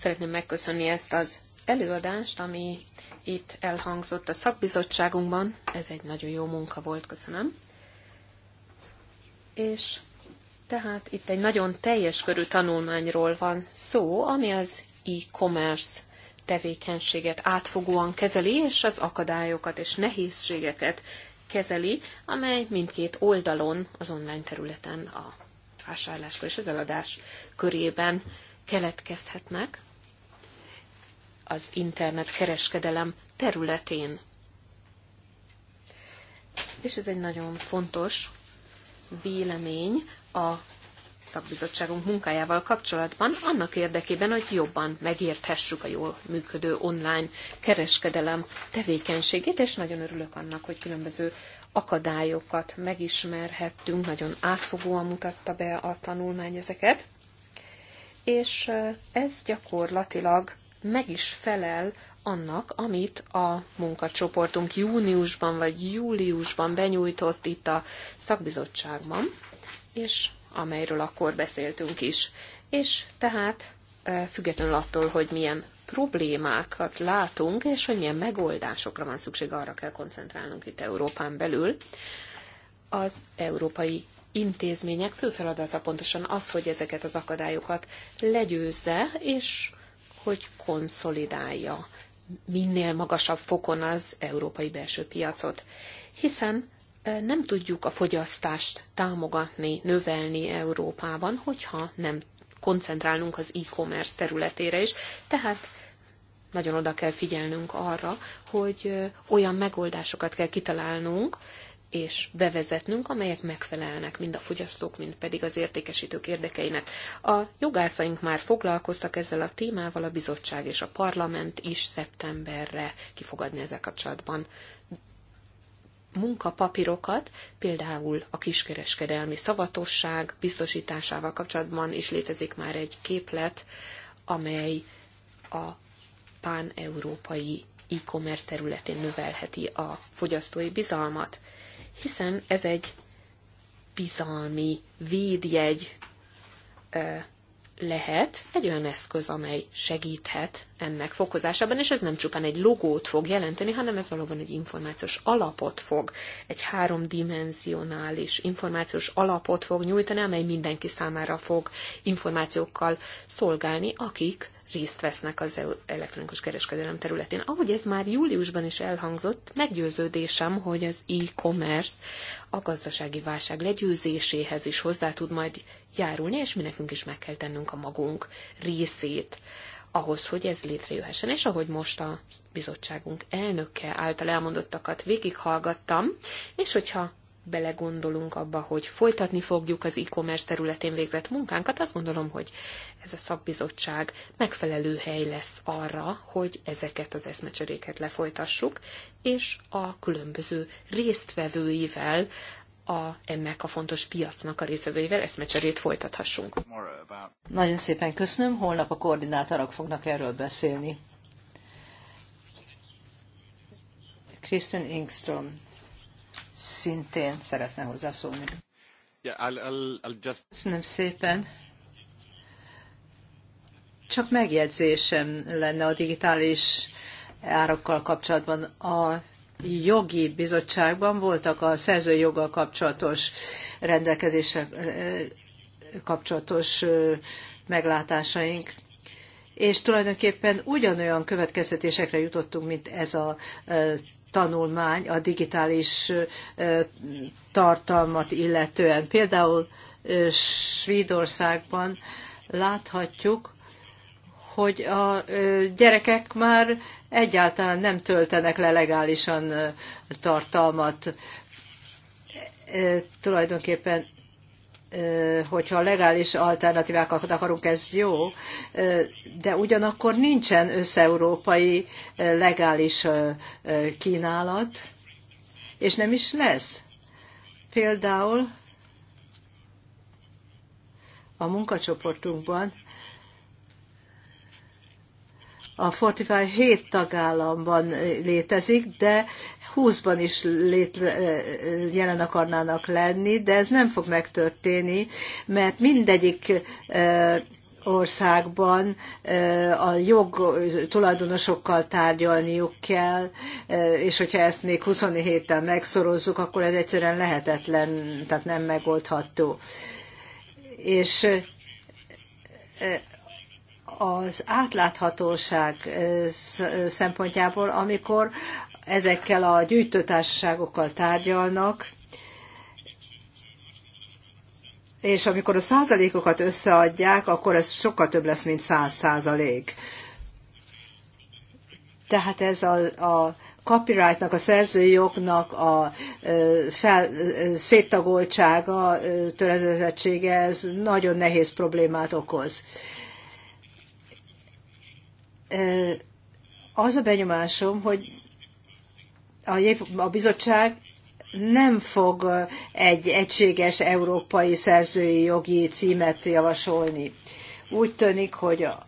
Szeretném megköszönni ezt az előadást, ami itt elhangzott a szakbizottságunkban. Ez egy nagyon jó munka volt, köszönöm. És tehát itt egy nagyon teljes körű tanulmányról van szó, ami az e-commerce tevékenységet átfogóan kezeli, és az akadályokat és nehézségeket kezeli, amely mindkét oldalon, az online területen, a vásárláskor és az eladás körében keletkezhetnek az internetkereskedelem területén. És ez egy nagyon fontos vélemény a szakbizottságunk munkájával kapcsolatban, annak érdekében, hogy jobban megérthessük a jól működő online kereskedelem tevékenységét, és nagyon örülök annak, hogy különböző akadályokat megismerhettünk, nagyon átfogóan mutatta be a tanulmány ezeket, és ez gyakorlatilag meg is felel annak, amit a munkacsoportunk júniusban vagy júliusban benyújtott itt a szakbizottságban, és amelyről akkor beszéltünk is. És tehát függetlenül attól, hogy milyen problémákat látunk, és hogy milyen megoldásokra van szükség, arra kell koncentrálnunk itt Európán belül. Az európai intézmények fő feladata pontosan az, hogy ezeket az akadályokat legyőzze, és hogy konszolidálja minél magasabb fokon az európai belső piacot. Hiszen nem tudjuk a fogyasztást támogatni, növelni Európában, hogyha nem koncentrálunk az e-commerce területére is. Tehát nagyon oda kell figyelnünk arra, hogy olyan megoldásokat kell kitalálnunk, és bevezetnünk, amelyek megfelelnek mind a fogyasztók, mind pedig az értékesítők érdekeinek. A jogászaink már foglalkoztak ezzel a témával, a bizottság és a parlament is szeptemberre kifogadni ezzel kapcsolatban munkapapírokat, például a kiskereskedelmi szavatosság biztosításával kapcsolatban is létezik már egy képlet, amely a pán-európai e-commerce területén növelheti a fogyasztói bizalmat hiszen ez egy bizalmi védjegy lehet egy olyan eszköz, amely segíthet ennek fokozásában, és ez nem csupán egy logót fog jelenteni, hanem ez valóban egy információs alapot fog, egy háromdimenzionális információs alapot fog nyújtani, amely mindenki számára fog információkkal szolgálni, akik részt vesznek az elektronikus kereskedelem területén. Ahogy ez már júliusban is elhangzott, meggyőződésem, hogy az e-commerce a gazdasági válság legyőzéséhez is hozzá tud majd járulni, és mi nekünk is meg kell tennünk a magunk részét ahhoz, hogy ez létrejöhessen. És ahogy most a bizottságunk elnöke által elmondottakat végighallgattam, és hogyha belegondolunk abba, hogy folytatni fogjuk az e-commerce területén végzett munkánkat, azt gondolom, hogy ez a szakbizottság megfelelő hely lesz arra, hogy ezeket az eszmecseréket lefolytassuk, és a különböző résztvevőivel a, ennek a fontos piacnak a részvevőivel eszmecserét folytathassunk. Nagyon szépen köszönöm, holnap a koordinátorok fognak erről beszélni. Kristen Ingström szintén szeretne hozzászólni. Yeah, I'll, I'll, I'll just... Köszönöm szépen. Csak megjegyzésem lenne a digitális árakkal kapcsolatban. A jogi bizottságban voltak a szerzői joggal kapcsolatos rendelkezések kapcsolatos meglátásaink, és tulajdonképpen ugyanolyan következtetésekre jutottunk, mint ez a tanulmány a digitális tartalmat illetően. Például Svédországban láthatjuk, hogy a gyerekek már egyáltalán nem töltenek le legálisan tartalmat. Tulajdonképpen hogyha legális alternatívákat akarunk, ez jó, de ugyanakkor nincsen összeurópai legális kínálat, és nem is lesz. Például a munkacsoportunkban a Fortify 7 tagállamban eh, létezik, de 20-ban is létre, eh, jelen akarnának lenni, de ez nem fog megtörténni, mert mindegyik eh, országban a jog tulajdonosokkal tárgyalniuk kell, és hogyha ezt még 27 tel megszorozzuk, akkor ez egyszerűen lehetetlen, tehát nem megoldható. És az átláthatóság eh, szempontjából, amikor ezekkel a gyűjtőtársaságokkal tárgyalnak, és amikor a százalékokat összeadják, akkor ez sokkal több lesz, mint száz százalék. Tehát ez a, a copyrightnak, a szerzőjognak a fel, széttagoltsága, törezezettsége, ez nagyon nehéz problémát okoz az a benyomásom, hogy a bizottság nem fog egy egységes európai szerzői jogi címet javasolni. Úgy tűnik, hogy a,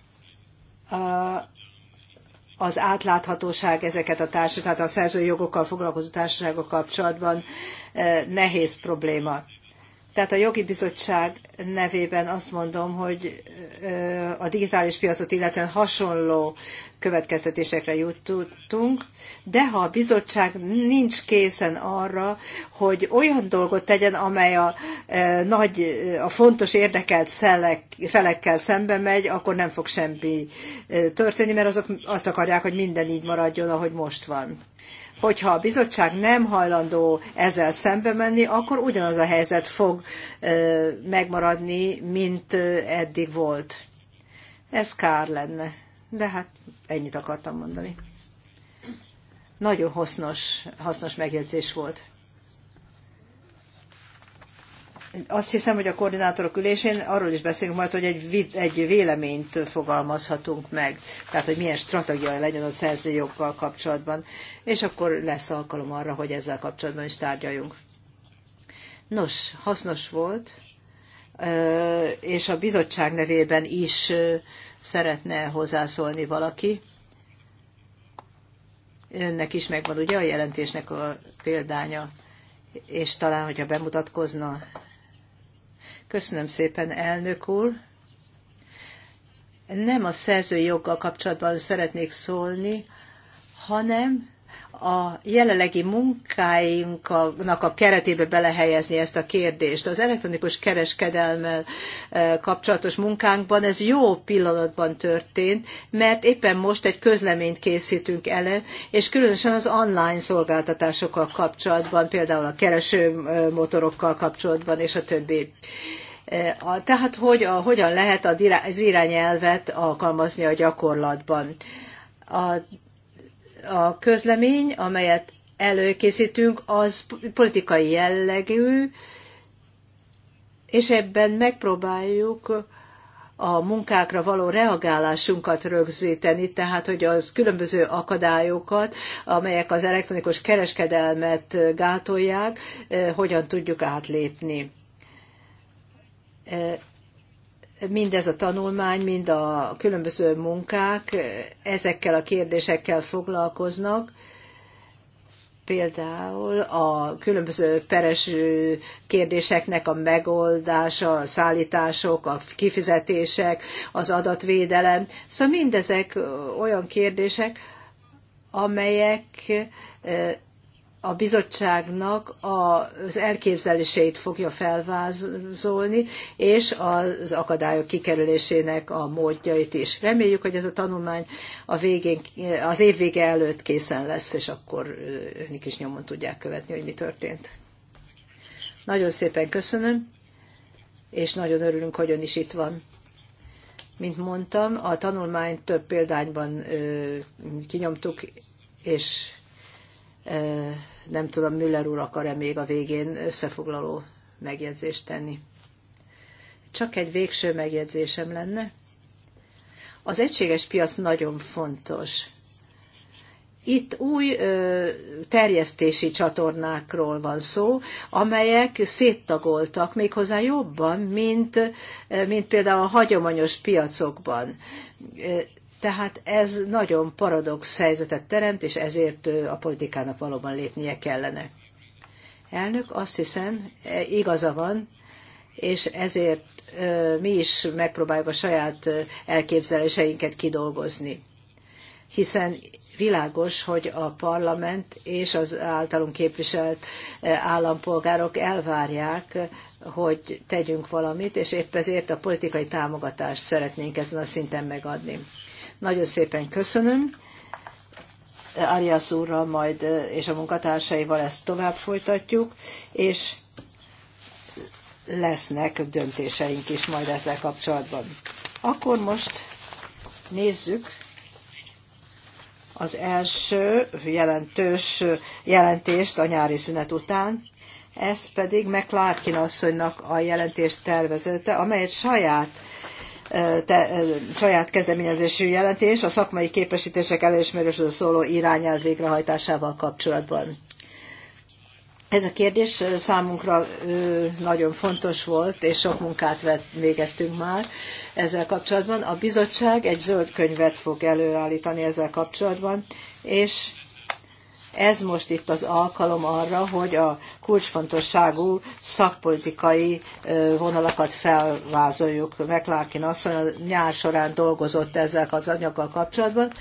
a, az átláthatóság ezeket a társadalmat, a szerzői jogokkal foglalkozó társaságokkal kapcsolatban nehéz probléma. Tehát a jogi bizottság nevében azt mondom, hogy a digitális piacot illetően hasonló következtetésekre jutottunk, de ha a bizottság nincs készen arra, hogy olyan dolgot tegyen, amely a, nagy, a fontos érdekelt szelek, felekkel szembe megy, akkor nem fog semmi történni, mert azok azt akarják, hogy minden így maradjon, ahogy most van hogyha a bizottság nem hajlandó ezzel szembe menni, akkor ugyanaz a helyzet fog megmaradni, mint eddig volt. Ez kár lenne. De hát ennyit akartam mondani. Nagyon hasznos, hasznos megjegyzés volt azt hiszem, hogy a koordinátorok ülésén arról is beszélünk majd, hogy egy, egy véleményt fogalmazhatunk meg, tehát hogy milyen stratégia legyen a szerzőjoggal kapcsolatban, és akkor lesz alkalom arra, hogy ezzel kapcsolatban is tárgyaljunk. Nos, hasznos volt, és a bizottság nevében is szeretne hozzászólni valaki. Önnek is megvan ugye a jelentésnek a példánya, és talán, hogyha bemutatkozna Köszönöm szépen, elnök úr. Nem a szerzői joggal kapcsolatban szeretnék szólni, hanem a jelenlegi munkáinknak a keretébe belehelyezni ezt a kérdést. Az elektronikus kereskedelmel e, kapcsolatos munkánkban ez jó pillanatban történt, mert éppen most egy közleményt készítünk elő, és különösen az online szolgáltatásokkal kapcsolatban, például a keresőmotorokkal e, kapcsolatban és a többi. E, tehát hogy a, hogyan lehet az irányelvet alkalmazni a gyakorlatban. A a közlemény, amelyet előkészítünk, az politikai jellegű, és ebben megpróbáljuk a munkákra való reagálásunkat rögzíteni, tehát hogy az különböző akadályokat, amelyek az elektronikus kereskedelmet gátolják, eh, hogyan tudjuk átlépni. Eh, mindez a tanulmány, mind a különböző munkák ezekkel a kérdésekkel foglalkoznak, például a különböző peres kérdéseknek a megoldása, a szállítások, a kifizetések, az adatvédelem. Szóval mindezek olyan kérdések, amelyek a bizottságnak az elképzeléseit fogja felvázolni, és az akadályok kikerülésének a módjait is. Reméljük, hogy ez a tanulmány a végén, az év vége előtt készen lesz, és akkor önik is nyomon tudják követni, hogy mi történt. Nagyon szépen köszönöm, és nagyon örülünk, hogy ön is itt van. Mint mondtam, a tanulmányt több példányban kinyomtuk, és nem tudom, Müller úr akar-e még a végén összefoglaló megjegyzést tenni. Csak egy végső megjegyzésem lenne. Az egységes piac nagyon fontos. Itt új ö, terjesztési csatornákról van szó, amelyek széttagoltak méghozzá jobban, mint, mint például a hagyományos piacokban tehát ez nagyon paradox helyzetet teremt, és ezért a politikának valóban lépnie kellene. Elnök, azt hiszem, e, igaza van, és ezért mi is megpróbáljuk a saját elképzeléseinket kidolgozni. Hiszen világos, hogy a parlament és az általunk képviselt állampolgárok elvárják, hogy tegyünk valamit, és épp ezért a politikai támogatást szeretnénk ezen a szinten megadni. Nagyon szépen köszönöm. Arias úrral majd eh, és a munkatársaival ezt tovább folytatjuk, és lesznek döntéseink is majd ezzel kapcsolatban. Akkor most nézzük az első jelentős jelentést a nyári szünet után, ez pedig McClarkin asszonynak a jelentést tervezete, amelyet saját te, saját kezdeményezésű jelentés a szakmai képesítések elismerésről szóló irányelv végrehajtásával kapcsolatban. Ez a kérdés számunkra nagyon fontos volt, és sok munkát végeztünk már ezzel kapcsolatban. A bizottság egy zöld könyvet fog előállítani ezzel kapcsolatban, és ez most itt az alkalom arra, hogy a kulcsfontosságú szakpolitikai vonalakat felvázoljuk. McLarkin asszony a nyár során dolgozott ezzel az anyaggal kapcsolatban,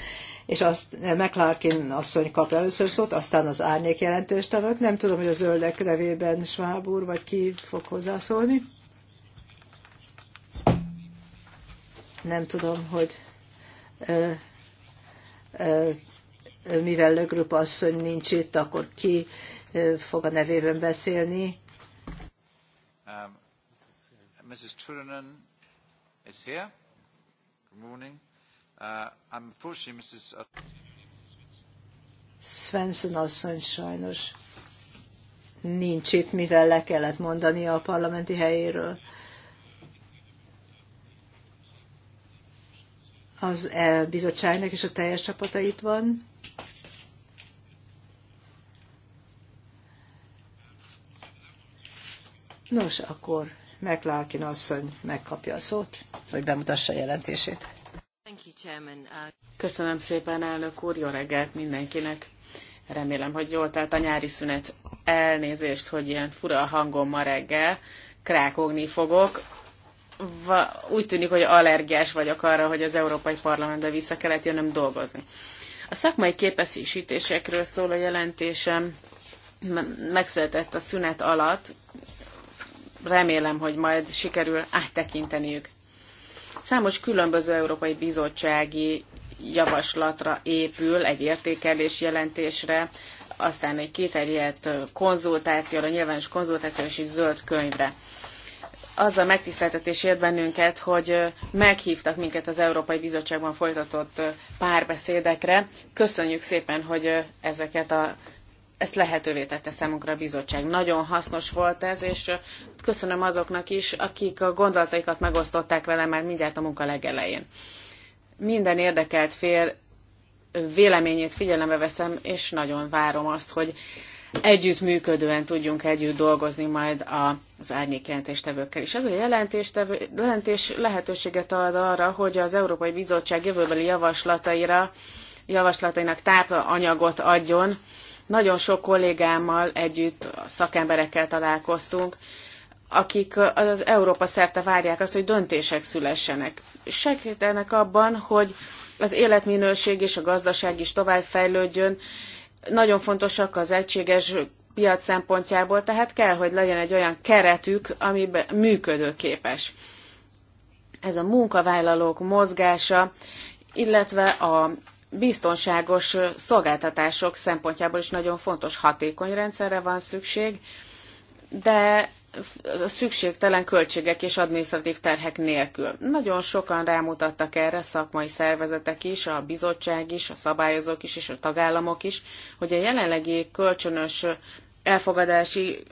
és azt McLarkin asszony kap először szót, aztán az árnyék jelentős tevők. Nem tudom, hogy a zöldek nevében Schwab úr, vagy ki fog hozzászólni. Nem tudom, hogy mivel Lögrup asszony nincs itt, akkor ki fog a nevében beszélni? Um, Mrs. Turunen is here. Good morning. Uh, unfortunately, Mrs. Svensson asszony sajnos nincs itt, mivel le kellett mondani a parlamenti helyéről. Az e- bizottságnak és a teljes csapata itt van. Nos, akkor McLarkin asszony megkapja a szót, hogy bemutassa a jelentését. Uh, Köszönöm szépen, elnök úr, jó reggelt mindenkinek. Remélem, hogy jól telt a nyári szünet. Elnézést, hogy ilyen fura a hangom ma reggel. Krákogni fogok. Va, úgy tűnik, hogy allergiás vagyok arra, hogy az Európai Parlamentbe vissza kellett jönnöm dolgozni. A szakmai képesítésekről szóló jelentésem megszületett a szünet alatt, remélem, hogy majd sikerül áttekinteniük. Számos különböző európai bizottsági javaslatra épül egy értékelés jelentésre, aztán egy kiterjedt konzultációra, nyilvános konzultációra és egy zöld könyvre. Az a megtiszteltetés ért bennünket, hogy meghívtak minket az Európai Bizottságban folytatott párbeszédekre. Köszönjük szépen, hogy ezeket a ezt lehetővé tette számunkra a bizottság. Nagyon hasznos volt ez, és köszönöm azoknak is, akik a gondolataikat megosztották velem már mindjárt a munka legelején. Minden érdekelt fél véleményét figyelembe veszem, és nagyon várom azt, hogy együttműködően tudjunk együtt dolgozni majd az árnyék jelentéstevőkkel is. Ez a jelentés lehetőséget ad arra, hogy az Európai Bizottság jövőbeli javaslataira, javaslatainak tápanyagot adjon, nagyon sok kollégámmal együtt, szakemberekkel találkoztunk, akik az Európa szerte várják azt, hogy döntések szülessenek. Segítenek abban, hogy az életminőség és a gazdaság is tovább fejlődjön. Nagyon fontosak az egységes piac szempontjából, tehát kell, hogy legyen egy olyan keretük, amiben működőképes. Ez a munkavállalók mozgása, illetve a biztonságos szolgáltatások szempontjából is nagyon fontos hatékony rendszerre van szükség, de szükségtelen költségek és adminisztratív terhek nélkül. Nagyon sokan rámutattak erre, szakmai szervezetek is, a bizottság is, a szabályozók is és a tagállamok is, hogy a jelenlegi kölcsönös elfogadási,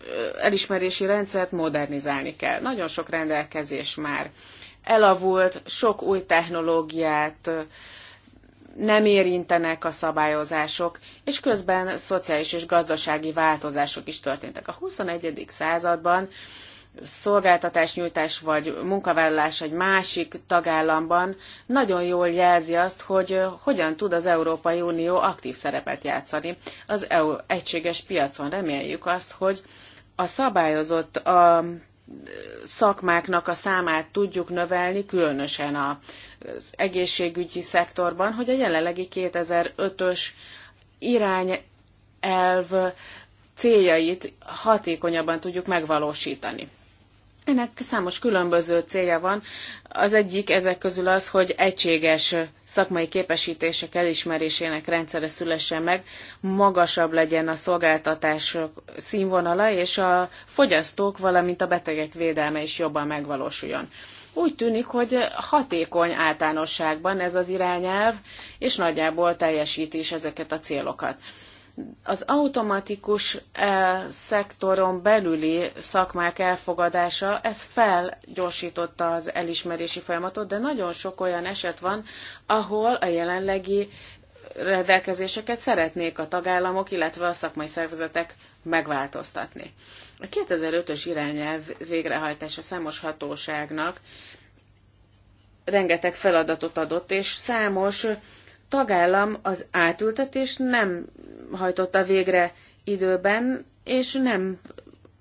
elismerési rendszert modernizálni kell. Nagyon sok rendelkezés már elavult, sok új technológiát nem érintenek a szabályozások, és közben szociális és gazdasági változások is történtek. A 21. században szolgáltatásnyújtás vagy munkavállalás egy másik tagállamban nagyon jól jelzi azt, hogy hogyan tud az Európai Unió aktív szerepet játszani az EU egységes piacon. Reméljük azt, hogy a szabályozott, a szakmáknak a számát tudjuk növelni, különösen az egészségügyi szektorban, hogy a jelenlegi 2005-ös irányelv céljait hatékonyabban tudjuk megvalósítani. Ennek számos különböző célja van. Az egyik ezek közül az, hogy egységes szakmai képesítések elismerésének rendszere szülessen meg, magasabb legyen a szolgáltatások színvonala, és a fogyasztók, valamint a betegek védelme is jobban megvalósuljon. Úgy tűnik, hogy hatékony általánosságban ez az irányelv, és nagyjából teljesíti is ezeket a célokat. Az automatikus eh, szektoron belüli szakmák elfogadása, ez felgyorsította az elismerési folyamatot, de nagyon sok olyan eset van, ahol a jelenlegi rendelkezéseket szeretnék a tagállamok, illetve a szakmai szervezetek megváltoztatni. A 2005-ös irányelv végrehajtása számos hatóságnak rengeteg feladatot adott, és számos tagállam az átültetést nem hajtotta végre időben, és nem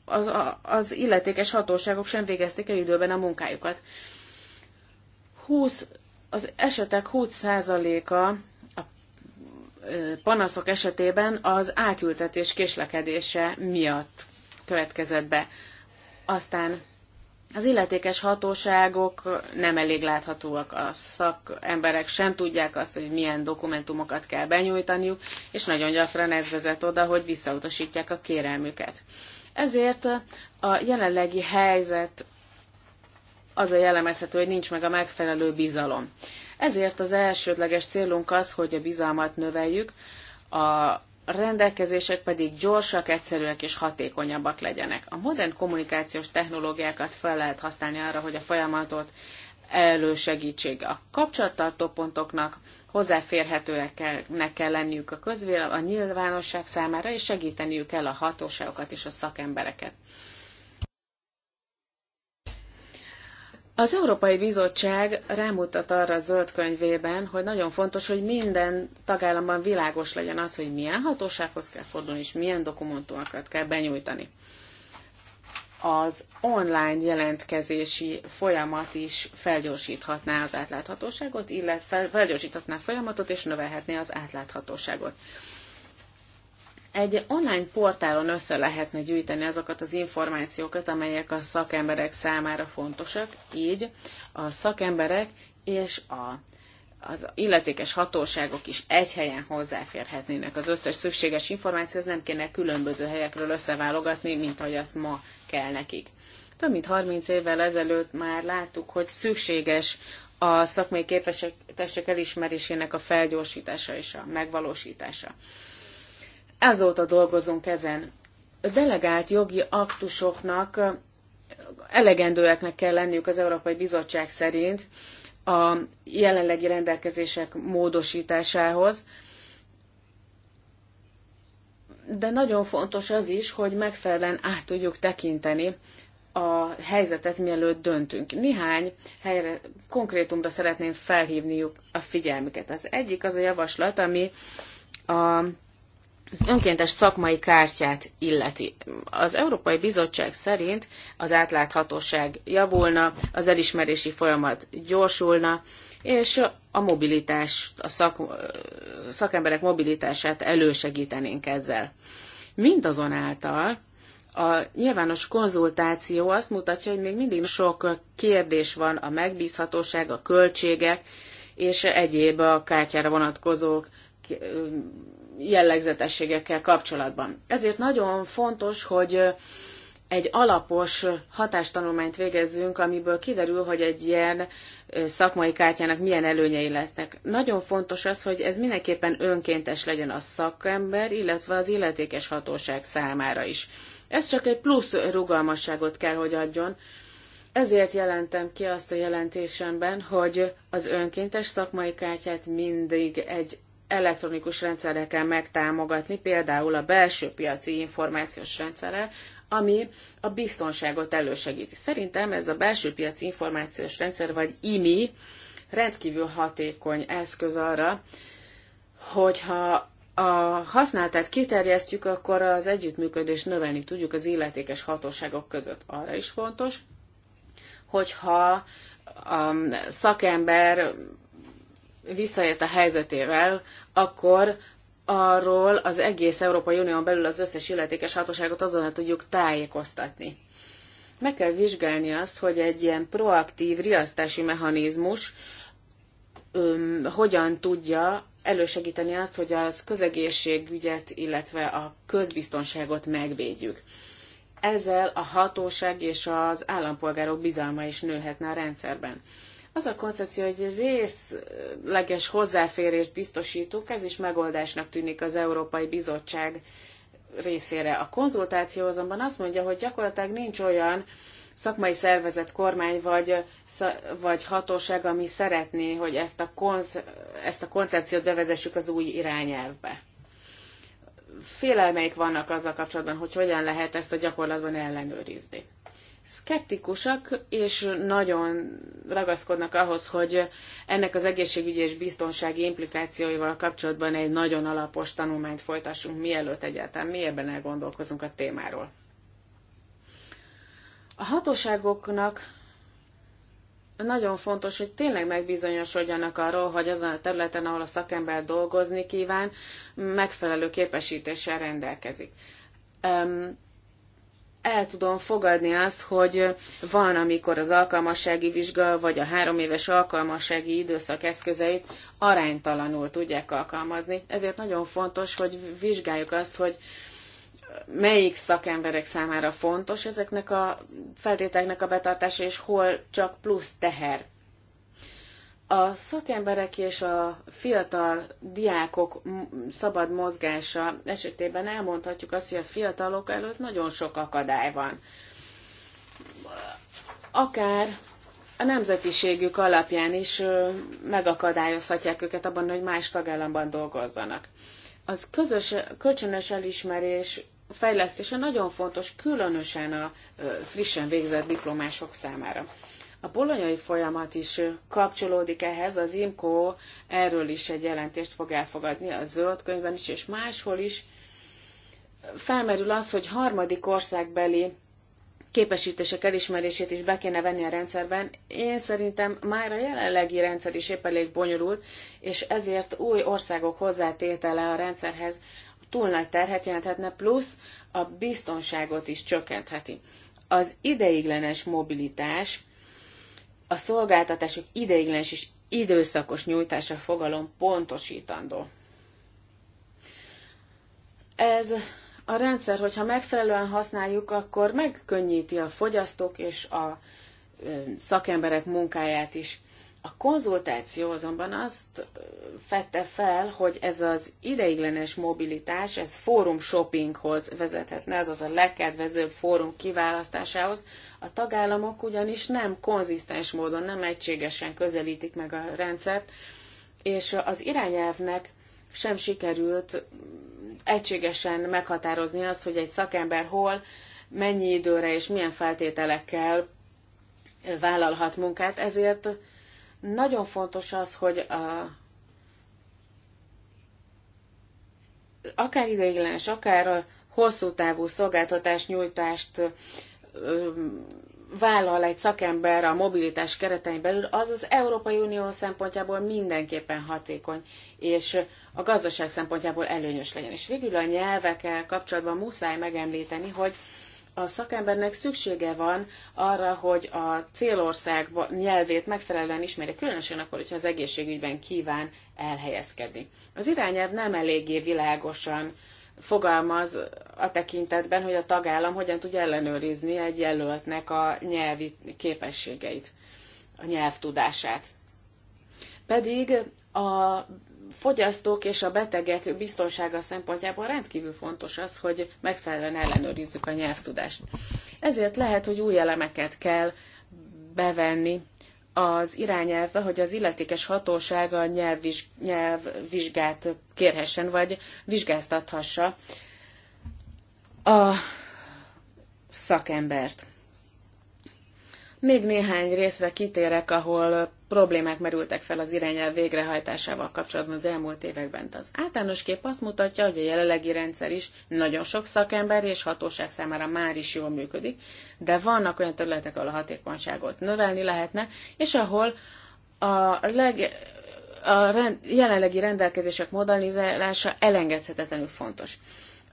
az, az illetékes hatóságok sem végezték el időben a munkájukat. 20, az esetek 20%-a a panaszok esetében az átültetés késlekedése miatt következett be. Aztán az illetékes hatóságok nem elég láthatóak, a szakemberek sem tudják azt, hogy milyen dokumentumokat kell benyújtaniuk, és nagyon gyakran ez vezet oda, hogy visszautasítják a kérelmüket. Ezért a jelenlegi helyzet az a jellemezhető, hogy nincs meg a megfelelő bizalom. Ezért az elsődleges célunk az, hogy a bizalmat növeljük, a rendelkezések pedig gyorsak, egyszerűek és hatékonyabbak legyenek. A modern kommunikációs technológiákat fel lehet használni arra, hogy a folyamatot elősegítsék. A kapcsolattartó pontoknak hozzáférhetőeknek kell lenniük a közvélemény, a nyilvánosság számára, és segíteniük kell a hatóságokat és a szakembereket. Az Európai Bizottság rámutat arra a zöld könyvében, hogy nagyon fontos, hogy minden tagállamban világos legyen az, hogy milyen hatósághoz kell fordulni, és milyen dokumentumokat kell benyújtani. Az online jelentkezési folyamat is felgyorsíthatná az átláthatóságot, illetve felgyorsíthatná a folyamatot, és növelhetné az átláthatóságot egy online portálon össze lehetne gyűjteni azokat az információkat, amelyek a szakemberek számára fontosak, így a szakemberek és a, az illetékes hatóságok is egy helyen hozzáférhetnének. Az összes szükséges információhoz nem kéne különböző helyekről összeválogatni, mint ahogy azt ma kell nekik. Több mint 30 évvel ezelőtt már láttuk, hogy szükséges a szakmai képesek elismerésének a felgyorsítása és a megvalósítása. Azóta dolgozunk ezen. A delegált jogi aktusoknak elegendőeknek kell lenniük az Európai Bizottság szerint a jelenlegi rendelkezések módosításához, de nagyon fontos az is, hogy megfelelően át tudjuk tekinteni a helyzetet, mielőtt döntünk. Néhány helyre, konkrétumra szeretném felhívniuk a figyelmüket. Az egyik az a javaslat, ami a az önkéntes szakmai kártyát illeti. Az Európai Bizottság szerint az átláthatóság javulna, az elismerési folyamat gyorsulna, és a mobilitás, a szak, szakemberek mobilitását elősegítenénk ezzel. Mindazonáltal a nyilvános konzultáció azt mutatja, hogy még mindig sok kérdés van a megbízhatóság, a költségek és egyéb a kártyára vonatkozók jellegzetességekkel kapcsolatban. Ezért nagyon fontos, hogy egy alapos hatástanulmányt végezzünk, amiből kiderül, hogy egy ilyen szakmai kártyának milyen előnyei lesznek. Nagyon fontos az, hogy ez mindenképpen önkéntes legyen a szakember, illetve az illetékes hatóság számára is. Ez csak egy plusz rugalmasságot kell, hogy adjon. Ezért jelentem ki azt a jelentésemben, hogy az önkéntes szakmai kártyát mindig egy elektronikus rendszerrel kell megtámogatni, például a belső piaci információs rendszerrel, ami a biztonságot elősegíti. Szerintem ez a belső piaci információs rendszer, vagy IMI, rendkívül hatékony eszköz arra, hogyha a használatát kiterjesztjük, akkor az együttműködés növelni tudjuk az illetékes hatóságok között. Arra is fontos, hogyha a szakember visszaért a helyzetével, akkor arról az egész Európai Unión belül az összes illetékes hatóságot azonnal tudjuk tájékoztatni. Meg kell vizsgálni azt, hogy egy ilyen proaktív riasztási mechanizmus öm, hogyan tudja elősegíteni azt, hogy az közegészségügyet, illetve a közbiztonságot megvédjük. Ezzel a hatóság és az állampolgárok bizalma is nőhetne a rendszerben. Az a koncepció, hogy részleges hozzáférést biztosítunk, ez is megoldásnak tűnik az Európai Bizottság részére. A konzultáció azonban azt mondja, hogy gyakorlatilag nincs olyan szakmai szervezet, kormány vagy, vagy hatóság, ami szeretné, hogy ezt a, konz, ezt a koncepciót bevezessük az új irányelvbe. Félelmeik vannak azzal kapcsolatban, hogy hogyan lehet ezt a gyakorlatban ellenőrizni szkeptikusak, és nagyon ragaszkodnak ahhoz, hogy ennek az egészségügyi és biztonsági implikációival kapcsolatban egy nagyon alapos tanulmányt folytassunk, mielőtt egyáltalán mélyebben elgondolkozunk a témáról. A hatóságoknak nagyon fontos, hogy tényleg megbizonyosodjanak arról, hogy azon a területen, ahol a szakember dolgozni kíván, megfelelő képesítéssel rendelkezik el tudom fogadni azt, hogy van, amikor az alkalmassági vizsga vagy a három éves alkalmassági időszak eszközeit aránytalanul tudják alkalmazni. Ezért nagyon fontos, hogy vizsgáljuk azt, hogy melyik szakemberek számára fontos ezeknek a feltételeknek a betartása, és hol csak plusz teher a szakemberek és a fiatal diákok szabad mozgása esetében elmondhatjuk azt, hogy a fiatalok előtt nagyon sok akadály van. Akár a nemzetiségük alapján is megakadályozhatják őket abban, hogy más tagállamban dolgozzanak. Az közös, kölcsönös elismerés fejlesztése nagyon fontos, különösen a frissen végzett diplomások számára. A bolonyai folyamat is kapcsolódik ehhez, az IMCO erről is egy jelentést fog elfogadni a zöld könyvben is, és máshol is felmerül az, hogy harmadik országbeli képesítések elismerését is be kéne venni a rendszerben. Én szerintem már a jelenlegi rendszer is épp elég bonyolult, és ezért új országok hozzátétele a rendszerhez túl nagy terhet jelenthetne, plusz a biztonságot is csökkentheti. Az ideiglenes mobilitás a szolgáltatások ideiglenes és időszakos nyújtása fogalom pontosítandó. Ez a rendszer, hogyha megfelelően használjuk, akkor megkönnyíti a fogyasztók és a szakemberek munkáját is. A konzultáció azonban azt fette fel, hogy ez az ideiglenes mobilitás, ez fórum shoppinghoz vezethetne, ez az a legkedvezőbb fórum kiválasztásához. A tagállamok ugyanis nem konzisztens módon, nem egységesen közelítik meg a rendszert, és az irányelvnek sem sikerült egységesen meghatározni azt, hogy egy szakember hol, mennyi időre és milyen feltételekkel vállalhat munkát, ezért nagyon fontos az, hogy a, akár ideiglenes, akár a hosszú távú szolgáltatás nyújtást vállal egy szakember a mobilitás keretein belül, az az Európai Unió szempontjából mindenképpen hatékony, és a gazdaság szempontjából előnyös legyen. És végül a nyelvekkel kapcsolatban muszáj megemlíteni, hogy a szakembernek szüksége van arra, hogy a célország nyelvét megfelelően ismerje, különösen akkor, hogyha az egészségügyben kíván elhelyezkedni. Az irányelv nem eléggé világosan fogalmaz a tekintetben, hogy a tagállam hogyan tudja ellenőrizni egy jelöltnek a nyelvi képességeit, a nyelvtudását. Pedig a fogyasztók és a betegek biztonsága szempontjából rendkívül fontos az, hogy megfelelően ellenőrizzük a nyelvtudást. Ezért lehet, hogy új elemeket kell bevenni az irányelvbe, hogy az illetékes hatóság a nyelvviz, nyelvvizsgát kérhessen, vagy vizsgáztathassa a szakembert. Még néhány részre kitérek, ahol problémák merültek fel az irányelv végrehajtásával kapcsolatban az elmúlt években. Az általános kép azt mutatja, hogy a jelenlegi rendszer is nagyon sok szakember és hatóság számára már is jól működik, de vannak olyan területek, ahol a hatékonyságot növelni lehetne, és ahol a leg, a rend, jelenlegi rendelkezések modernizálása elengedhetetlenül fontos.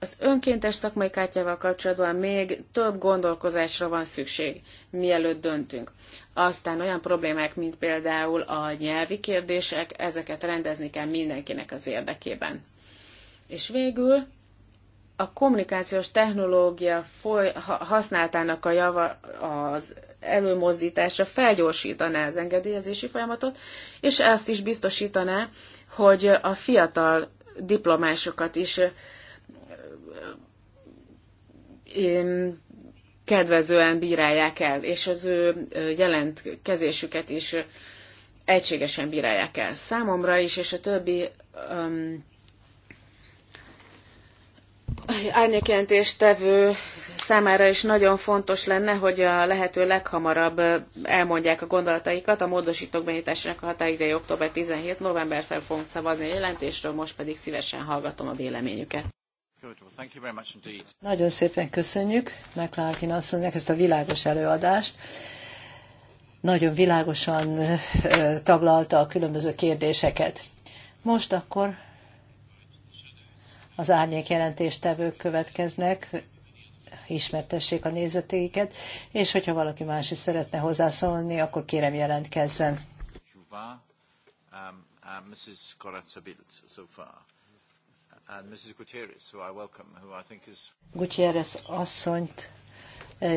Az önkéntes szakmai kártyával kapcsolatban még több gondolkozásra van szükség, mielőtt döntünk. Aztán olyan problémák, mint például a nyelvi kérdések, ezeket rendezni kell mindenkinek az érdekében. És végül a kommunikációs technológia foly, használtának a java, az előmozdítása felgyorsítaná az engedélyezési folyamatot, és ezt is biztosítaná, hogy a fiatal diplomásokat is kedvezően bírálják el, és az ő jelentkezésüket is egységesen bírálják el. Számomra is, és a többi um, tevő számára is nagyon fontos lenne, hogy a lehető leghamarabb elmondják a gondolataikat. A módosítók benyújtásának a határidei október 17, novemberben fogunk szavazni a jelentésről, most pedig szívesen hallgatom a véleményüket. Nagyon szépen köszönjük McLarkin asszonynak ezt a világos előadást. Nagyon világosan taglalta a különböző kérdéseket. Most akkor az árnyék jelentéstevők következnek, ismertessék a nézetéket, és hogyha valaki más is szeretne hozzászólni, akkor kérem jelentkezzen. Um, uh, Mrs. Gutierrez, asszonyt eh,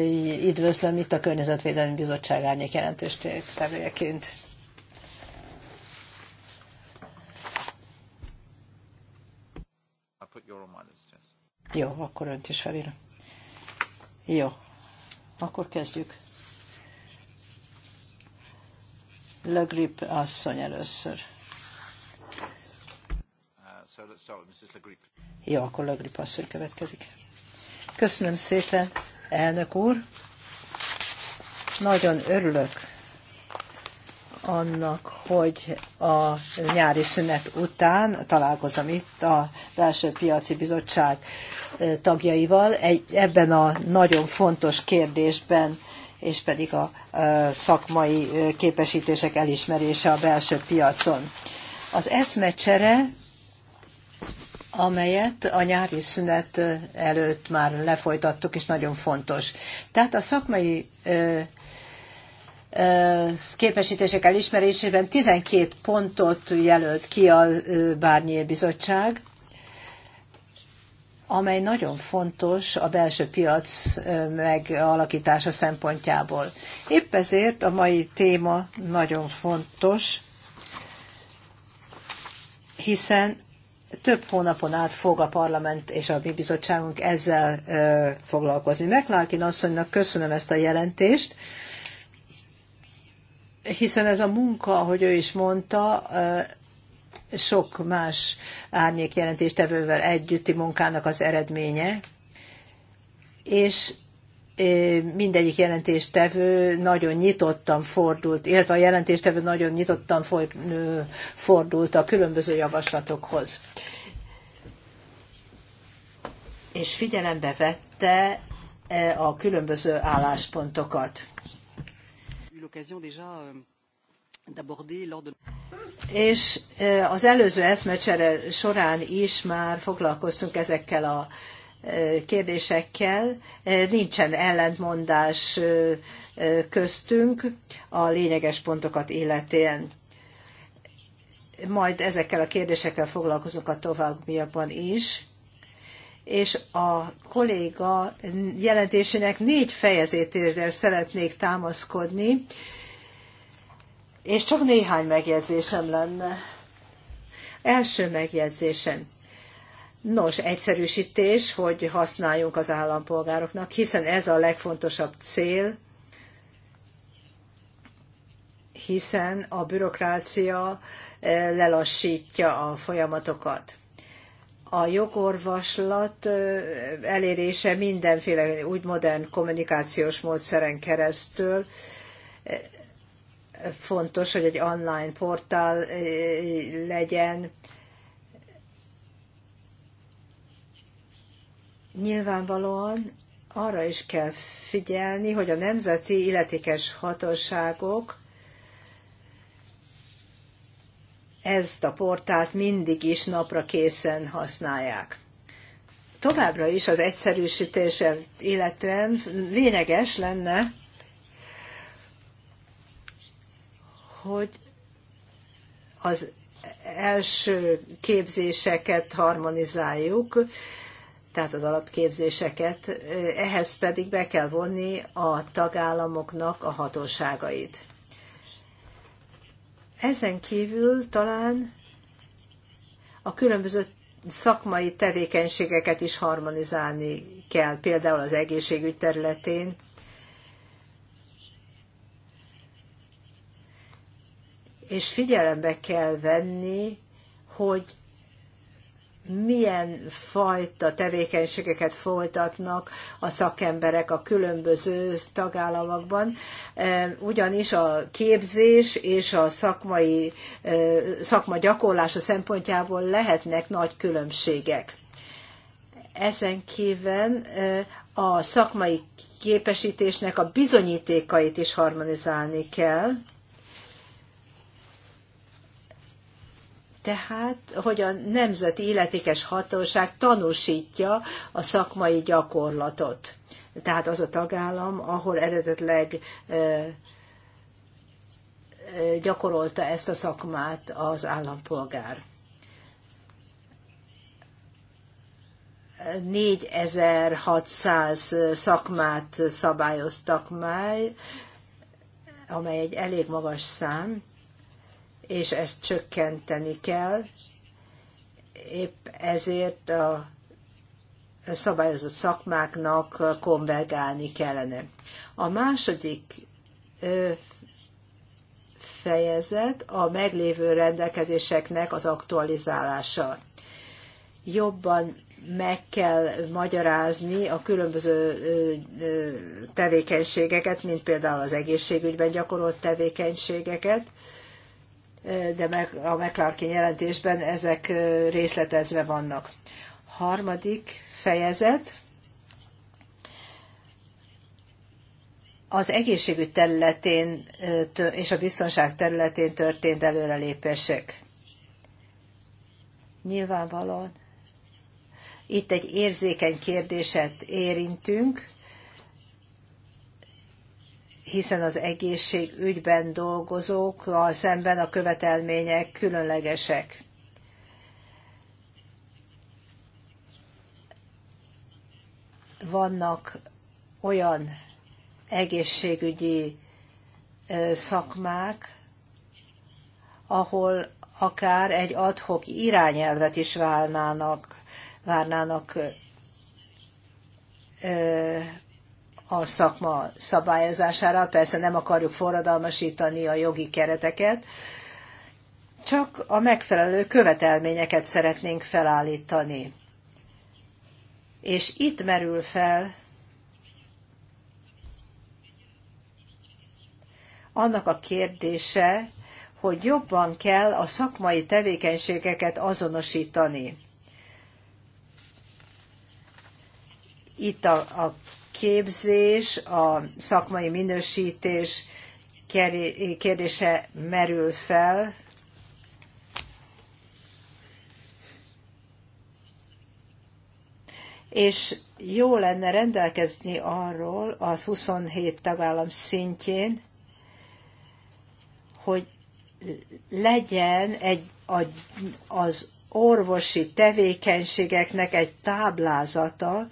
üdvözlöm itt a Környezetvédelmi Bizottság árnyék jelentős tevőjeként. Jó, akkor önt is felírom. Jó, akkor kezdjük. Le Grip asszony először. So let's start with Mrs. Legrip. Jó, akkor Legrip asszony következik. Köszönöm szépen, elnök úr. Nagyon örülök annak, hogy a nyári szünet után találkozom itt a Belső Piaci Bizottság tagjaival egy, ebben a nagyon fontos kérdésben, és pedig a szakmai képesítések elismerése a belső piacon. Az eszmecsere amelyet a nyári szünet előtt már lefolytattuk, és nagyon fontos. Tehát a szakmai képesítések elismerésében 12 pontot jelölt ki a Bárnyi Bizottság, amely nagyon fontos a belső piac megalakítása szempontjából. Épp ezért a mai téma nagyon fontos, hiszen több hónapon át fog a parlament és a mi bizottságunk ezzel ö, foglalkozni. McLarkin asszonynak köszönöm ezt a jelentést, hiszen ez a munka, ahogy ő is mondta, ö, sok más árnyék jelentéstevővel együtti munkának az eredménye, és mindegyik jelentéstevő nagyon nyitottan fordult, illetve a jelentéstevő nagyon nyitottan fordult a különböző javaslatokhoz. És figyelembe vette a különböző álláspontokat. És az előző eszmecsere során is már foglalkoztunk ezekkel a kérdésekkel. E, nincsen ellentmondás e, e, köztünk a lényeges pontokat illetően. Majd ezekkel a kérdésekkel foglalkozunk a továbbiakban is és a kolléga jelentésének négy fejezetére szeretnék támaszkodni, és csak néhány megjegyzésem lenne. Első megjegyzésem. Nos, egyszerűsítés, hogy használjunk az állampolgároknak, hiszen ez a legfontosabb cél, hiszen a bürokrácia eh, lelassítja a folyamatokat. A jogorvoslat eh, elérése mindenféle úgy modern kommunikációs módszeren keresztül eh, fontos, hogy egy online portál legyen, nyilvánvalóan arra is kell figyelni, hogy a nemzeti illetékes hatóságok ezt a portált mindig is napra készen használják. Továbbra is az egyszerűsítése illetően lényeges lenne, hogy az első képzéseket harmonizáljuk, tehát az alapképzéseket, ehhez pedig be kell vonni a tagállamoknak a hatóságait. Ezen kívül talán a különböző szakmai tevékenységeket is harmonizálni kell, például az egészségügy területén. És figyelembe kell venni, hogy milyen fajta tevékenységeket folytatnak a szakemberek a különböző tagállamokban, ugyanis a képzés és a szakmai, szakma gyakorlása szempontjából lehetnek nagy különbségek. Ezen kívül a szakmai képesítésnek a bizonyítékait is harmonizálni kell, tehát, hogy a nemzeti illetékes hatóság tanúsítja a szakmai gyakorlatot. Tehát az a tagállam, ahol eredetleg gyakorolta ezt a szakmát az állampolgár. 4600 szakmát szabályoztak már, amely egy elég magas szám, és ezt csökkenteni kell. Épp ezért a szabályozott szakmáknak konvergálni kellene. A második fejezet a meglévő rendelkezéseknek az aktualizálása. Jobban meg kell magyarázni a különböző tevékenységeket, mint például az egészségügyben gyakorolt tevékenységeket, de a McClarkin jelentésben ezek részletezve vannak. Harmadik fejezet az egészségügy területén és a biztonság területén történt előrelépések. Nyilvánvalóan itt egy érzékeny kérdéset érintünk, hiszen az egészségügyben dolgozókkal szemben a követelmények különlegesek. Vannak olyan egészségügyi szakmák, ahol akár egy adhok irányelvet is várnának, várnának a szakma szabályozására. Persze nem akarjuk forradalmasítani a jogi kereteket, csak a megfelelő követelményeket szeretnénk felállítani. És itt merül fel annak a kérdése, hogy jobban kell a szakmai tevékenységeket azonosítani. Itt a, a képzés, a szakmai minősítés kérdése merül fel. És jó lenne rendelkezni arról az 27 tagállam szintjén, hogy legyen egy, a, az orvosi tevékenységeknek egy táblázata,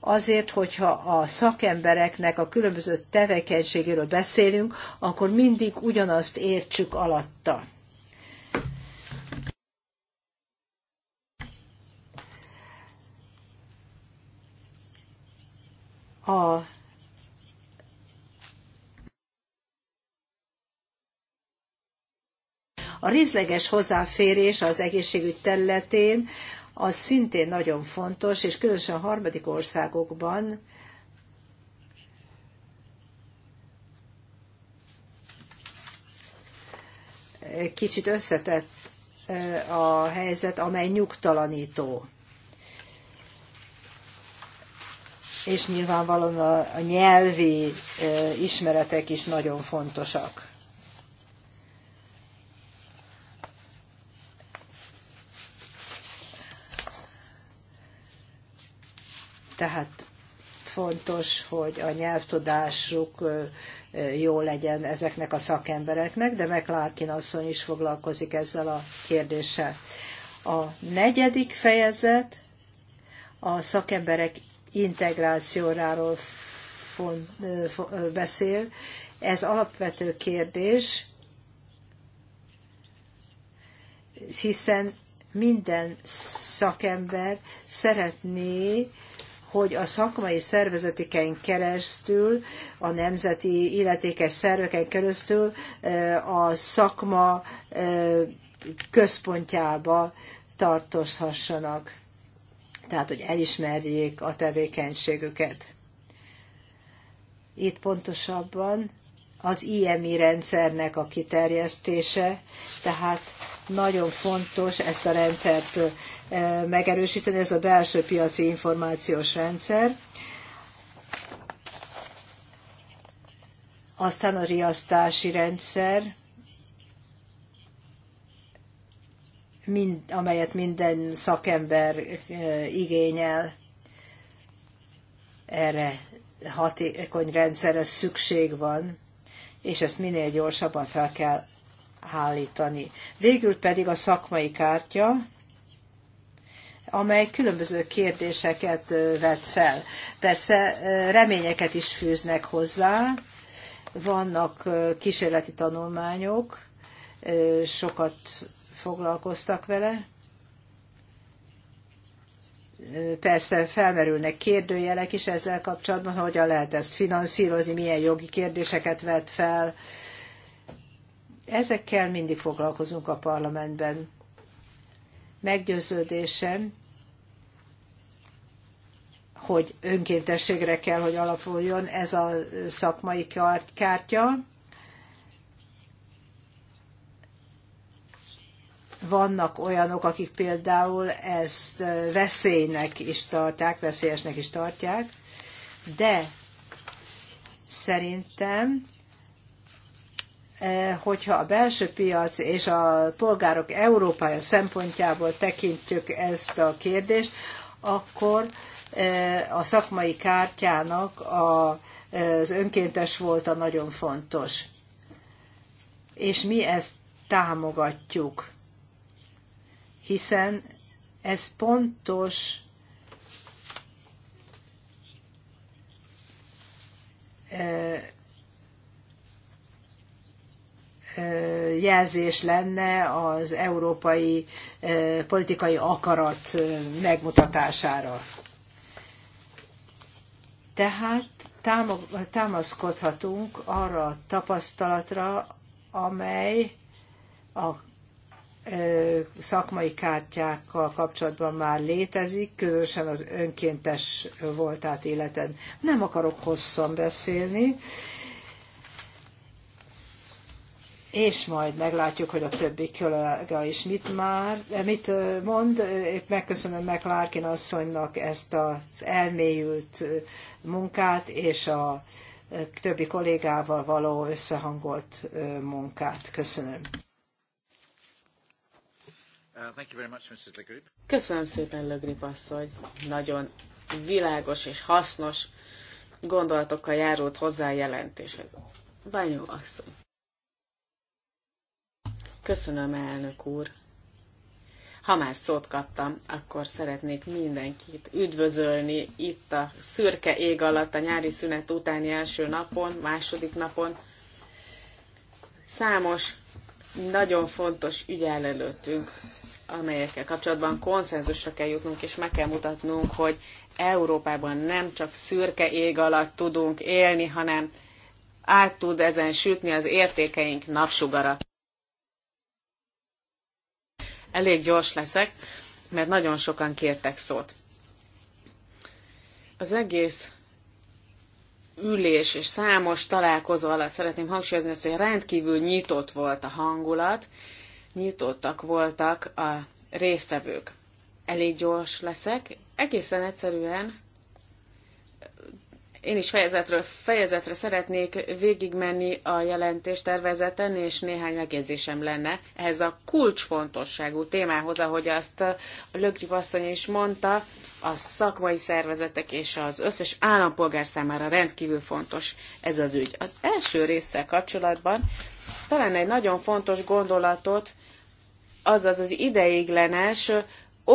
azért, hogyha a szakembereknek a különböző tevékenységéről beszélünk, akkor mindig ugyanazt értsük alatta. a A részleges hozzáférés az egészségügy területén az szintén nagyon fontos, és különösen a harmadik országokban kicsit összetett a helyzet, amely nyugtalanító. És nyilvánvalóan a nyelvi ismeretek is nagyon fontosak. Tehát fontos, hogy a nyelvtudásuk jó legyen ezeknek a szakembereknek, de McLarkin asszony is foglalkozik ezzel a kérdéssel. A negyedik fejezet a szakemberek integrációráról beszél. Ez alapvető kérdés, hiszen minden szakember szeretné hogy a szakmai szervezeteken keresztül, a nemzeti illetékes szerveken keresztül a szakma központjába tartozhassanak. Tehát, hogy elismerjék a tevékenységüket. Itt pontosabban az IMI e rendszernek a kiterjesztése, tehát nagyon fontos ezt a rendszert megerősíteni, ez a belső piaci információs rendszer. Aztán a riasztási rendszer, mind, amelyet minden szakember igényel. Erre hatékony rendszerre szükség van, és ezt minél gyorsabban fel kell állítani. Végül pedig a szakmai kártya, amely különböző kérdéseket vet fel. Persze reményeket is fűznek hozzá, vannak kísérleti tanulmányok, sokat foglalkoztak vele. Persze felmerülnek kérdőjelek is ezzel kapcsolatban, hogyan lehet ezt finanszírozni, milyen jogi kérdéseket vet fel, Ezekkel mindig foglalkozunk a parlamentben. Meggyőződésem, hogy önkéntességre kell, hogy alapuljon ez a szakmai kártya. Vannak olyanok, akik például ezt veszélynek is tartják, veszélyesnek is tartják, de szerintem Eh, hogyha a belső piac és a polgárok Európája szempontjából tekintjük ezt a kérdést, akkor eh, a szakmai kártyának eh, az önkéntes volt a nagyon fontos. És mi ezt támogatjuk, hiszen ez pontos jelzés lenne az európai politikai akarat megmutatására. Tehát támaszkodhatunk arra a tapasztalatra, amely a szakmai kártyákkal kapcsolatban már létezik, különösen az önkéntes voltát életen. Nem akarok hosszan beszélni, és majd meglátjuk, hogy a többi kollega is mit, már, mit mond. Épp megköszönöm McLarkin asszonynak ezt az elmélyült munkát, és a többi kollégával való összehangolt munkát. Köszönöm. Uh, Köszönöm szépen, Lögrip asszony. Nagyon világos és hasznos gondolatokkal járult hozzá a jelentéshez. Bányó asszony. Köszönöm, elnök úr. Ha már szót kaptam, akkor szeretnék mindenkit üdvözölni itt a szürke ég alatt, a nyári szünet utáni első napon, második napon. Számos nagyon fontos ügy áll előttünk, amelyekkel kapcsolatban konszenzusra kell jutnunk, és meg kell mutatnunk, hogy Európában nem csak szürke ég alatt tudunk élni, hanem át tud ezen sütni az értékeink napsugara. Elég gyors leszek, mert nagyon sokan kértek szót. Az egész ülés és számos találkozó alatt szeretném hangsúlyozni azt, hogy rendkívül nyitott volt a hangulat, nyitottak voltak a résztvevők. Elég gyors leszek, egészen egyszerűen én is fejezetről fejezetre szeretnék végigmenni a jelentés tervezeten, és néhány megjegyzésem lenne ehhez a kulcsfontosságú témához, ahogy azt a Lökjük asszony is mondta, a szakmai szervezetek és az összes állampolgár számára rendkívül fontos ez az ügy. Az első résszel kapcsolatban talán egy nagyon fontos gondolatot, azaz az ideiglenes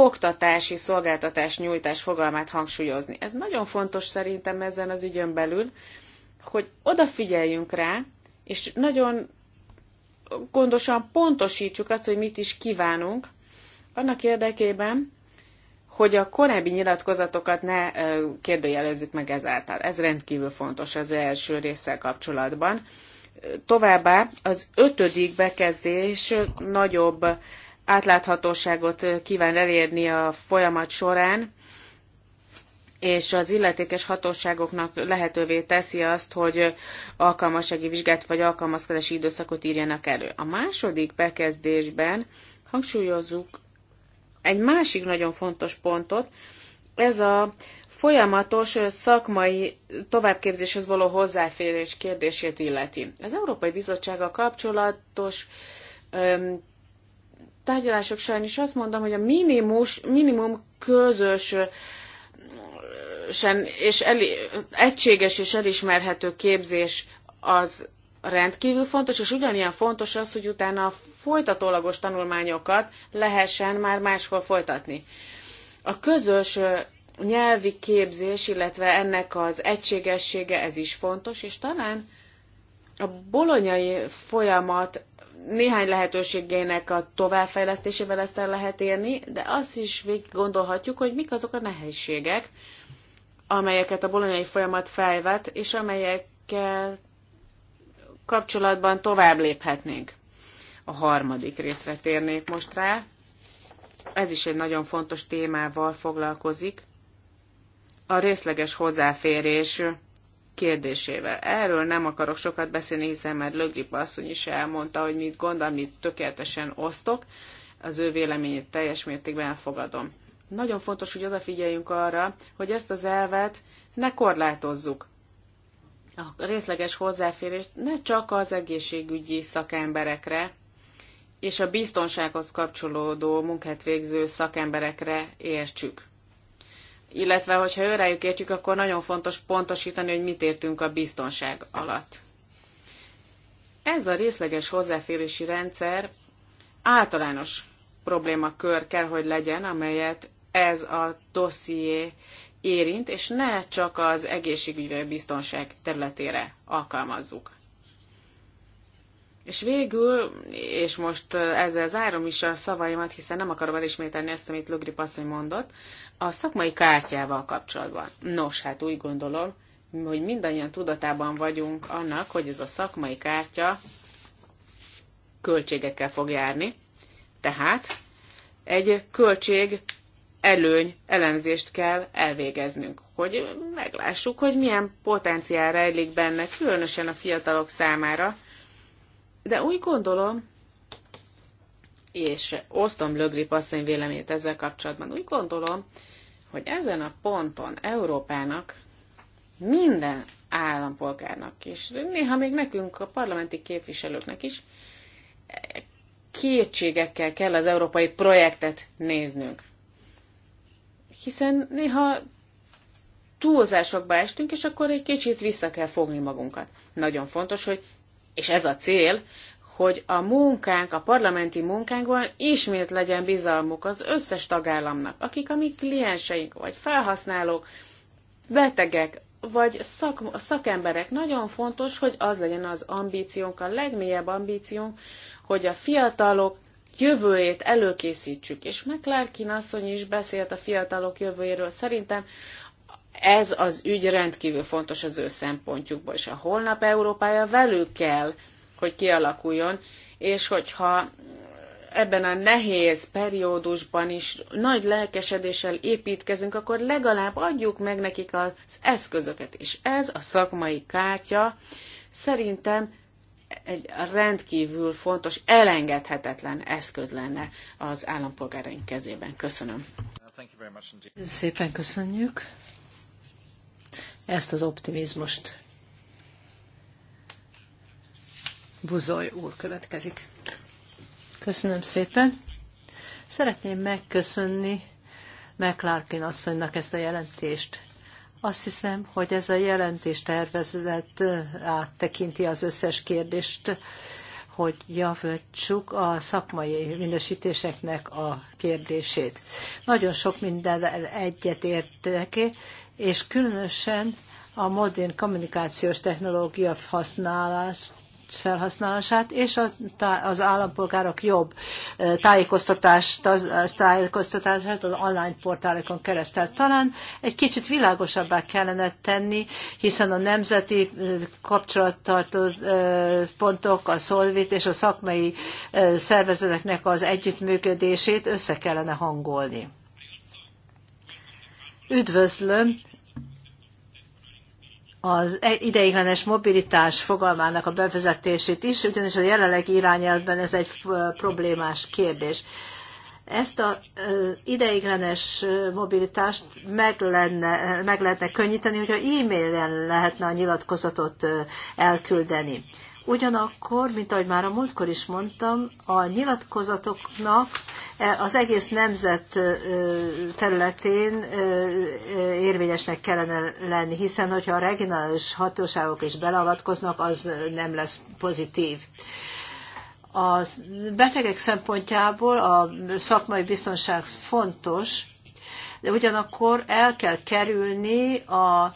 oktatási szolgáltatás nyújtás fogalmát hangsúlyozni. Ez nagyon fontos szerintem ezen az ügyön belül, hogy odafigyeljünk rá, és nagyon gondosan pontosítsuk azt, hogy mit is kívánunk, annak érdekében, hogy a korábbi nyilatkozatokat ne kérdőjelezzük meg ezáltal. Ez rendkívül fontos az első résszel kapcsolatban. Továbbá az ötödik bekezdés nagyobb átláthatóságot kíván elérni a folyamat során, és az illetékes hatóságoknak lehetővé teszi azt, hogy alkalmassági vizsgát vagy alkalmazkodási időszakot írjanak elő. A második bekezdésben hangsúlyozzuk egy másik nagyon fontos pontot, ez a folyamatos szakmai továbbképzéshez való hozzáférés kérdését illeti. Az Európai Bizottsága kapcsolatos tárgyalások során is azt mondom, hogy a minimus, minimum közös és elé, egységes és elismerhető képzés az rendkívül fontos, és ugyanilyen fontos az, hogy utána a folytatólagos tanulmányokat lehessen már máshol folytatni. A közös nyelvi képzés, illetve ennek az egységessége, ez is fontos, és talán a bolonyai folyamat néhány lehetőségének a továbbfejlesztésével ezt el lehet érni, de azt is végig gondolhatjuk, hogy mik azok a nehézségek, amelyeket a bolonyai folyamat felvet, és amelyekkel kapcsolatban tovább léphetnénk. A harmadik részre térnék most rá. Ez is egy nagyon fontos témával foglalkozik. A részleges hozzáférés kérdésével. Erről nem akarok sokat beszélni, hiszen már Lögrip asszony is elmondta, hogy mit gondol, amit tökéletesen osztok, az ő véleményét teljes mértékben elfogadom. Nagyon fontos, hogy odafigyeljünk arra, hogy ezt az elvet ne korlátozzuk. A részleges hozzáférést ne csak az egészségügyi szakemberekre és a biztonsághoz kapcsolódó munkát végző szakemberekre értsük illetve hogyha őrájuk értjük, akkor nagyon fontos pontosítani, hogy mit értünk a biztonság alatt. Ez a részleges hozzáférési rendszer általános problémakör kell, hogy legyen, amelyet ez a dosszié érint, és ne csak az egészségügyi biztonság területére alkalmazzuk. És végül, és most ezzel zárom is a szavaimat, hiszen nem akarom elismételni ezt, amit Lugri asszony mondott, a szakmai kártyával kapcsolatban. Nos, hát úgy gondolom, hogy mindannyian tudatában vagyunk annak, hogy ez a szakmai kártya költségekkel fog járni. Tehát egy költség előny elemzést kell elvégeznünk, hogy meglássuk, hogy milyen potenciál rejlik benne, különösen a fiatalok számára, de úgy gondolom, és osztom Lögrip asszony véleményét ezzel kapcsolatban, úgy gondolom, hogy ezen a ponton Európának minden állampolgárnak is, néha még nekünk, a parlamenti képviselőknek is, kétségekkel kell az európai projektet néznünk. Hiszen néha túlzásokba estünk, és akkor egy kicsit vissza kell fogni magunkat. Nagyon fontos, hogy és ez a cél, hogy a munkánk, a parlamenti munkánkban ismét legyen bizalmuk az összes tagállamnak, akik a mi klienseink, vagy felhasználók, betegek, vagy szak, szakemberek. Nagyon fontos, hogy az legyen az ambíciónk, a legmélyebb ambíciónk, hogy a fiatalok jövőjét előkészítsük. És McClarkin asszony is beszélt a fiatalok jövőjéről. Szerintem ez az ügy rendkívül fontos az ő szempontjukból, és a holnap Európája velük kell, hogy kialakuljon, és hogyha ebben a nehéz periódusban is nagy lelkesedéssel építkezünk, akkor legalább adjuk meg nekik az eszközöket. És ez a szakmai kártya szerintem egy rendkívül fontos, elengedhetetlen eszköz lenne az állampolgáraink kezében. Köszönöm. Szépen köszönjük ezt az optimizmust. Buzoly úr következik. Köszönöm szépen. Szeretném megköszönni McLarkin asszonynak ezt a jelentést. Azt hiszem, hogy ez a jelentés tervezet áttekinti az összes kérdést, hogy javítsuk a szakmai minősítéseknek a kérdését. Nagyon sok minden egyet értek, és különösen a modern kommunikációs technológia használást felhasználását, és a, az állampolgárok jobb tájékoztatást, az, tájékoztatását az online portálokon keresztül. Talán egy kicsit világosabbá kellene tenni, hiszen a nemzeti kapcsolattartó pontok, a szolvit és a szakmai szervezeteknek az együttműködését össze kellene hangolni. Üdvözlöm az e- ideiglenes mobilitás fogalmának a bevezetését is, ugyanis a jelenlegi irányelvben ez egy problémás kérdés. Ezt az ideiglenes mobilitást meg, lenne, meg lehetne könnyíteni, hogyha e-mailen lehetne a nyilatkozatot elküldeni. Ugyanakkor, mint ahogy már a múltkor is mondtam, a nyilatkozatoknak e az egész nemzet területén érvényesnek kellene lenni, hiszen hogyha a regionális hatóságok is belavatkoznak, az nem lesz pozitív. A betegek szempontjából a szakmai biztonság fontos, de ugyanakkor el kell kerülni a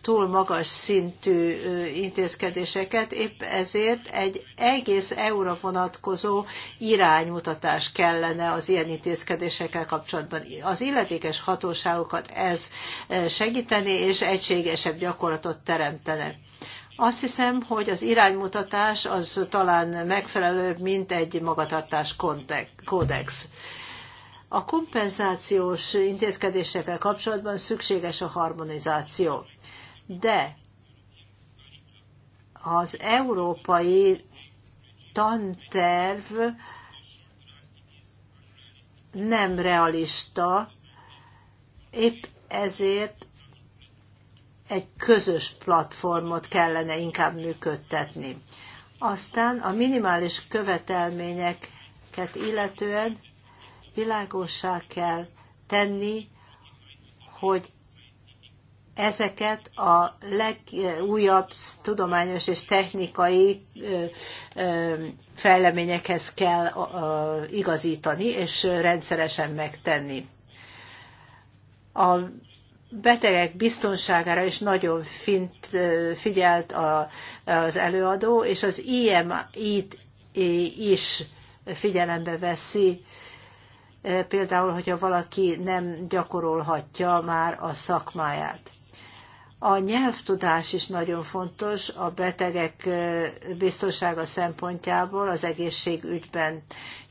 túl magas szintű intézkedéseket, épp ezért egy egész EU-ra vonatkozó iránymutatás kellene az ilyen intézkedésekkel kapcsolatban. Az illetékes hatóságokat ez segíteni, és egységesebb gyakorlatot teremtene. Azt hiszem, hogy az iránymutatás az talán megfelelőbb, mint egy magatartás kódex. A kompenzációs intézkedésekkel kapcsolatban szükséges a harmonizáció. De az európai tanterv nem realista, épp ezért egy közös platformot kellene inkább működtetni. Aztán a minimális követelményeket illetően világossá kell tenni, hogy ezeket a legújabb tudományos és technikai fejleményekhez kell igazítani és rendszeresen megtenni. A betegek biztonságára is nagyon fint, figyelt a, az előadó, és az IMI-t is figyelembe veszi például, hogyha valaki nem gyakorolhatja már a szakmáját. A nyelvtudás is nagyon fontos a betegek biztonsága szempontjából az egészségügyben,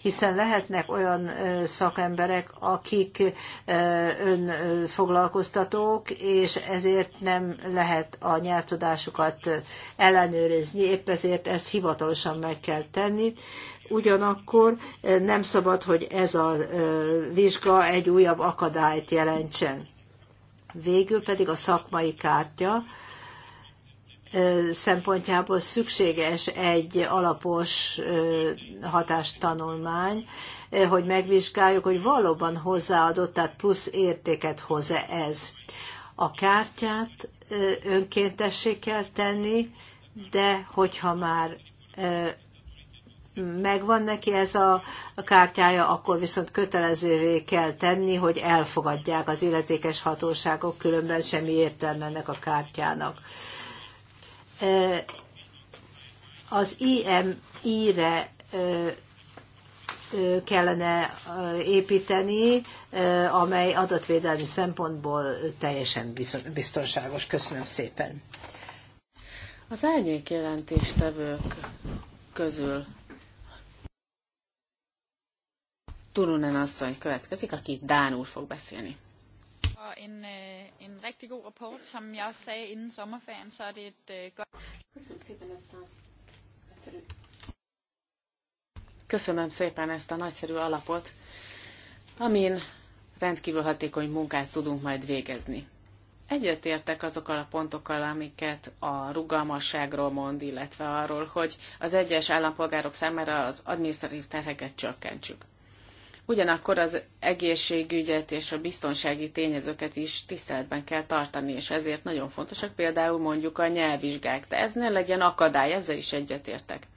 hiszen lehetnek olyan szakemberek, akik önfoglalkoztatók, és ezért nem lehet a nyelvtudásukat ellenőrizni, épp ezért ezt hivatalosan meg kell tenni, ugyanakkor eh, nem szabad, hogy ez a eh, vizsga egy újabb akadályt jelentsen. Végül pedig a szakmai kártya eh, szempontjából szükséges egy alapos hatástanulmány, hogy megvizsgáljuk, hogy valóban hozzáadott, tehát plusz értéket hoz-e ez. A kártyát önkéntessé kell tenni, de hogyha már megvan neki ez a kártyája, akkor viszont kötelezővé kell tenni, hogy elfogadják az illetékes hatóságok, különben semmi értelme ennek a kártyának. Az IMI-re kellene építeni, amely adatvédelmi szempontból teljesen biztonságos. Köszönöm szépen. Az árnyék jelentéstevők közül Turunen asszony következik, aki Dánul fog beszélni. En, øh, en rigtig god rapport, som jeg også sagde inden sommerferien, så er det et øh, godt... Köszönöm szépen ezt a nagyszerű... Köszönöm szépen ezt a nagyszerű alapot, amin rendkívül hatékony munkát tudunk majd végezni. Egyetértek azokkal a pontokkal, amiket a rugalmasságról mond, illetve arról, hogy az egyes állampolgárok számára az adminisztratív terheket csökkentsük. Ugyanakkor az egészségügyet és a biztonsági tényezőket is tiszteletben kell tartani, és ezért nagyon fontosak például mondjuk a nyelvvizsgák. De ez ne legyen akadály, ezzel is egyetértek.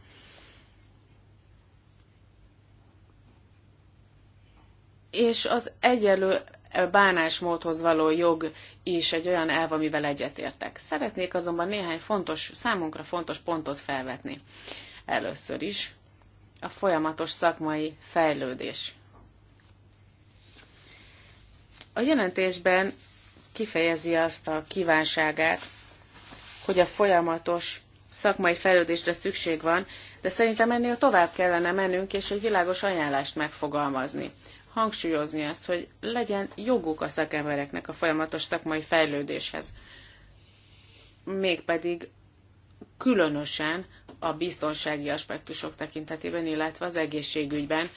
És az egyenlő bánásmódhoz való jog is egy olyan elv, amivel egyetértek. Szeretnék azonban néhány fontos, számunkra fontos pontot felvetni. Először is a folyamatos szakmai fejlődés. A jelentésben kifejezi azt a kívánságát, hogy a folyamatos szakmai fejlődésre szükség van, de szerintem ennél tovább kellene mennünk, és egy világos ajánlást megfogalmazni. Hangsúlyozni azt, hogy legyen joguk a szakembereknek a folyamatos szakmai fejlődéshez. Mégpedig különösen a biztonsági aspektusok tekintetében, illetve az egészségügyben,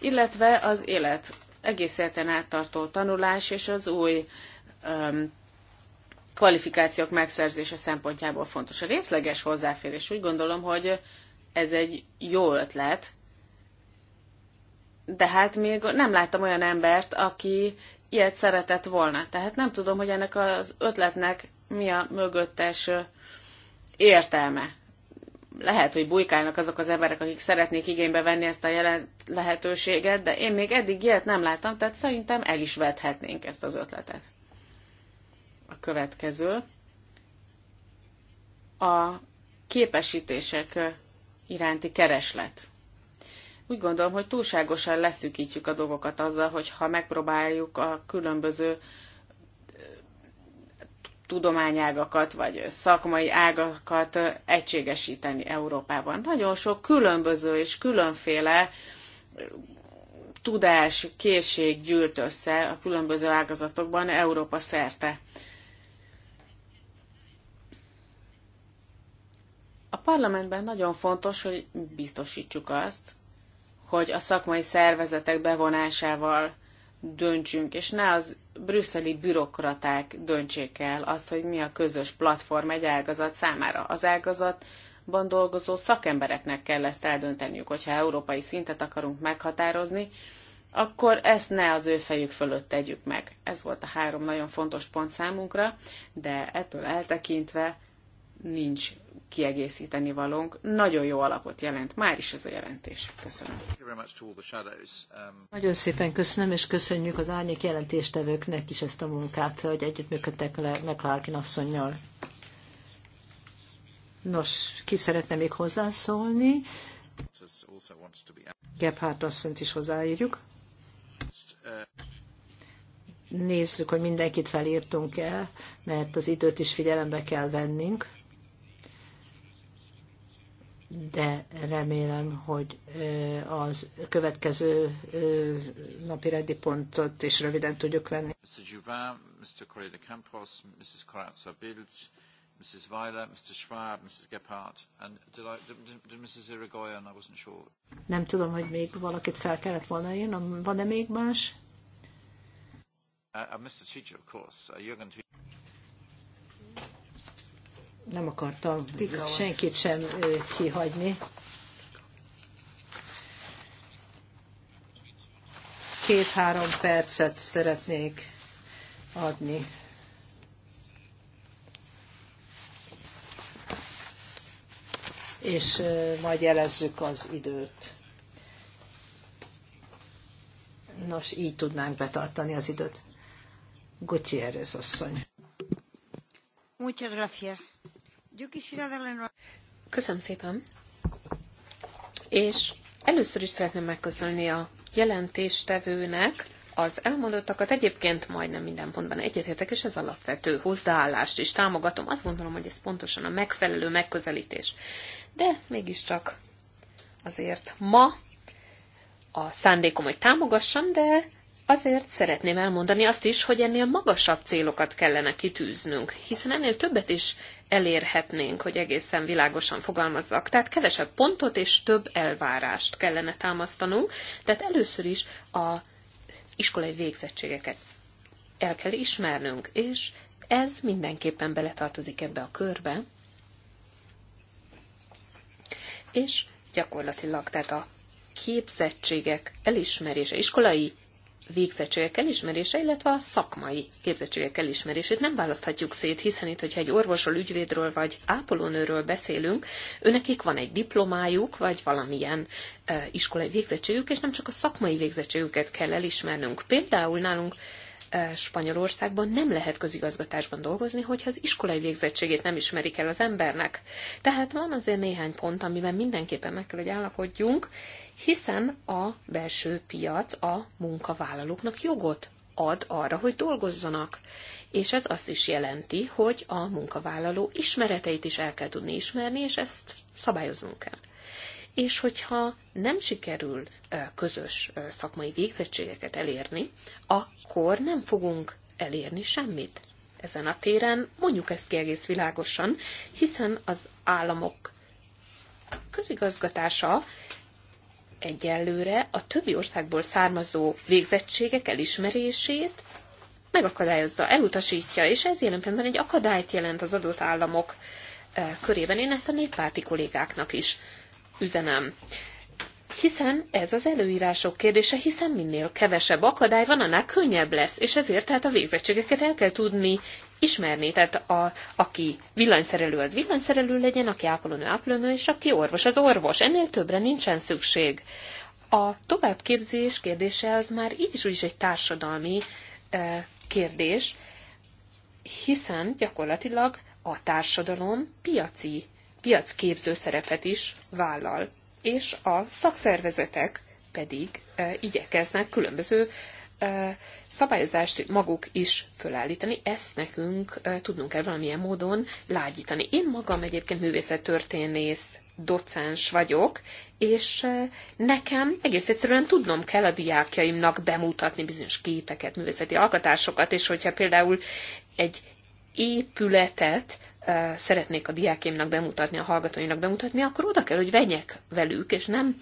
illetve az élet egész életen áttartó tanulás és az új um, kvalifikációk megszerzése szempontjából fontos. A részleges hozzáférés úgy gondolom, hogy ez egy jó ötlet, de hát még nem láttam olyan embert, aki ilyet szeretett volna. Tehát nem tudom, hogy ennek az ötletnek mi a mögöttes értelme lehet, hogy bujkálnak azok az emberek, akik szeretnék igénybe venni ezt a jelent lehetőséget, de én még eddig ilyet nem láttam, tehát szerintem el is vethetnénk ezt az ötletet. A következő. A képesítések iránti kereslet. Úgy gondolom, hogy túlságosan leszűkítjük a dolgokat azzal, hogyha ha megpróbáljuk a különböző tudományágakat vagy szakmai ágakat egységesíteni Európában. Nagyon sok különböző és különféle tudás, készség gyűlt össze a különböző ágazatokban Európa szerte. A parlamentben nagyon fontos, hogy biztosítsuk azt, hogy a szakmai szervezetek bevonásával döntsünk, és ne az brüsszeli bürokraták döntsék el azt, hogy mi a közös platform egy ágazat számára. Az ágazatban dolgozó szakembereknek kell ezt eldönteniük, hogyha európai szintet akarunk meghatározni, akkor ezt ne az ő fejük fölött tegyük meg. Ez volt a három nagyon fontos pont számunkra, de ettől eltekintve nincs kiegészíteni valónk. Nagyon jó alapot jelent már is ez a jelentés. Köszönöm. Um, Nagyon szépen köszönöm, és köszönjük az árnyék jelentéstevőknek is ezt a munkát, hogy együttműködtek le McLarkin asszonynal. Nos, ki szeretne még hozzászólni? Gebhardt asszonyt is hozzáírjuk. Nézzük, hogy mindenkit felírtunk el, mert az időt is figyelembe kell vennünk de remélem, hogy az következő napi rendi pontot is röviden tudjuk venni. Mr. Juvin, Mr. Correa de Campos, Mrs. Corazza Bild, Mrs. Weiler, Mr. Schwab, Mrs. Gephardt, and did, I, did, did Mrs. Irigoyen, I wasn't sure. Nem tudom, hogy még valakit fel kellett volna írnom. Van-e még más? Uh, uh Mr. Chichi, of course. Uh, you're going to nem akartam senkit sem kihagyni. Két-három percet szeretnék adni. És majd jelezzük az időt. Nos, így tudnánk betartani az időt. Gutierrez asszony. Muchas gracias. Köszönöm szépen. És először is szeretném megköszönni a jelentéstevőnek az elmondottakat. Egyébként majdnem minden pontban egyetértek, és ez alapvető hozzáállást is támogatom. Azt gondolom, hogy ez pontosan a megfelelő megközelítés. De mégiscsak azért ma a szándékom, hogy támogassam, de Azért szeretném elmondani azt is, hogy ennél magasabb célokat kellene kitűznünk, hiszen ennél többet is elérhetnénk, hogy egészen világosan fogalmazzak. Tehát kevesebb pontot és több elvárást kellene támasztanunk. Tehát először is a iskolai végzettségeket el kell ismernünk, és ez mindenképpen beletartozik ebbe a körbe. És gyakorlatilag, tehát a képzettségek elismerése, iskolai végzettségek elismerése, illetve a szakmai képzettségek elismerését nem választhatjuk szét, hiszen itt, hogyha egy orvosról, ügyvédről vagy ápolónőről beszélünk, őnekik van egy diplomájuk, vagy valamilyen eh, iskolai végzettségük, és nem csak a szakmai végzettségüket kell elismernünk. Például nálunk Spanyolországban nem lehet közigazgatásban dolgozni, hogyha az iskolai végzettségét nem ismerik el az embernek. Tehát van azért néhány pont, amiben mindenképpen meg kell, hogy állapodjunk, hiszen a belső piac a munkavállalóknak jogot ad arra, hogy dolgozzanak. És ez azt is jelenti, hogy a munkavállaló ismereteit is el kell tudni ismerni, és ezt szabályoznunk kell és hogyha nem sikerül közös szakmai végzettségeket elérni, akkor nem fogunk elérni semmit ezen a téren, mondjuk ezt ki egész világosan, hiszen az államok közigazgatása egyelőre a többi országból származó végzettségek elismerését megakadályozza, elutasítja, és ez jelen pillanatban egy akadályt jelent az adott államok körében. Én ezt a néppárti kollégáknak is üzenem. Hiszen ez az előírások kérdése, hiszen minél kevesebb akadály van, annál könnyebb lesz, és ezért tehát a végzettségeket el kell tudni ismerni. Tehát a, aki villanyszerelő, az villanyszerelő legyen, aki ápolónő, ápolónő, és aki orvos, az orvos. Ennél többre nincsen szükség. A továbbképzés kérdése az már így is úgyis egy társadalmi e, kérdés, hiszen gyakorlatilag a társadalom piaci piacképző szerepet is vállal, és a szakszervezetek pedig e, igyekeznek különböző e, szabályozást maguk is fölállítani, ezt nekünk e, tudnunk kell valamilyen módon lágyítani. Én magam egyébként művészettörténész docens vagyok, és nekem egész egyszerűen tudnom kell a diákjaimnak bemutatni bizonyos képeket, művészeti alkotásokat, és hogyha például egy épületet szeretnék a diákémnak bemutatni, a hallgatóinak bemutatni, akkor oda kell, hogy vegyek velük, és nem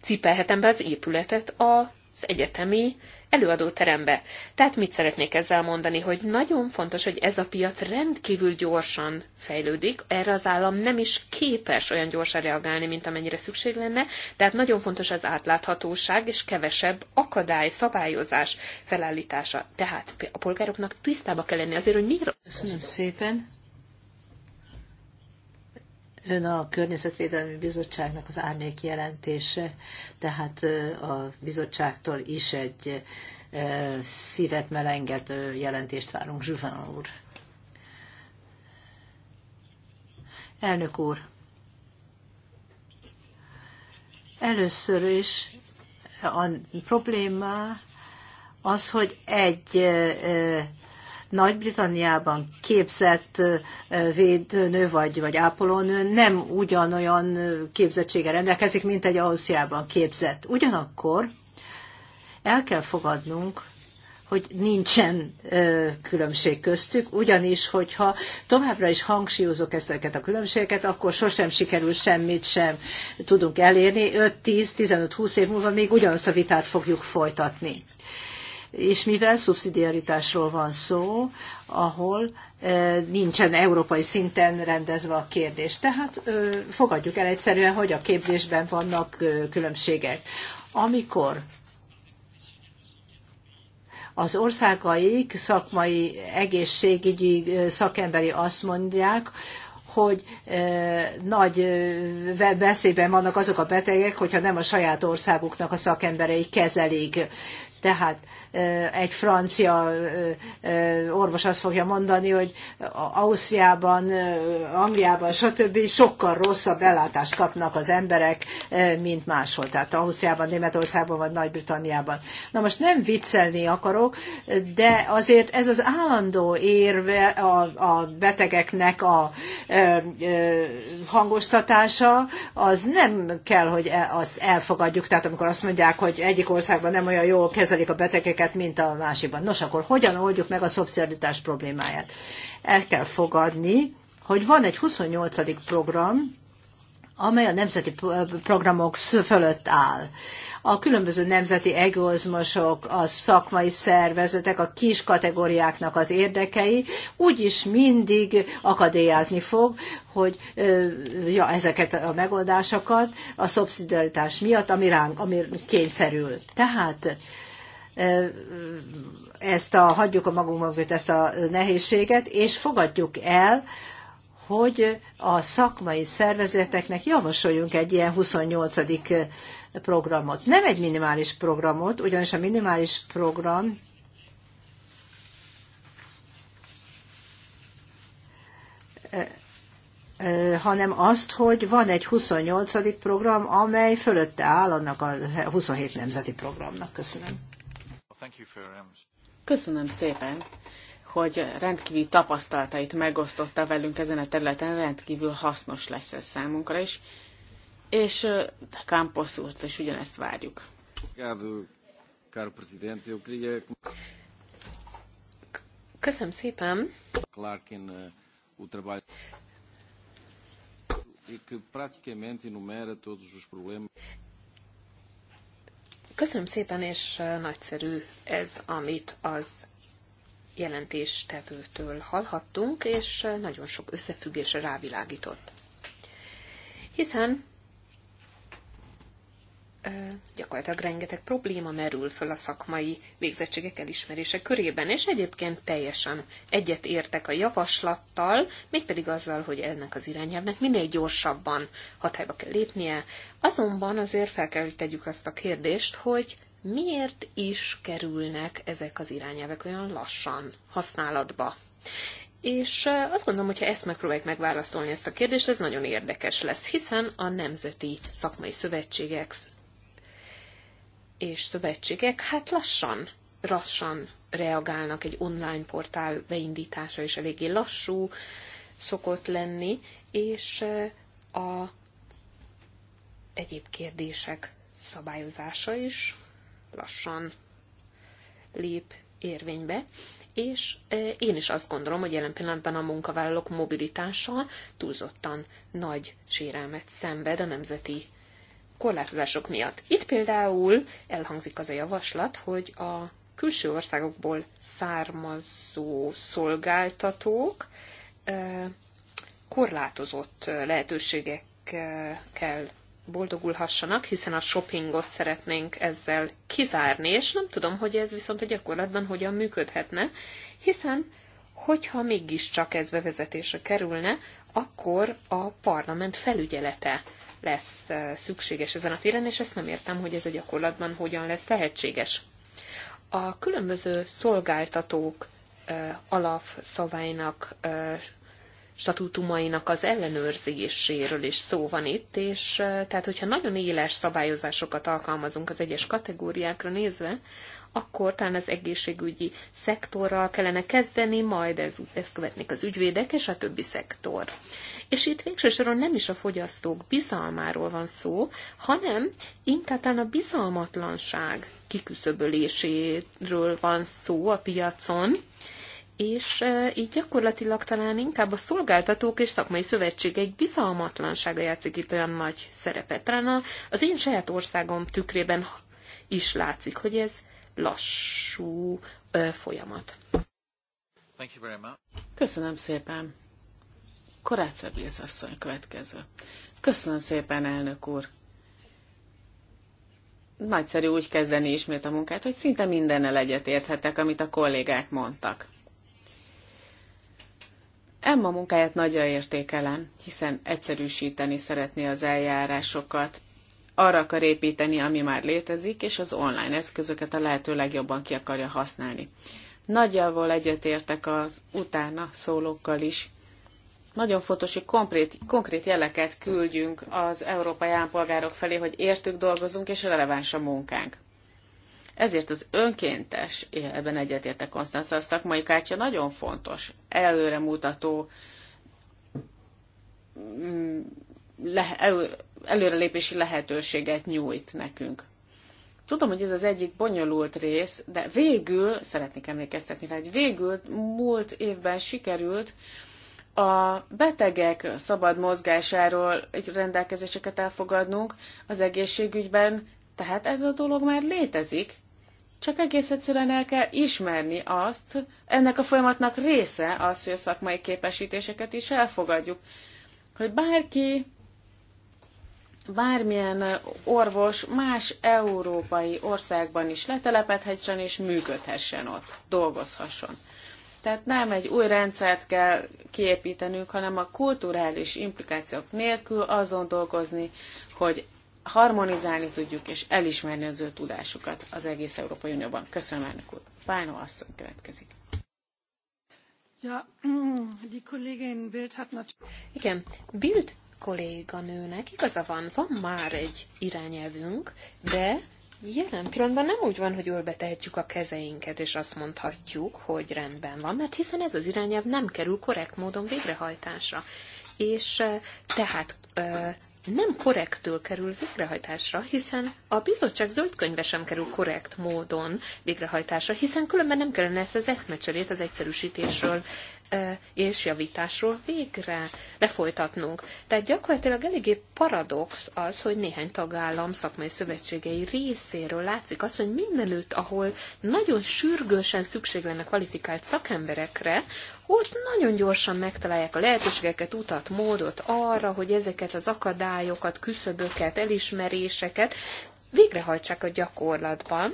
cipelhetem be az épületet az egyetemi előadóterembe. Tehát mit szeretnék ezzel mondani, hogy nagyon fontos, hogy ez a piac rendkívül gyorsan fejlődik, erre az állam nem is képes olyan gyorsan reagálni, mint amennyire szükség lenne, tehát nagyon fontos az átláthatóság és kevesebb akadály, szabályozás felállítása. Tehát a polgároknak tisztába kell lenni azért, hogy miért. Köszönöm szépen. Ön a Környezetvédelmi Bizottságnak az árnyék jelentése, tehát a bizottságtól is egy szívet melengető jelentést várunk, Zsufán úr. Elnök úr, először is a probléma az, hogy egy nagy-Britanniában képzett védőnő vagy, vagy ápolónő nem ugyanolyan képzettsége rendelkezik, mint egy Ausztriában képzett. Ugyanakkor el kell fogadnunk, hogy nincsen ö, különbség köztük, ugyanis, hogyha továbbra is hangsúlyozok ezeket a különbségeket, akkor sosem sikerül semmit sem tudunk elérni. 5-10-15-20 év múlva még ugyanazt a vitát fogjuk folytatni és mivel szubszidiaritásról van szó, ahol e, nincsen európai szinten rendezve a kérdés. Tehát fogadjuk el egyszerűen, hogy a képzésben vannak különbségek. Amikor az országaik szakmai egészségügyi szakemberi azt mondják, hogy nagy veszélyben vannak azok a betegek, hogyha nem a saját országuknak a szakemberei kezelik. Tehát egy francia orvos azt fogja mondani, hogy Ausztriában, Angliában, stb. sokkal rosszabb ellátást kapnak az emberek, mint máshol. Tehát Ausztriában, Németországban vagy Nagy-Britanniában. Na most nem viccelni akarok, de azért ez az állandó érve a, a betegeknek a ö, ö, hangoztatása, az nem kell, hogy e, azt elfogadjuk. Tehát amikor azt mondják, hogy egyik országban nem olyan jól kezelik a betegeket, értéket, mint a másikban. Nos, akkor hogyan oldjuk meg a szubszidiaritás problémáját? El kell fogadni, hogy van egy 28. program, amely a nemzeti programok fölött áll. A különböző nemzeti egozmosok, a szakmai szervezetek, a kis kategóriáknak az érdekei úgyis mindig akadélyázni fog, hogy ja, ezeket a megoldásokat a szubszidiaritás miatt, ami ránk, ami kényszerül. Tehát ezt a, hagyjuk a magunk mögött ezt a nehézséget, és fogadjuk el, hogy a szakmai szervezeteknek javasoljunk egy ilyen 28. programot. Nem egy minimális programot, ugyanis a minimális program hanem azt, hogy van egy 28. program, amely fölötte áll annak a 27 nemzeti programnak. Köszönöm. Um, Köszönöm szépen, hogy rendkívül tapasztalatait megosztotta velünk ezen a területen, rendkívül hasznos lesz ez számunkra is, és Campos úrt is ugyanezt várjuk. Köszönöm szépen. Clarkin, o e que praticamente enumera todos os problemas. Köszönöm szépen, és nagyszerű ez, amit az jelentéstevőtől hallhattunk, és nagyon sok összefüggésre rávilágított. Hiszen gyakorlatilag rengeteg probléma merül föl a szakmai végzettségek elismerése körében, és egyébként teljesen egyet értek a javaslattal, mégpedig azzal, hogy ennek az irányelvnek minél gyorsabban hatályba kell lépnie. Azonban azért fel kell, hogy tegyük azt a kérdést, hogy miért is kerülnek ezek az irányelvek olyan lassan használatba. És azt gondolom, hogy ha ezt megpróbáljuk megválaszolni ezt a kérdést, ez nagyon érdekes lesz, hiszen a nemzeti szakmai szövetségek és szövetségek hát lassan, lassan reagálnak egy online portál beindítása, és eléggé lassú szokott lenni, és eh, a egyéb kérdések szabályozása is lassan lép érvénybe, és eh, én is azt gondolom, hogy jelen pillanatban a munkavállalók mobilitása túlzottan nagy sérelmet szenved a nemzeti korlátozások miatt. Itt például elhangzik az a javaslat, hogy a külső országokból származó szolgáltatók korlátozott lehetőségekkel boldogulhassanak, hiszen a shoppingot szeretnénk ezzel kizárni, és nem tudom, hogy ez viszont a gyakorlatban hogyan működhetne, hiszen hogyha mégiscsak ez bevezetésre kerülne, akkor a parlament felügyelete lesz szükséges ezen a téren, és ezt nem értem, hogy ez a gyakorlatban hogyan lesz lehetséges. A különböző szolgáltatók alapszabálynak, statútumainak az ellenőrzéséről is szó van itt, és tehát hogyha nagyon éles szabályozásokat alkalmazunk az egyes kategóriákra nézve, akkor talán az egészségügyi szektorral kellene kezdeni, majd ez, ezt követnék az ügyvédek és a többi szektor és itt végső soron nem is a fogyasztók bizalmáról van szó, hanem inkább a bizalmatlanság kiküszöböléséről van szó a piacon, és így gyakorlatilag talán inkább a szolgáltatók és szakmai szövetségek bizalmatlansága játszik itt olyan nagy szerepet. Talán az én saját országom tükrében is látszik, hogy ez lassú folyamat. Köszönöm szépen. Koráca asszony következő. Köszönöm szépen, elnök úr! Nagyszerű úgy kezdeni ismét a munkát, hogy szinte mindennel egyetérthetek, amit a kollégák mondtak. Emma munkáját nagyra értékelem, hiszen egyszerűsíteni szeretné az eljárásokat, arra akar építeni, ami már létezik, és az online eszközöket a lehető legjobban ki akarja használni. Nagyjából egyetértek az utána szólókkal is, nagyon fontos, hogy konkrét, konkrét jeleket küldjünk az európai állampolgárok felé, hogy értük dolgozunk, és releváns a munkánk. Ezért az önkéntes, ebben egyetértek Konstanz, a szakmai kártya nagyon fontos, előremutató, mm, előrelépési lehetőséget nyújt nekünk. Tudom, hogy ez az egyik bonyolult rész, de végül, szeretnék emlékeztetni rá, hogy végül múlt évben sikerült a betegek szabad mozgásáról rendelkezéseket elfogadnunk az egészségügyben, tehát ez a dolog már létezik, csak egész egyszerűen el kell ismerni azt, ennek a folyamatnak része az, hogy a szakmai képesítéseket is elfogadjuk. Hogy bárki, bármilyen orvos más európai országban is letelepedhessen és működhessen ott, dolgozhasson. Tehát nem egy új rendszert kell kiépítenünk, hanem a kulturális implikációk nélkül azon dolgozni, hogy harmonizálni tudjuk és elismerni az ő tudásukat az egész Európai Unióban. Köszönöm, elnök úr. Fájna asszony következik. Ja, die Kollegin Bild hat Igen, Bild kolléganőnek igaza van, van már egy irányelvünk, de Jelen pillanatban nem úgy van, hogy ölbetehetjük a kezeinket, és azt mondhatjuk, hogy rendben van, mert hiszen ez az irányelv nem kerül korrekt módon végrehajtásra. És tehát nem korrektől kerül végrehajtásra, hiszen a bizottság zöldkönyve sem kerül korrekt módon végrehajtásra, hiszen különben nem kellene ezt az eszmecserét az egyszerűsítésről és javításról végre lefolytatnunk. Tehát gyakorlatilag eléggé paradox az, hogy néhány tagállam szakmai szövetségei részéről látszik az, hogy mindenütt, ahol nagyon sürgősen szükség lenne kvalifikált szakemberekre, ott nagyon gyorsan megtalálják a lehetőségeket, utat, módot arra, hogy ezeket az akadályokat, küszöböket, elismeréseket végrehajtsák a gyakorlatban,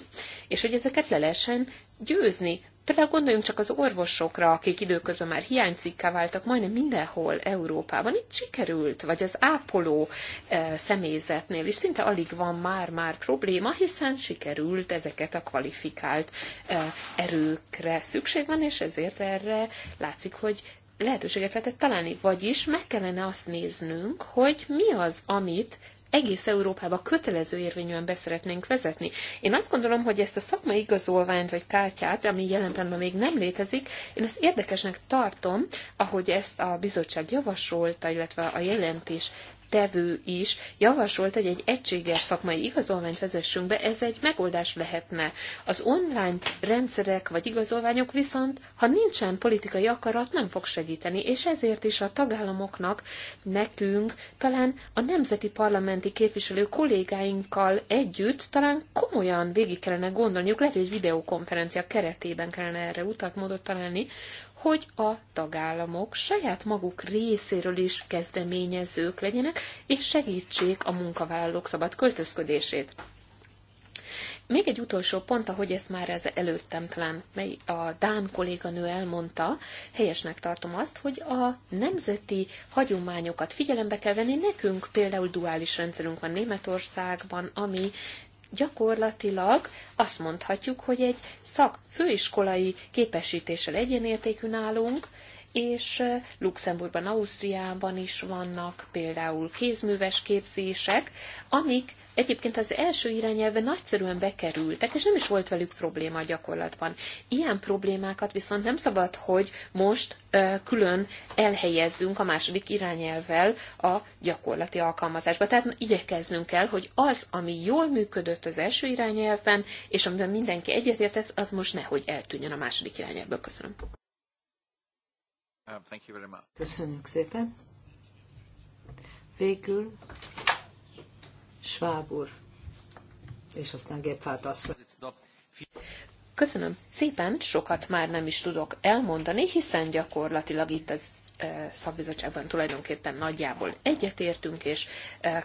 és hogy ezeket le lehessen győzni. Például gondoljunk csak az orvosokra, akik időközben már hiánycikká váltak majdnem mindenhol Európában. Itt sikerült, vagy az ápoló e, személyzetnél is szinte alig van már-már probléma, hiszen sikerült ezeket a kvalifikált e, erőkre szükség van, és ezért erre látszik, hogy lehetőséget lehetett találni. Vagyis meg kellene azt néznünk, hogy mi az, amit egész Európába kötelező érvényűen beszeretnénk vezetni. Én azt gondolom, hogy ezt a szakmai igazolványt vagy kártyát, ami jelen pillanatban még nem létezik, én ezt érdekesnek tartom, ahogy ezt a bizottság javasolta, illetve a jelentés tevő is javasolt, hogy egy egységes szakmai igazolványt vezessünk be, ez egy megoldás lehetne. Az online rendszerek vagy igazolványok viszont, ha nincsen politikai akarat, nem fog segíteni, és ezért is a tagállamoknak, nekünk, talán a nemzeti parlamenti képviselő kollégáinkkal együtt talán komolyan végig kellene gondolniuk, lehet, hogy egy videokonferencia keretében kellene erre utat, módot találni, hogy a tagállamok saját maguk részéről is kezdeményezők legyenek, és segítsék a munkavállalók szabad költözködését. Még egy utolsó pont, ahogy ezt már ez előttem talán mely a Dán kolléganő elmondta, helyesnek tartom azt, hogy a nemzeti hagyományokat figyelembe kell venni. Nekünk például duális rendszerünk van Németországban, ami gyakorlatilag azt mondhatjuk, hogy egy szak főiskolai képesítéssel egyenértékű nálunk, és Luxemburgban, Ausztriában is vannak például kézműves képzések, amik egyébként az első irányelve nagyszerűen bekerültek, és nem is volt velük probléma a gyakorlatban. Ilyen problémákat viszont nem szabad, hogy most külön elhelyezzünk a második irányelvel a gyakorlati alkalmazásba. Tehát igyekeznünk kell, hogy az, ami jól működött az első irányelvben, és amiben mindenki egyetért, az most nehogy eltűnjön a második irányelvből. Köszönöm. Um, thank you very much. Köszönjük szépen. Végül Schwab úr, és aztán Gephardt asszony. Köszönöm szépen, sokat már nem is tudok elmondani, hiszen gyakorlatilag itt az szakbizottságban tulajdonképpen nagyjából egyetértünk, és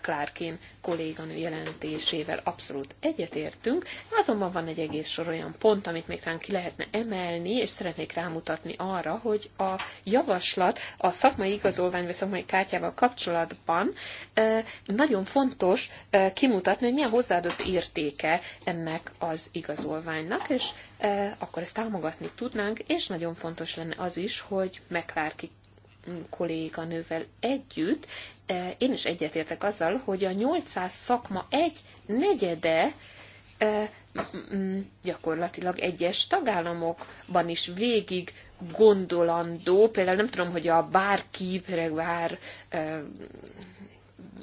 Clarkin kolléganő jelentésével abszolút egyetértünk, azonban van egy egész sor olyan pont, amit még ránk ki lehetne emelni, és szeretnék rámutatni arra, hogy a javaslat a szakmai igazolvány vagy szakmai kártyával kapcsolatban nagyon fontos kimutatni, hogy milyen hozzáadott értéke ennek az igazolványnak, és akkor ezt támogatni tudnánk, és nagyon fontos lenne az is, hogy McClarkin kolléganővel együtt, eh, én is egyetértek azzal, hogy a 800 szakma egy negyede eh, gyakorlatilag egyes tagállamokban is végig gondolandó, például nem tudom, hogy a bárki, vár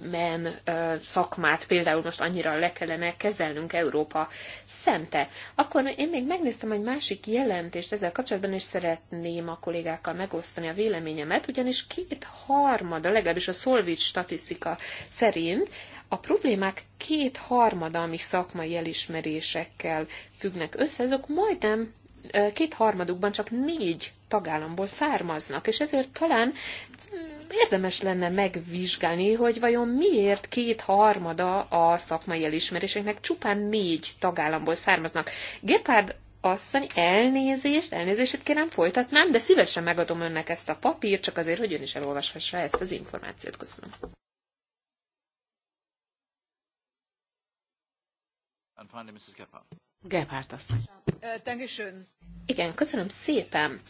men szakmát például most annyira le kellene kezelnünk Európa szente. Akkor én még megnéztem egy másik jelentést ezzel kapcsolatban, és szeretném a kollégákkal megosztani a véleményemet, ugyanis két harmada, legalábbis a Szolvics statisztika szerint a problémák két harmada, ami szakmai elismerésekkel függnek össze, azok majdnem kétharmadukban csak négy tagállamból származnak, és ezért talán érdemes lenne megvizsgálni, hogy vajon miért két-harmada a szakmai elismeréseknek csupán négy tagállamból származnak. Gepard asszony, elnézést, elnézést, kérem, folytatnám, de szívesen megadom önnek ezt a papírt, csak azért, hogy ön is elolvashassa ezt az információt. Köszönöm. And Gephardt. asszony. Igen, köszönöm szépen.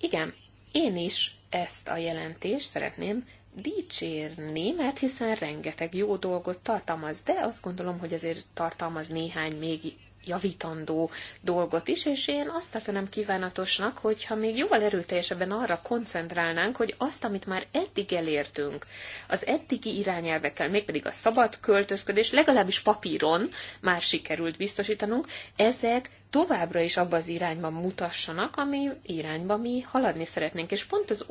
Igen, én is ezt a jelentést szeretném dicsérni, mert hiszen rengeteg jó dolgot tartalmaz, de azt gondolom, hogy azért tartalmaz néhány még javítandó dolgot is, és én azt tartanám kívánatosnak, hogyha még jóval erőteljesebben arra koncentrálnánk, hogy azt, amit már eddig elértünk, az eddigi irányelvekkel, mégpedig a szabad költözködés, legalábbis papíron már sikerült biztosítanunk, ezek továbbra is abba az irányba mutassanak, ami irányba mi haladni szeretnénk. És pont az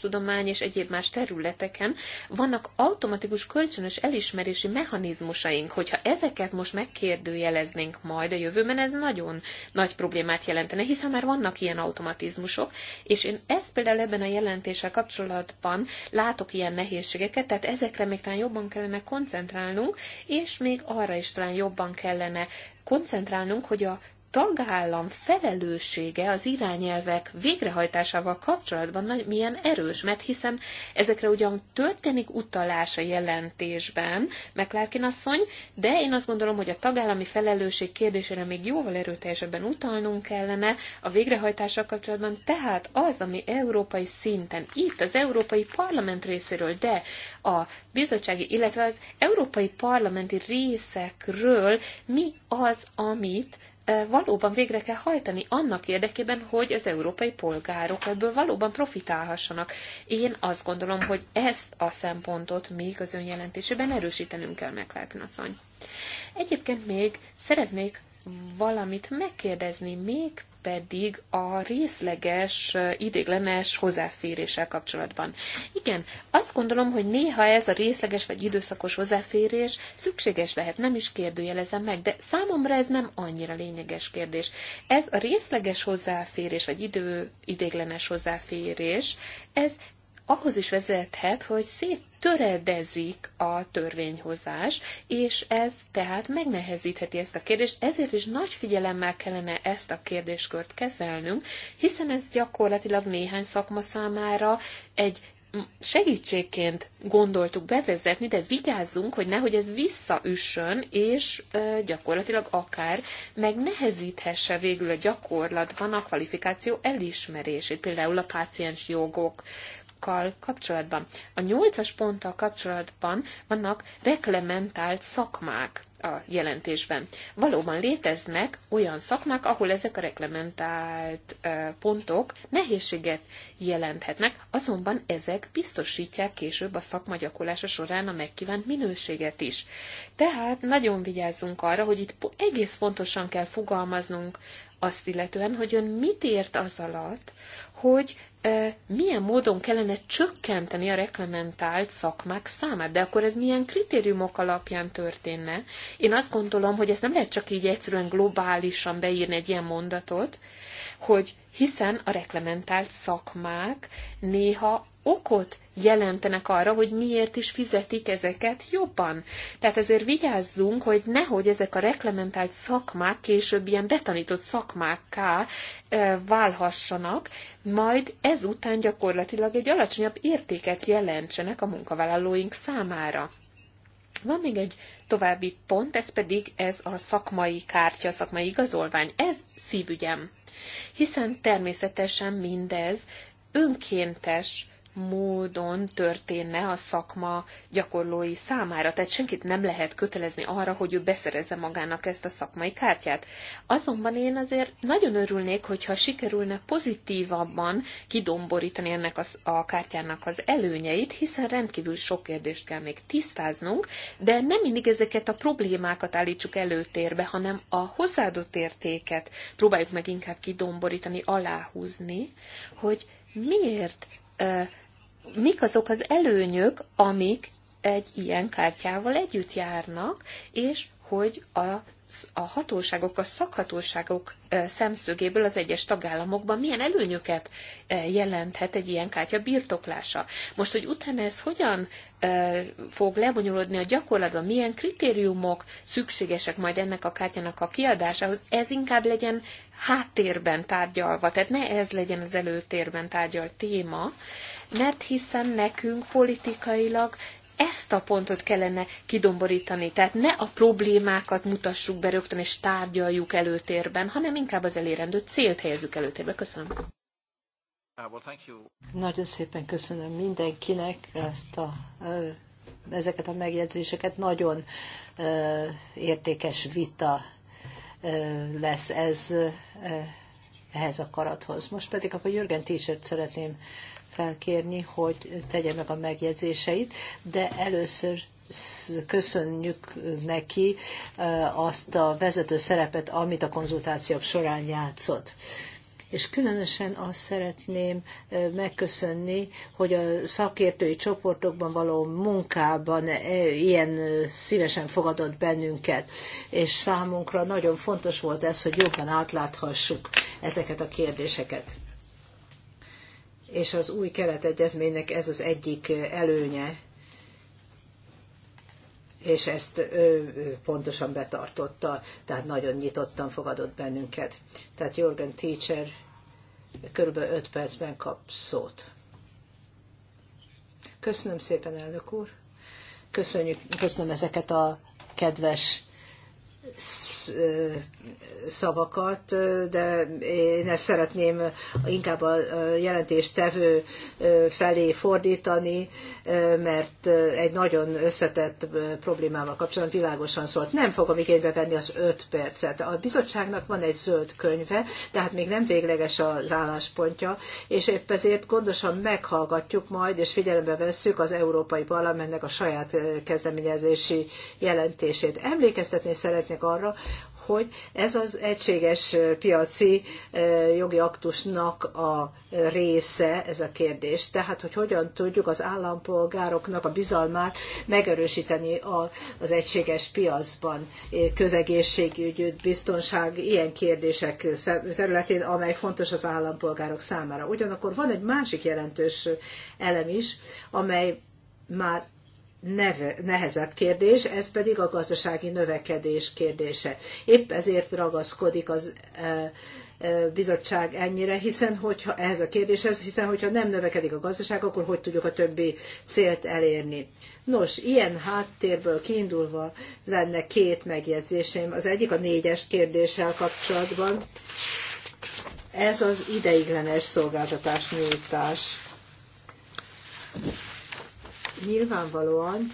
tudomány és egyéb más területeken vannak automatikus kölcsönös elismerési mechanizmusaink. Hogyha ezeket most megkérdőjeleznénk majd a jövőben, ez nagyon nagy problémát jelentene, hiszen már vannak ilyen automatizmusok, és én ezt például ebben a jelentéssel kapcsolatban látok ilyen nehézségeket, tehát ezekre még talán jobban kellene koncentrálnunk, és még arra is talán jobban kellene koncentrálnunk, hogy a tagállam felelőssége az irányelvek végrehajtásával kapcsolatban milyen erős, mert hiszen ezekre ugyan történik utalás a jelentésben, meklárkin asszony, de én azt gondolom, hogy a tagállami felelősség kérdésére még jóval erőteljesebben utalnunk kellene a végrehajtással kapcsolatban, tehát az, ami európai szinten, itt az Európai Parlament részéről, de a bizottsági, illetve az Európai Parlamenti részekről mi az, amit valóban végre kell hajtani annak érdekében, hogy az európai polgárok ebből valóban profitálhassanak. Én azt gondolom, hogy ezt a szempontot még az önjelentésében erősítenünk kell, McLaren asszony. Egyébként még szeretnék valamit megkérdezni, még pedig a részleges, idéglenes hozzáféréssel kapcsolatban. Igen, azt gondolom, hogy néha ez a részleges vagy időszakos hozzáférés szükséges lehet, nem is kérdőjelezem meg, de számomra ez nem annyira lényeges kérdés. Ez a részleges hozzáférés, vagy idő, idéglenes hozzáférés, ez ahhoz is vezethet, hogy széttöredezik a törvényhozás, és ez tehát megnehezítheti ezt a kérdést, ezért is nagy figyelemmel kellene ezt a kérdéskört kezelnünk, hiszen ez gyakorlatilag néhány szakma számára egy segítségként gondoltuk bevezetni, de vigyázzunk, hogy nehogy ez visszaüssön, és gyakorlatilag akár megnehezíthesse végül a gyakorlatban a kvalifikáció elismerését, például a páciens jogok pontokkal kapcsolatban. A nyolcas ponttal kapcsolatban vannak reklementált szakmák a jelentésben. Valóban léteznek olyan szakmák, ahol ezek a reglementált pontok nehézséget jelenthetnek, azonban ezek biztosítják később a szakma gyakorlása során a megkívánt minőséget is. Tehát nagyon vigyázzunk arra, hogy itt egész fontosan kell fogalmaznunk azt illetően, hogy ön mit ért az alatt, hogy e, milyen módon kellene csökkenteni a reklementált szakmák számát, de akkor ez milyen kritériumok alapján történne, én azt gondolom, hogy ezt nem lehet csak így egyszerűen globálisan beírni egy ilyen mondatot, hogy hiszen a reklementált szakmák néha okot jelentenek arra, hogy miért is fizetik ezeket jobban. Tehát ezért vigyázzunk, hogy nehogy ezek a reklementált szakmák később ilyen betanított szakmákká e, válhassanak, majd ezután gyakorlatilag egy alacsonyabb értéket jelentsenek a munkavállalóink számára. Van még egy további pont, ez pedig ez a szakmai kártya, a szakmai igazolvány. Ez szívügyem. Hiszen természetesen mindez önkéntes módon történne a szakma gyakorlói számára. Tehát senkit nem lehet kötelezni arra, hogy ő beszerezze magának ezt a szakmai kártyát. Azonban én azért nagyon örülnék, hogyha sikerülne pozitívabban kidomborítani ennek a, a kártyának az előnyeit, hiszen rendkívül sok kérdést kell még tisztáznunk, de nem mindig ezeket a problémákat állítsuk előtérbe, hanem a hozzáadott értéket próbáljuk meg inkább kidomborítani, aláhúzni, hogy miért mik azok az előnyök, amik egy ilyen kártyával együtt járnak, és hogy a a hatóságok, a szakhatóságok szemszögéből az egyes tagállamokban milyen előnyöket jelenthet egy ilyen kártya birtoklása. Most, hogy utána ez hogyan fog lebonyolódni a gyakorlatban, milyen kritériumok szükségesek majd ennek a kártyának a kiadásához, ez inkább legyen háttérben tárgyalva, tehát ne ez legyen az előtérben tárgyalt téma, mert hiszen nekünk politikailag ezt a pontot kellene kidomborítani. Tehát ne a problémákat mutassuk be rögtön és tárgyaljuk előtérben, hanem inkább az elérendő célt helyezzük előtérbe. Köszönöm. Uh, Nagyon szépen köszönöm mindenkinek ezt a, ezeket a megjegyzéseket. Nagyon értékes vita lesz ez ehhez a karathoz. Most pedig akkor Jürgen Tícsert szeretném felkérni, hogy tegye meg a megjegyzéseit, de először köszönjük neki eh, azt a vezető szerepet, amit a konzultációk során játszott. És különösen azt szeretném eh, megköszönni, hogy a szakértői csoportokban való munkában eh, ilyen szívesen fogadott bennünket, és számunkra nagyon fontos volt ez, hogy jobban átláthassuk ezeket a kérdéseket és az új keretegyezménynek ez az egyik előnye, és ezt ő pontosan betartotta, tehát nagyon nyitottan fogadott bennünket. Tehát Jorgen Teacher körülbelül 5 percben kap szót. Köszönöm szépen, elnök úr. Köszönjük, köszönöm ezeket a kedves szavakat, de én ezt szeretném inkább a jelentéstevő felé fordítani, mert egy nagyon összetett problémával kapcsolatban világosan szólt. Nem fogom igénybe venni az öt percet. A bizottságnak van egy zöld könyve, tehát még nem végleges az álláspontja, és épp ezért gondosan meghallgatjuk majd, és figyelembe vesszük az Európai Parlamentnek a saját kezdeményezési jelentését. Emlékeztetni szeretném lehetőségnek arra, hogy ez az egységes piaci jogi aktusnak a része ez a kérdés. Tehát, hogy hogyan tudjuk az állampolgároknak a bizalmát megerősíteni az egységes piacban, közegészségügyügy, biztonság, ilyen kérdések területén, amely fontos az állampolgárok számára. Ugyanakkor van egy másik jelentős elem is, amely már neve, nehezebb kérdés, ez pedig a gazdasági növekedés kérdése. Épp ezért ragaszkodik az e, e, bizottság ennyire, hiszen hogyha ehhez a kérdéshez, hiszen hogyha nem növekedik a gazdaság, akkor hogy tudjuk a többi célt elérni. Nos, ilyen háttérből kiindulva lenne két megjegyzésem. Az egyik a négyes kérdéssel kapcsolatban. Ez az ideiglenes szolgáltatás nyújtás nyilvánvalóan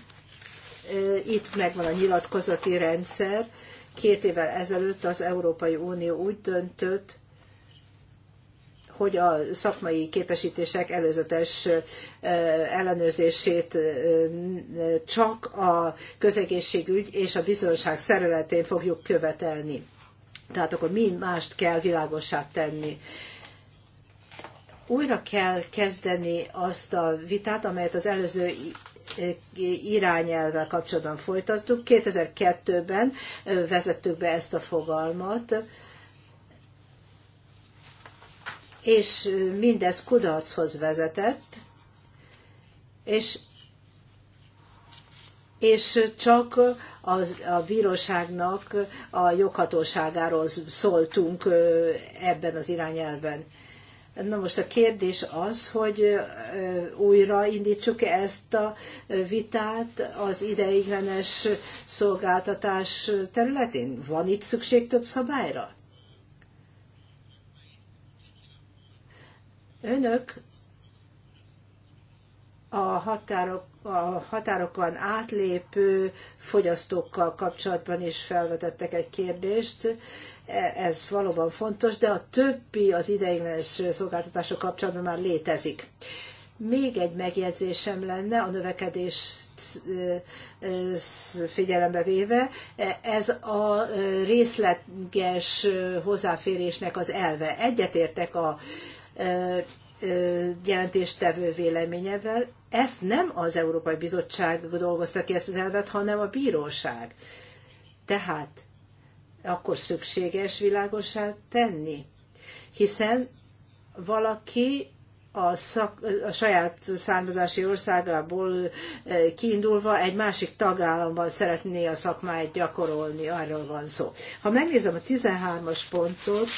itt megvan a nyilatkozati rendszer. Két évvel ezelőtt az Európai Unió úgy döntött, hogy a szakmai képesítések előzetes ellenőrzését csak a közegészségügy és a biztonság szerületén fogjuk követelni. Tehát akkor mi mást kell világossá tenni újra kell kezdeni azt a vitát, amelyet az előző irányelvvel kapcsolatban folytattuk. 2002-ben vezettük be ezt a fogalmat, és mindez kudarchoz vezetett, és, és csak a, a bíróságnak a joghatóságáról szóltunk ebben az irányelvben. Na most a kérdés az, hogy újra indítsuk-e ezt a vitát az ideiglenes szolgáltatás területén? Van itt szükség több szabályra? Önök a, határok, a határokon átlépő fogyasztókkal kapcsolatban is felvetettek egy kérdést. E, ez valóban fontos, de a többi az ideiglenes szolgáltatások kapcsolatban már létezik. Még egy megjegyzésem lenne a növekedés e, e, figyelembe véve, ez a részleges hozzáférésnek az elve. Egyetértek a jelentéstevő véleményevel. Ezt nem az Európai Bizottság dolgozta ki ezt az elvet, hanem a bíróság. Tehát akkor szükséges világosá tenni, hiszen valaki a, szak, a saját származási országából kiindulva egy másik tagállamban szeretné a szakmáját gyakorolni, arról van szó. Ha megnézem a 13-as pontot,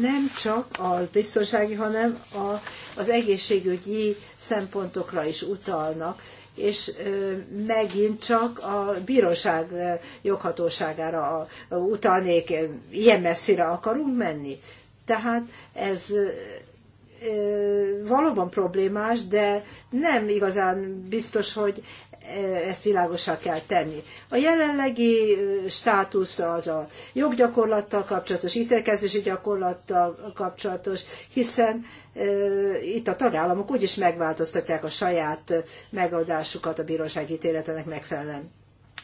nem csak a biztonsági, hanem a, az egészségügyi szempontokra is utalnak, és megint csak a bíróság joghatóságára utalnék, ilyen messzire akarunk menni. Tehát ez valóban problémás, de nem igazán biztos, hogy ezt világosá kell tenni. A jelenlegi státusz az a joggyakorlattal kapcsolatos, ítélkezési gyakorlattal kapcsolatos, hiszen itt a tagállamok úgyis megváltoztatják a saját megoldásukat a bírósági ítéletenek megfelelően.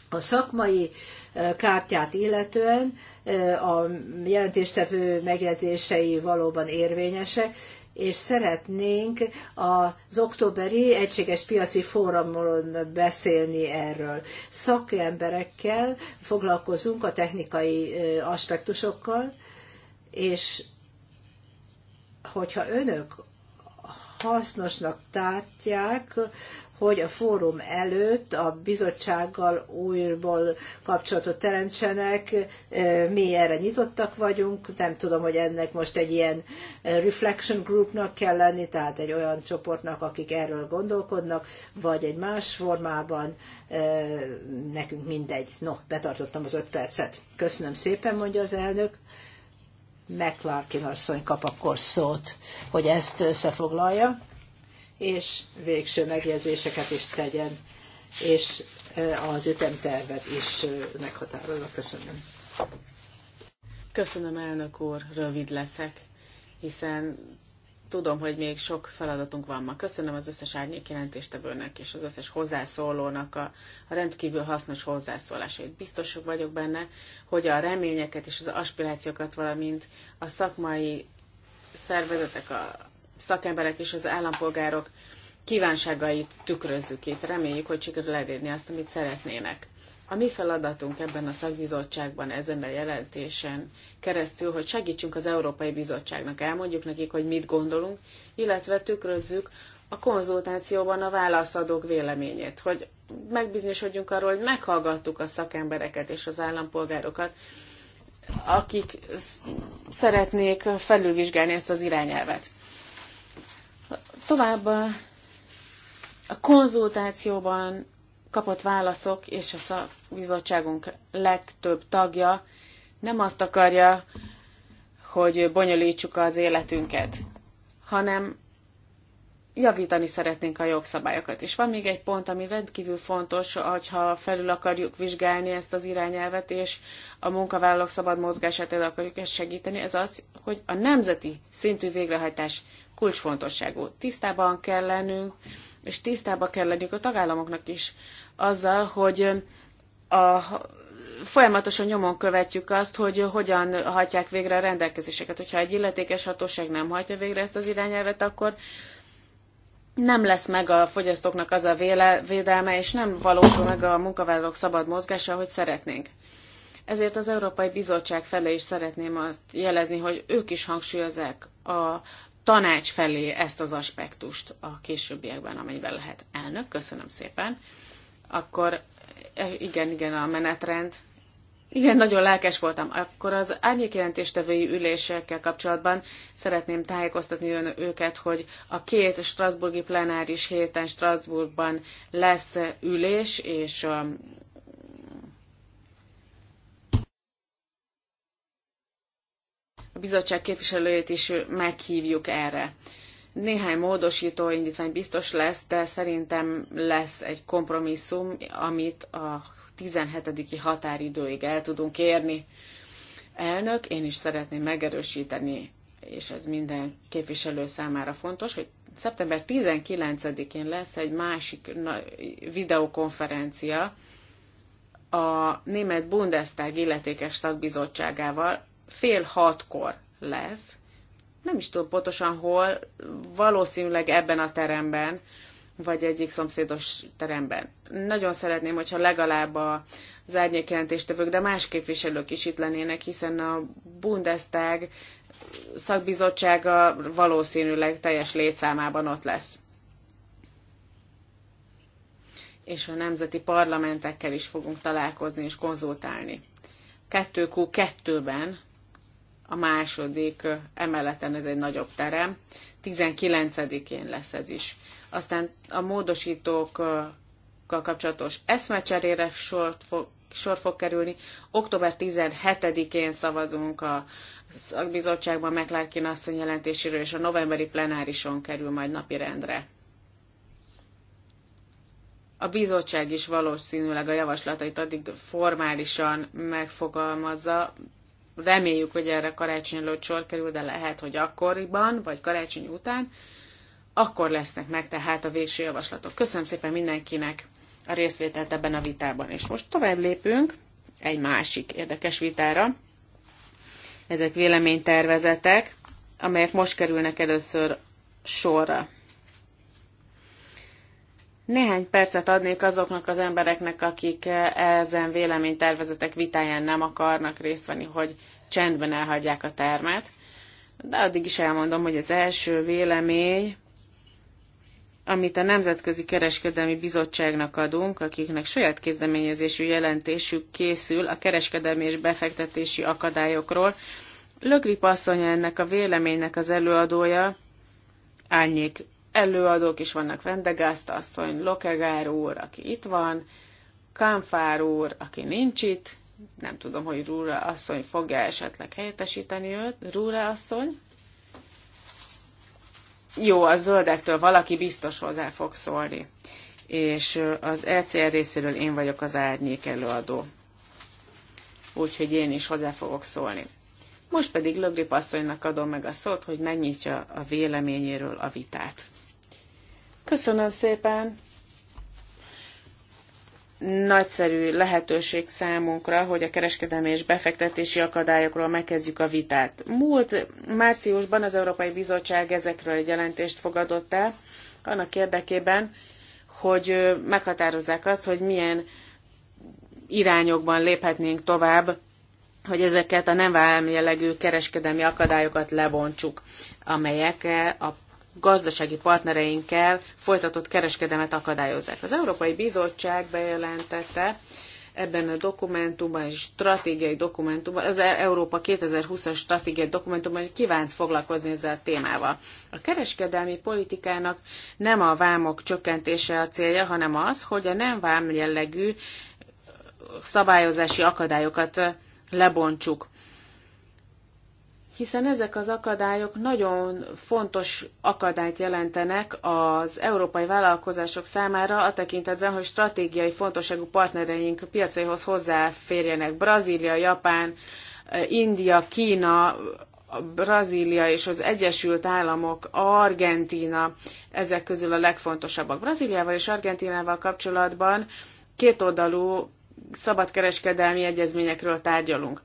A szakmai kártyát illetően a jelentéstevő megjegyzései valóban érvényesek, és szeretnénk az októberi egységes piaci fórumon beszélni erről. Szakemberekkel foglalkozunk a technikai aspektusokkal, és hogyha önök hasznosnak tartják, hogy a fórum előtt a bizottsággal újból kapcsolatot teremtsenek. Mi erre nyitottak vagyunk, nem tudom, hogy ennek most egy ilyen reflection groupnak kell lenni, tehát egy olyan csoportnak, akik erről gondolkodnak, vagy egy más formában, nekünk mindegy. No, betartottam az öt percet. Köszönöm szépen, mondja az elnök. McClarkin asszony kap akkor szót, hogy ezt összefoglalja és végső megjegyzéseket is tegyen, és az ütemtervet is meghatározza. Köszönöm. Köszönöm, elnök úr, rövid leszek, hiszen tudom, hogy még sok feladatunk van ma. Köszönöm az összes árnyék jelentéstevőnek és az összes hozzászólónak a, a rendkívül hasznos hozzászólásait. Biztos vagyok benne, hogy a reményeket és az aspirációkat, valamint a szakmai szervezetek, a, szakemberek és az állampolgárok kívánságait tükrözzük itt. Reméljük, hogy sikerül elérni azt, amit szeretnének. A mi feladatunk ebben a szakbizottságban, ezen a jelentésen keresztül, hogy segítsünk az Európai Bizottságnak, elmondjuk nekik, hogy mit gondolunk, illetve tükrözzük a konzultációban a válaszadók véleményét, hogy megbizonyosodjunk arról, hogy meghallgattuk a szakembereket és az állampolgárokat, akik szeretnék felülvizsgálni ezt az irányelvet. Tovább a konzultációban kapott válaszok és a bizottságunk legtöbb tagja nem azt akarja, hogy bonyolítsuk az életünket, hanem javítani szeretnénk a jogszabályokat. És van még egy pont, ami rendkívül fontos, ha felül akarjuk vizsgálni ezt az irányelvet, és a munkavállalók szabad mozgását el akarjuk ezt segíteni, ez az, hogy a nemzeti szintű végrehajtás kulcsfontosságú. Tisztában kell lennünk, és tisztában kell lennünk a tagállamoknak is azzal, hogy a folyamatosan nyomon követjük azt, hogy hogyan hajtják végre a rendelkezéseket. Hogyha egy illetékes hatóság nem hajtja végre ezt az irányelvet, akkor nem lesz meg a fogyasztóknak az a véle, védelme, és nem valósul meg a munkavállalók szabad mozgása, ahogy szeretnénk. Ezért az Európai Bizottság felé is szeretném azt jelezni, hogy ők is hangsúlyozzák a tanács felé ezt az aspektust a későbbiekben, amelyben lehet elnök. Köszönöm szépen. Akkor eh, igen, igen, a menetrend. Igen, nagyon lelkes voltam. Akkor az árnyékjelentéstevői ülésekkel kapcsolatban szeretném tájékoztatni ön, őket, hogy a két Strasburgi plenáris héten Strasbourgban lesz ülés, és um, a bizottság képviselőjét is meghívjuk erre. Néhány módosító indítvány biztos lesz, de szerintem lesz egy kompromisszum, amit a 17. határidőig el tudunk érni. Elnök, én is szeretném megerősíteni, és ez minden képviselő számára fontos, hogy szeptember 19-én lesz egy másik videokonferencia a német Bundestag illetékes szakbizottságával, fél hatkor lesz, nem is tudom pontosan hol, valószínűleg ebben a teremben, vagy egyik szomszédos teremben. Nagyon szeretném, hogyha legalább az árnyékjelentéstevők, de más képviselők is itt lennének, hiszen a Bundestag szakbizottsága valószínűleg teljes létszámában ott lesz. És a nemzeti parlamentekkel is fogunk találkozni és konzultálni. 2Q2-ben a második emeleten, ez egy nagyobb terem, 19-én lesz ez is. Aztán a módosítókkal kapcsolatos eszmecserére sort fog, sor fog kerülni. Október 17-én szavazunk a szakbizottságban McLarkin asszony jelentéséről, és a novemberi plenárison kerül majd napirendre. A bizottság is valószínűleg a javaslatait addig formálisan megfogalmazza, Reméljük, hogy erre karácsony előtt sor kerül, de lehet, hogy akkoriban, vagy karácsony után, akkor lesznek meg tehát a végső javaslatok. Köszönöm szépen mindenkinek a részvételt ebben a vitában. És most tovább lépünk egy másik érdekes vitára. Ezek véleménytervezetek, amelyek most kerülnek először sorra. Néhány percet adnék azoknak az embereknek, akik ezen véleménytervezetek vitáján nem akarnak részt venni, hogy csendben elhagyják a termet. De addig is elmondom, hogy az első vélemény, amit a Nemzetközi Kereskedelmi Bizottságnak adunk, akiknek saját kezdeményezésű jelentésük készül a kereskedelmi és befektetési akadályokról. Lögri Passzony ennek a véleménynek az előadója, Árnyék előadók is vannak, Vendegászt asszony, Lokegár úr, aki itt van, Kánfár úr, aki nincs itt, nem tudom, hogy Rúra asszony fogja esetleg helyettesíteni őt. Rúra asszony? Jó, a zöldektől valaki biztos hozzá fog szólni. És az ECR részéről én vagyok az árnyék előadó. Úgyhogy én is hozzá fogok szólni. Most pedig Lögrip asszonynak adom meg a szót, hogy megnyitja a véleményéről a vitát. Köszönöm szépen! Nagyszerű lehetőség számunkra, hogy a kereskedelmi és befektetési akadályokról megkezdjük a vitát. Múlt márciusban az Európai Bizottság ezekről egy jelentést fogadott el, annak érdekében, hogy meghatározzák azt, hogy milyen irányokban léphetnénk tovább, hogy ezeket a nem vállami jellegű kereskedelmi akadályokat lebontsuk, amelyek a gazdasági partnereinkkel folytatott kereskedemet akadályozzák. Az Európai Bizottság bejelentette ebben a dokumentumban, és stratégiai dokumentumban, az e- Európa 2020-as stratégiai dokumentumban, hogy kívánsz foglalkozni ezzel a témával. A kereskedelmi politikának nem a vámok csökkentése a célja, hanem az, hogy a nem vám jellegű szabályozási akadályokat lebontsuk hiszen ezek az akadályok nagyon fontos akadályt jelentenek az európai vállalkozások számára a tekintetben, hogy stratégiai fontosságú partnereink piacaihoz hozzáférjenek. Brazília, Japán, India, Kína, Brazília és az Egyesült Államok, Argentína, ezek közül a legfontosabbak. Brazíliával és Argentinával kapcsolatban kétoldalú szabadkereskedelmi egyezményekről tárgyalunk.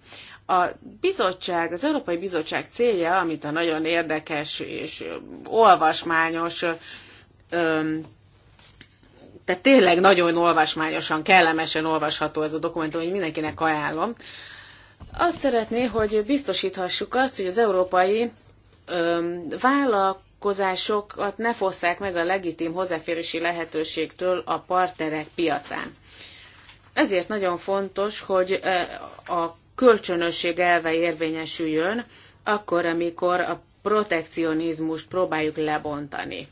A bizottság, az Európai Bizottság célja, amit a nagyon érdekes és olvasmányos, tehát tényleg nagyon olvasmányosan, kellemesen olvasható ez a dokumentum, hogy mindenkinek ajánlom, azt szeretné, hogy biztosíthassuk azt, hogy az európai vállalkozásokat ne fosszák meg a legitim hozzáférési lehetőségtől a partnerek piacán. Ezért nagyon fontos, hogy a kölcsönösség elve érvényesüljön, akkor, amikor a protekcionizmust próbáljuk lebontani.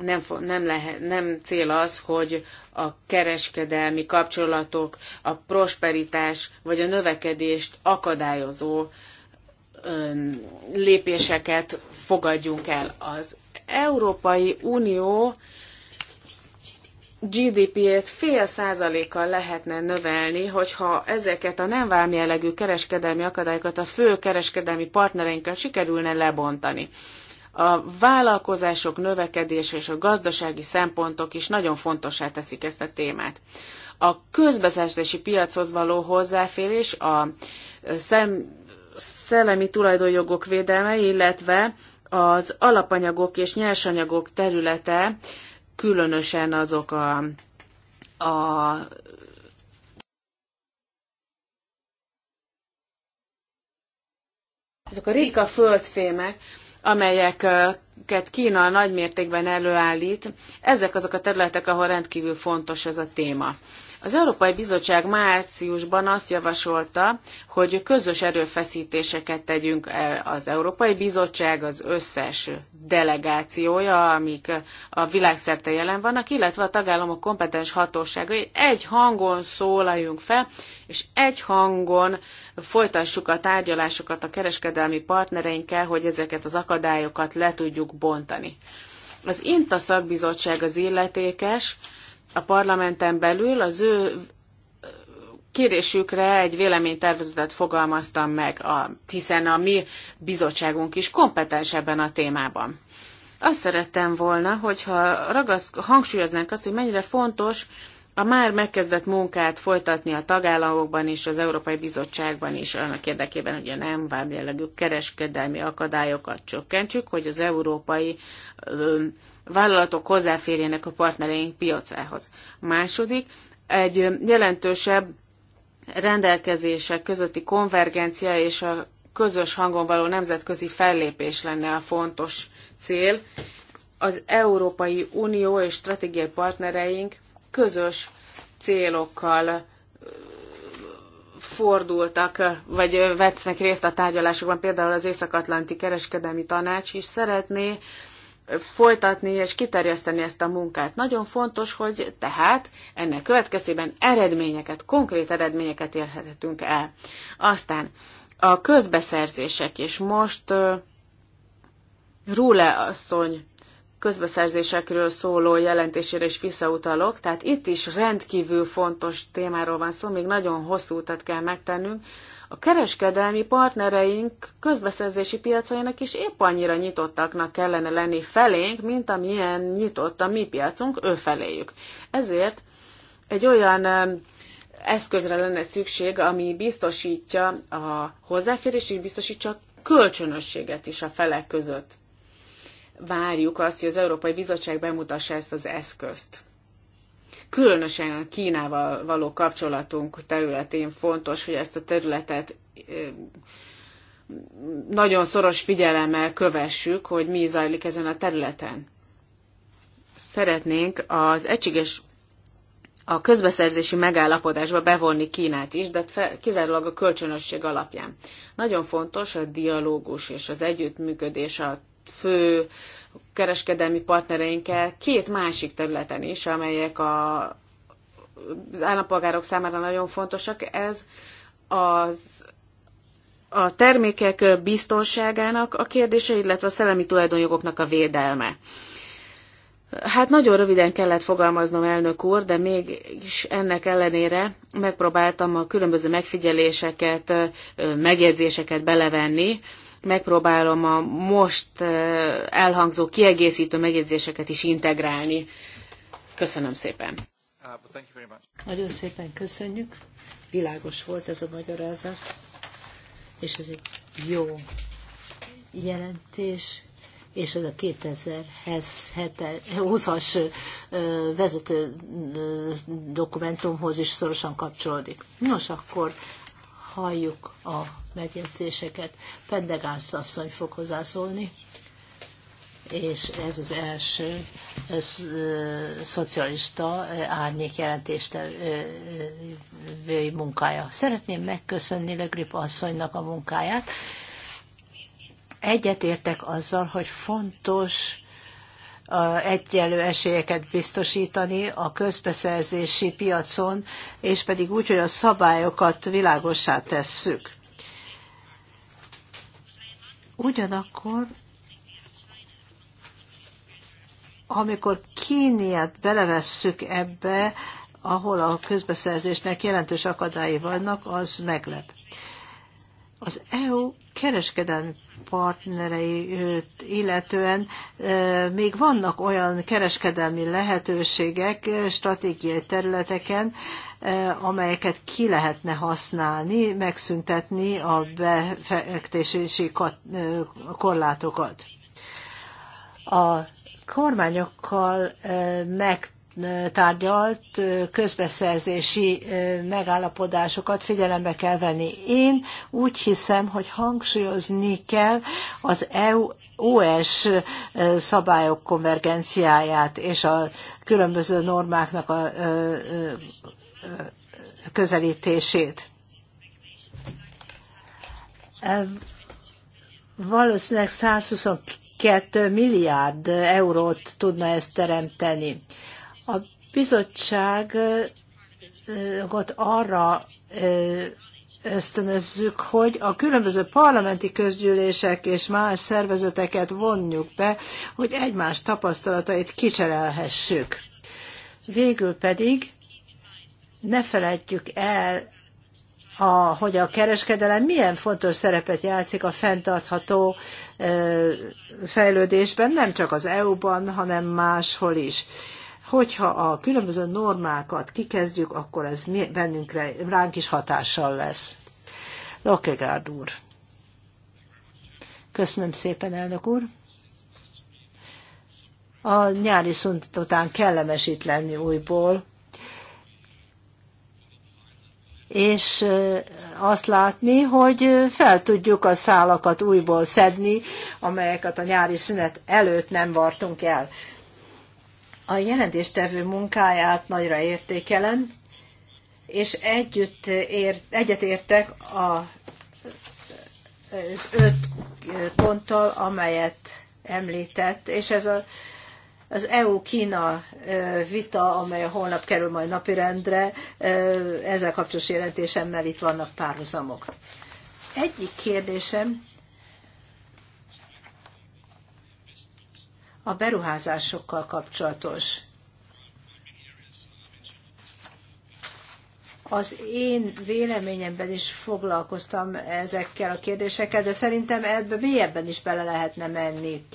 Nem, nem, lehet, nem cél az, hogy a kereskedelmi kapcsolatok, a prosperitás vagy a növekedést akadályozó öm, lépéseket fogadjunk el. Az Európai Unió GDP-ét fél százalékkal lehetne növelni, hogyha ezeket a nem vámjellegű kereskedelmi akadályokat a fő kereskedelmi partnereinkkel sikerülne lebontani. A vállalkozások növekedése és a gazdasági szempontok is nagyon fontossá teszik ezt a témát. A közbeszerzési piachoz való hozzáférés, a szem, szellemi tulajdonjogok védelme, illetve az alapanyagok és nyersanyagok területe különösen azok a, a azok a ritka földfémek, amelyeket Kína nagymértékben előállít, ezek azok a területek, ahol rendkívül fontos ez a téma. Az Európai Bizottság márciusban azt javasolta, hogy közös erőfeszítéseket tegyünk el az Európai Bizottság az összes delegációja, amik a világszerte jelen vannak, illetve a tagállamok kompetens hogy egy hangon szólaljunk fel, és egy hangon folytassuk a tárgyalásokat a kereskedelmi partnereinkkel, hogy ezeket az akadályokat le tudjuk bontani. Az INTA szakbizottság az illetékes, a parlamenten belül az ő kérésükre egy véleménytervezetet fogalmaztam meg, a, hiszen a mi bizottságunk is kompetens ebben a témában. Azt szerettem volna, hogyha ragasz, hangsúlyoznánk azt, hogy mennyire fontos a már megkezdett munkát folytatni a tagállamokban és az Európai Bizottságban is, annak érdekében, hogy a nem vámjellegű kereskedelmi akadályokat csökkentsük, hogy az európai ö, vállalatok hozzáférjenek a partnereink piacához. Második, egy jelentősebb rendelkezések közötti konvergencia és a közös hangon való nemzetközi fellépés lenne a fontos cél. Az Európai Unió és stratégiai partnereink közös célokkal fordultak, vagy vetsznek részt a tárgyalásokban, például az Észak-Atlanti Kereskedelmi Tanács is szeretné folytatni és kiterjeszteni ezt a munkát. Nagyon fontos, hogy tehát ennek következében eredményeket, konkrét eredményeket érhetünk el. Aztán a közbeszerzések, és most uh, Rúle asszony közbeszerzésekről szóló jelentésére is visszautalok, tehát itt is rendkívül fontos témáról van szó, még nagyon hosszú utat kell megtennünk, a kereskedelmi partnereink közbeszerzési piacainak is épp annyira nyitottaknak kellene lenni felénk, mint amilyen nyitott a mi piacunk ő feléjük. Ezért egy olyan eszközre lenne szükség, ami biztosítja a hozzáférés és biztosítsa a kölcsönösséget is a felek között. Várjuk azt, hogy az Európai Bizottság bemutassa ezt az eszközt különösen a Kínával való kapcsolatunk területén fontos, hogy ezt a területet nagyon szoros figyelemmel kövessük, hogy mi zajlik ezen a területen. Szeretnénk az egységes a közbeszerzési megállapodásba bevonni Kínát is, de kizárólag a kölcsönösség alapján. Nagyon fontos a dialógus és az együttműködés a fő kereskedelmi partnereinkkel két másik területen is, amelyek a, az állampolgárok számára nagyon fontosak. Ez az a termékek biztonságának a kérdése, illetve a szellemi tulajdonjogoknak a védelme. Hát nagyon röviden kellett fogalmaznom, elnök úr, de mégis ennek ellenére megpróbáltam a különböző megfigyeléseket, megjegyzéseket belevenni, megpróbálom a most elhangzó kiegészítő megjegyzéseket is integrálni. Köszönöm szépen. Nagyon szépen köszönjük. Világos volt ez a magyarázat, és ez egy jó jelentés, és ez a 2020-as vezető dokumentumhoz is szorosan kapcsolódik. Nos, akkor halljuk a megjegyzéseket. Pendegász asszony fog hozzászólni, és ez az első ez, ö, szocialista árnyék jelentéstevői munkája. Szeretném megköszönni Le Grip asszonynak a munkáját. Egyetértek azzal, hogy fontos, egyenlő esélyeket biztosítani a közbeszerzési piacon, és pedig úgy, hogy a szabályokat világossá tesszük. Ugyanakkor, amikor Kíniát belevesszük ebbe, ahol a közbeszerzésnek jelentős akadályi vannak, az meglep. Az EU kereskedelmi partnerei illetően még vannak olyan kereskedelmi lehetőségek stratégiai területeken, Eh, amelyeket ki lehetne használni, megszüntetni a befektetési eh, korlátokat. A kormányokkal eh, meg tárgyalt közbeszerzési megállapodásokat figyelembe kell venni. Én úgy hiszem, hogy hangsúlyozni kell az EU OS e szabályok konvergenciáját és a különböző normáknak a közelítését. Valószínűleg 122 milliárd eurót tudna ezt teremteni. A bizottságot arra ösztönözzük, hogy a különböző parlamenti közgyűlések és más szervezeteket vonjuk be, hogy egymás tapasztalatait kicserelhessük. Végül pedig ne feledjük el, a, hogy a kereskedelem milyen fontos szerepet játszik a fenntartható ö, fejlődésben, nem csak az EU-ban, hanem máshol is. Hogyha a különböző normákat kikezdjük, akkor ez mi, bennünkre, ránk is hatással lesz. Lokegárd úr. Köszönöm szépen, elnök úr. A nyári szunt után kellemes itt lenni újból és azt látni, hogy fel tudjuk a szálakat újból szedni, amelyeket a nyári szünet előtt nem vartunk el. A jelentéstevő munkáját nagyra értékelem, és együtt ér, egyetértek a, az öt ponttal, amelyet említett, és ez a az EU-Kína vita, amely a holnap kerül majd napirendre, ezzel kapcsolatos jelentésemmel itt vannak párhuzamok. Egyik kérdésem a beruházásokkal kapcsolatos. az én véleményemben is foglalkoztam ezekkel a kérdésekkel, de szerintem ebbe mélyebben is bele lehetne menni.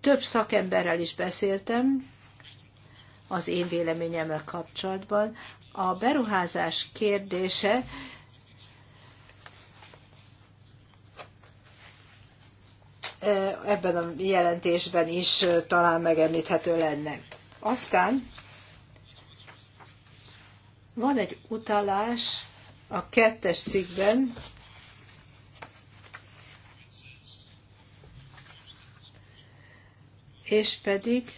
Több szakemberrel is beszéltem az én véleményemmel kapcsolatban. A beruházás kérdése e, ebben a jelentésben is e, talán megemlíthető lenne. Aztán van egy utalás a kettes cikkben és pedig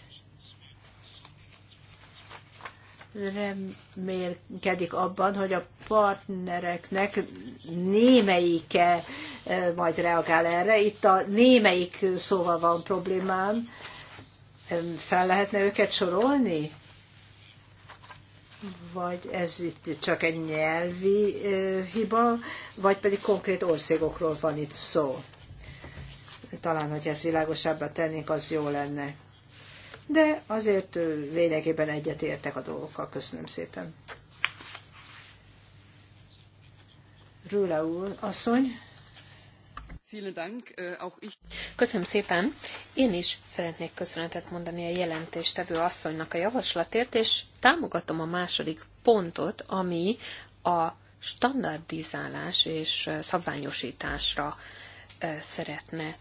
remélkedik abban, hogy a partnereknek némelyike eh, majd reagál erre. Itt a némelyik szóval van problémám. Fel lehetne őket sorolni? Vagy ez itt csak egy nyelvi eh, hiba, vagy pedig konkrét országokról van itt szó talán, hogy ezt világosabbá tennénk, az jó lenne. De azért lényegében egyetértek a dolgokkal. Köszönöm szépen. Rüle úr, asszony. Köszönöm szépen. Én is szeretnék köszönetet mondani a jelentéstevő asszonynak a javaslatért, és támogatom a második pontot, ami a standardizálás és szabványosításra szeretne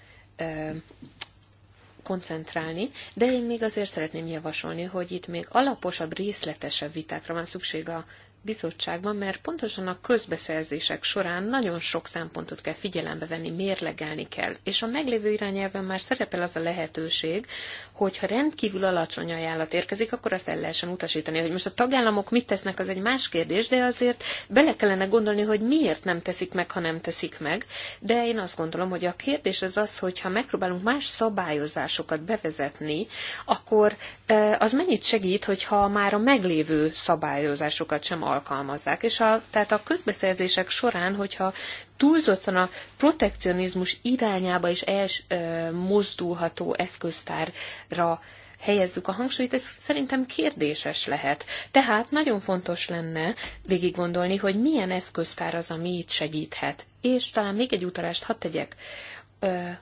koncentrálni, de én még azért szeretném javasolni, hogy itt még alaposabb, részletesebb vitákra van szükség a bizottságban, mert pontosan a közbeszerzések során nagyon sok szempontot kell figyelembe venni, mérlegelni kell. És a meglévő irányelven már szerepel az a lehetőség, hogy ha rendkívül alacsony ajánlat érkezik, akkor azt el lehessen utasítani. Hogy most a tagállamok mit tesznek, az egy más kérdés, de azért bele kellene gondolni, hogy miért nem teszik meg, ha nem teszik meg. De én azt gondolom, hogy a kérdés az az, hogy ha megpróbálunk más szabályozásokat bevezetni, akkor eh, az mennyit segít, hogyha már a meglévő szabályozásokat sem alkalmazzák. És a, tehát a közbeszerzések során, hogyha túlzottan a protekcionizmus irányába is elmozdulható eszköztárra helyezzük a hangsúlyt, ez szerintem kérdéses lehet. Tehát nagyon fontos lenne végig gondolni, hogy milyen eszköztár az, ami itt segíthet. És talán még egy utalást hadd tegyek.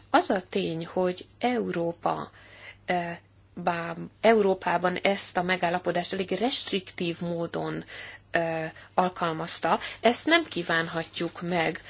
Az a tény, hogy Európa bá, Európában ezt a megállapodást elég restriktív módon alkalmazta, ezt nem kívánhatjuk meg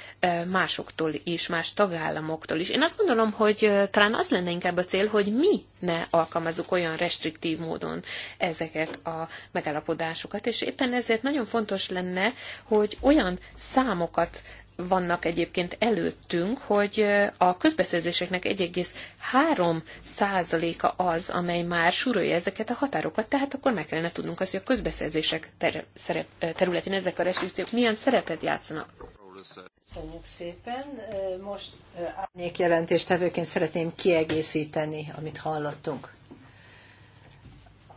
másoktól is, más tagállamoktól is. Én azt gondolom, hogy talán az lenne inkább a cél, hogy mi ne alkalmazzuk olyan restriktív módon ezeket a megállapodásokat, és éppen ezért nagyon fontos lenne, hogy olyan számokat vannak egyébként előttünk, hogy a közbeszerzéseknek 1,3 százaléka az, amely már súrolja ezeket a határokat, tehát akkor meg kellene tudnunk azt, hogy a közbeszerzések ter- szerep- területén ezek a restrikciók milyen szerepet játszanak. Köszönjük szépen. Most árnyék jelentéstevőként szeretném kiegészíteni, amit hallottunk.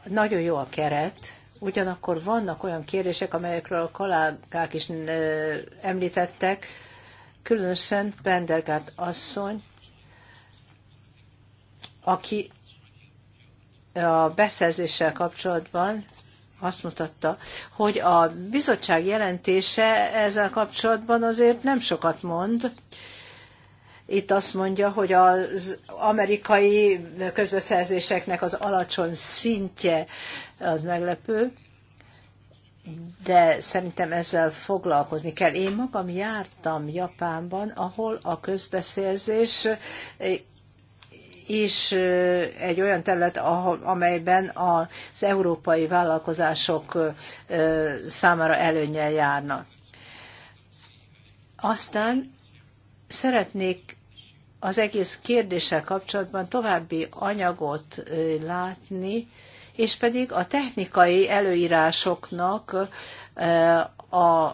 Nagyon jó a keret, Ugyanakkor vannak olyan kérdések, amelyekről a kollégák is említettek, különösen Pendergát asszony, aki a beszerzéssel kapcsolatban azt mutatta, hogy a bizottság jelentése ezzel kapcsolatban azért nem sokat mond, itt azt mondja, hogy az amerikai közbeszerzéseknek az alacsony szintje az meglepő, de szerintem ezzel foglalkozni kell. Én magam jártam Japánban, ahol a közbeszerzés is egy olyan terület, amelyben az európai vállalkozások számára előnyel járnak. Aztán szeretnék az egész kérdéssel kapcsolatban további anyagot látni, és pedig a technikai előírásoknak a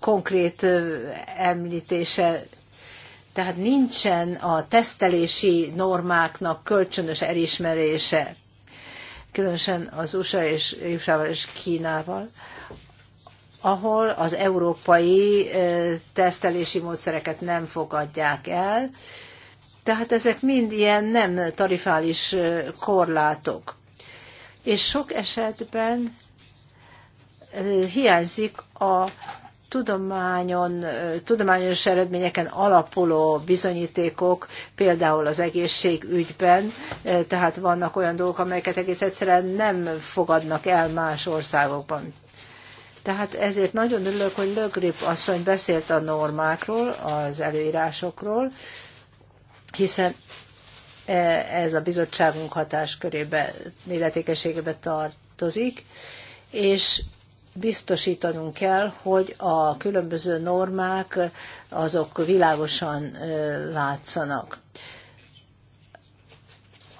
konkrét említése. Tehát nincsen a tesztelési normáknak kölcsönös elismerése, különösen az USA és usa és Kínával ahol az európai tesztelési módszereket nem fogadják el. Tehát ezek mind ilyen nem tarifális korlátok. És sok esetben hiányzik a tudományon, tudományos eredményeken alapuló bizonyítékok, például az egészségügyben, tehát vannak olyan dolgok, amelyeket egész egyszerűen nem fogadnak el más országokban. Tehát ezért nagyon örülök, hogy Lögrip asszony beszélt a normákról, az előírásokról, hiszen e, ez a bizottságunk hatáskörébe, illetékeségébe tartozik, és biztosítanunk kell, hogy a különböző normák azok világosan e, látszanak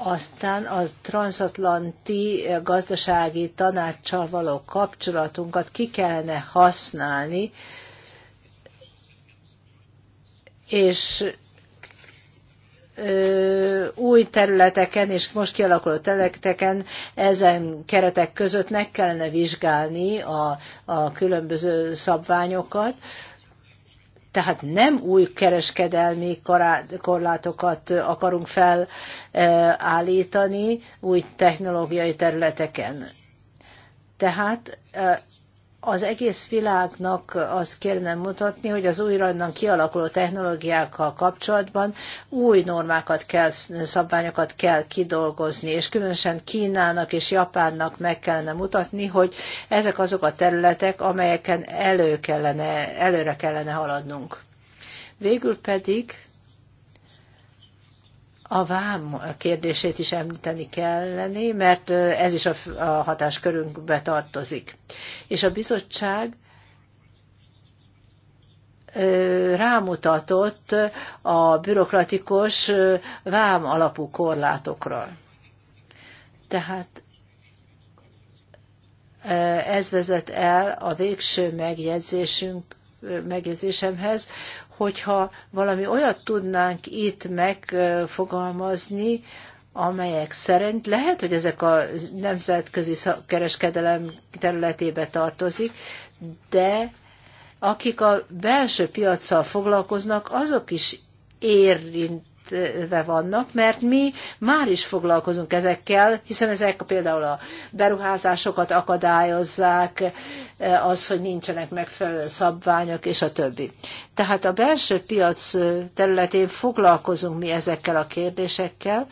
aztán a transatlanti eh, gazdasági tanácssal való kapcsolatunkat ki kellene használni, és új területeken és most kialakuló területeken ezen keretek között meg kellene vizsgálni a, a különböző szabványokat, tehát nem új kereskedelmi korlátokat akarunk felállítani új technológiai területeken. Tehát az egész világnak azt kellene mutatni, hogy az újra kialakuló technológiákkal kapcsolatban új normákat kell, szabványokat kell kidolgozni, és különösen Kínának és Japánnak meg kellene mutatni, hogy ezek azok a területek, amelyeken elő kellene, előre kellene haladnunk. Végül pedig a vám kérdését is említeni kellene, mert ez is a hatáskörünkbe tartozik. És a bizottság rámutatott a bürokratikus vám alapú korlátokra. Tehát ez vezet el a végső megjegyzésünk, megjegyzésemhez, hogyha valami olyat tudnánk itt megfogalmazni, amelyek szerint lehet, hogy ezek a nemzetközi kereskedelem területébe tartozik, de akik a belső piacsal foglalkoznak, azok is érint kitéve vannak, mert mi már is foglalkozunk ezekkel, hiszen ezek például a beruházásokat akadályozzák, az, hogy nincsenek megfelelő szabványok, és a többi. Tehát a belső piac területén foglalkozunk mi ezekkel a kérdésekkel,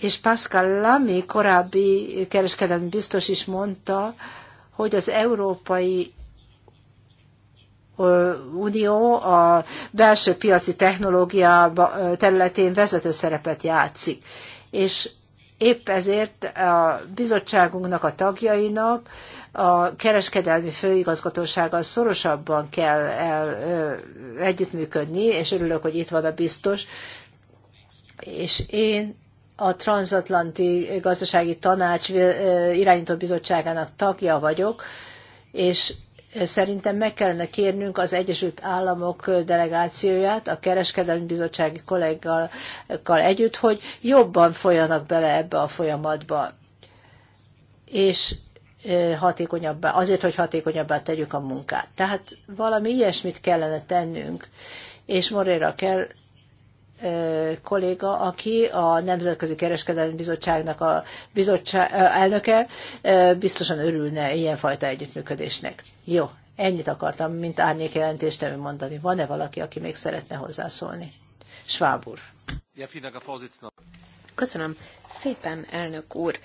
és Pascal Lamy korábbi kereskedelmi biztos is mondta, hogy az európai Unió a belső piaci technológia területén vezető szerepet játszik. És épp ezért a bizottságunknak, a tagjainak a kereskedelmi főigazgatósággal szorosabban kell el, együttműködni, és örülök, hogy itt van a biztos. És én a Transatlanti Gazdasági Tanács irányító bizottságának tagja vagyok, és Szerintem meg kellene kérnünk az Egyesült Államok delegációját, a Kereskedelmi Bizottsági kollégákkal együtt, hogy jobban folyanak bele ebbe a folyamatba, és hatékonyabbá, azért, hogy hatékonyabbá tegyük a munkát. Tehát valami ilyesmit kellene tennünk, és Moreira kell kolléga, aki a Nemzetközi Kereskedelmi Bizottságnak a bizottság, elnöke, biztosan örülne ilyenfajta együttműködésnek. Jó, ennyit akartam, mint árnyék jelentéstevő mondani. Van-e valaki, aki még szeretne hozzászólni? Schwab úr. Köszönöm szépen, elnök úr.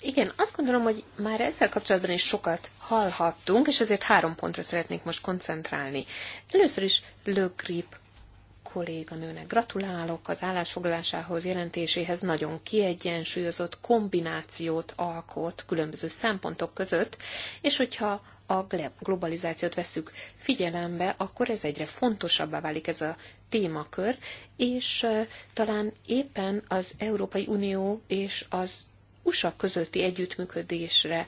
Igen, azt gondolom, hogy már ezzel kapcsolatban is sokat hallhattunk, és ezért három pontra szeretnék most koncentrálni. Először is Le Grip kolléganőnek gratulálok az állásfoglalásához, jelentéséhez nagyon kiegyensúlyozott kombinációt alkot különböző szempontok között, és hogyha a globalizációt veszük figyelembe, akkor ez egyre fontosabbá válik ez a témakör, és talán éppen az Európai Unió és az USA közötti együttműködésre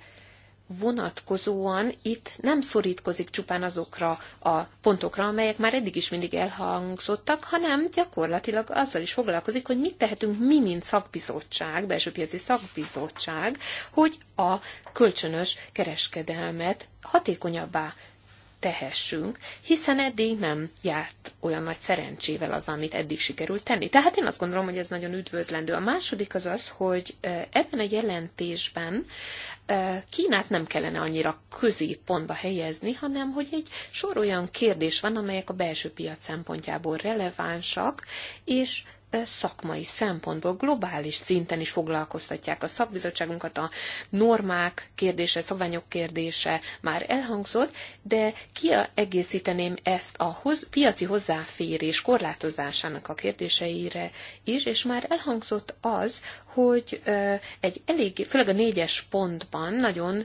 vonatkozóan itt nem szorítkozik csupán azokra a pontokra, amelyek már eddig is mindig elhangzottak, hanem gyakorlatilag azzal is foglalkozik, hogy mit tehetünk mi, mint szakbizottság, belső piaci szakbizottság, hogy a kölcsönös kereskedelmet hatékonyabbá tehessünk, hiszen eddig nem járt olyan nagy szerencsével az, amit eddig sikerült tenni. Tehát én azt gondolom, hogy ez nagyon üdvözlendő. A második az az, hogy ebben a jelentésben Kínát nem kellene annyira középpontba helyezni, hanem hogy egy sor olyan kérdés van, amelyek a belső piac szempontjából relevánsak, és szakmai szempontból globális szinten is foglalkoztatják a szakbizottságunkat, a normák kérdése, szabványok kérdése már elhangzott, de kiegészíteném ezt a hoz, piaci hozzáférés korlátozásának a kérdéseire is, és már elhangzott az, hogy egy elég, főleg a négyes pontban nagyon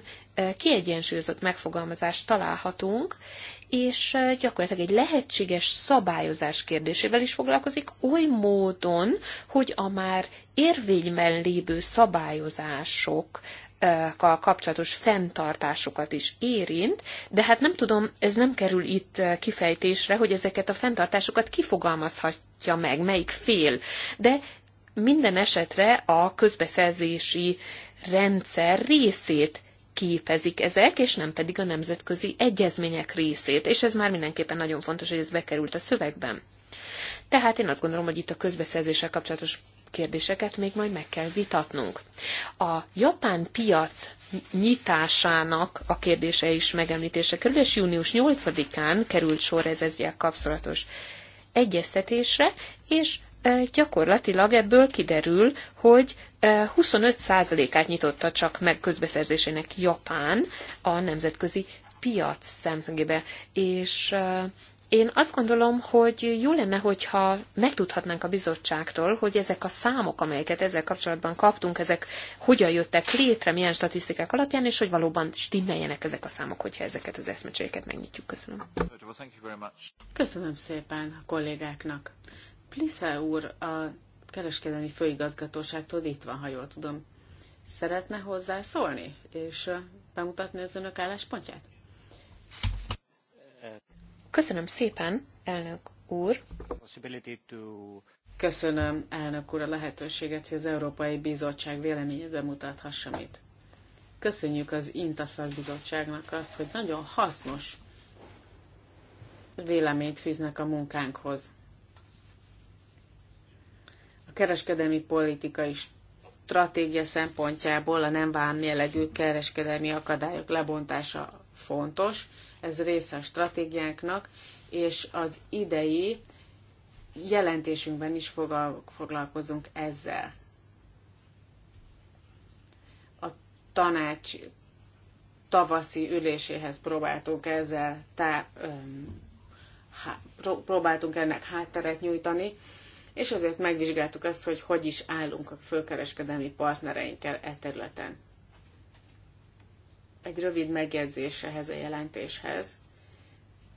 kiegyensúlyozott megfogalmazást találhatunk, és gyakorlatilag egy lehetséges szabályozás kérdésével is foglalkozik, oly módon, hogy a már érvényben lévő szabályozások kapcsolatos fenntartásokat is érint, de hát nem tudom, ez nem kerül itt kifejtésre, hogy ezeket a fenntartásokat kifogalmazhatja meg, melyik fél. De minden esetre a közbeszerzési rendszer részét képezik ezek, és nem pedig a nemzetközi egyezmények részét, és ez már mindenképpen nagyon fontos, hogy ez bekerült a szövegben. Tehát én azt gondolom, hogy itt a közbeszerzéssel kapcsolatos kérdéseket még majd meg kell vitatnunk. A japán piac nyitásának a kérdése is megemlítése kerül, és június 8-án került sor ez ezzel kapcsolatos egyeztetésre, és gyakorlatilag ebből kiderül, hogy 25%-át nyitotta csak meg közbeszerzésének Japán a nemzetközi piac szemszögébe. És én azt gondolom, hogy jó lenne, hogyha megtudhatnánk a bizottságtól, hogy ezek a számok, amelyeket ezzel kapcsolatban kaptunk, ezek hogyan jöttek létre, milyen statisztikák alapján, és hogy valóban stimmeljenek ezek a számok, hogyha ezeket az eszmecséket megnyitjuk. Köszönöm. Köszönöm szépen a kollégáknak. Plisza úr a kereskedelmi főigazgatóságtól itt van, ha jól tudom. Szeretne hozzászólni és bemutatni az önök álláspontját? Köszönöm szépen, elnök úr. Köszönöm, elnök úr, a lehetőséget, hogy az Európai Bizottság véleményét bemutathassam itt. Köszönjük az Intaszak Bizottságnak azt, hogy nagyon hasznos véleményt fűznek a munkánkhoz kereskedelmi politikai stratégia szempontjából a nem vám jellegű kereskedelmi akadályok lebontása fontos, ez része a stratégiánknak, és az idei jelentésünkben is foglalkozunk ezzel. A tanács tavaszi üléséhez próbáltunk ezzel tá, öm, há, próbáltunk ennek hátteret nyújtani, és azért megvizsgáltuk azt, hogy hogy is állunk a fölkereskedelmi partnereinkkel e területen. Egy rövid megjegyzés ehhez a jelentéshez.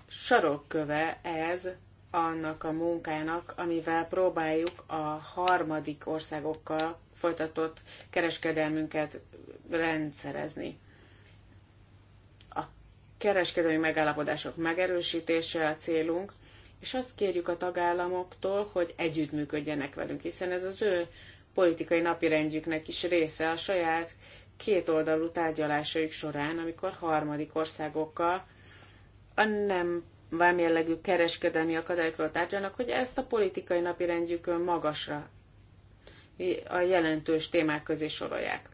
Sarokköve ez annak a munkának, amivel próbáljuk a harmadik országokkal folytatott kereskedelmünket rendszerezni kereskedelmi megállapodások megerősítése a célunk, és azt kérjük a tagállamoktól, hogy együttműködjenek velünk, hiszen ez az ő politikai napirendjüknek is része a saját kétoldalú tárgyalásaik során, amikor harmadik országokkal a nem vámjellegű kereskedelmi akadályokról tárgyalnak, hogy ezt a politikai napirendjükön magasra a jelentős témák közé sorolják.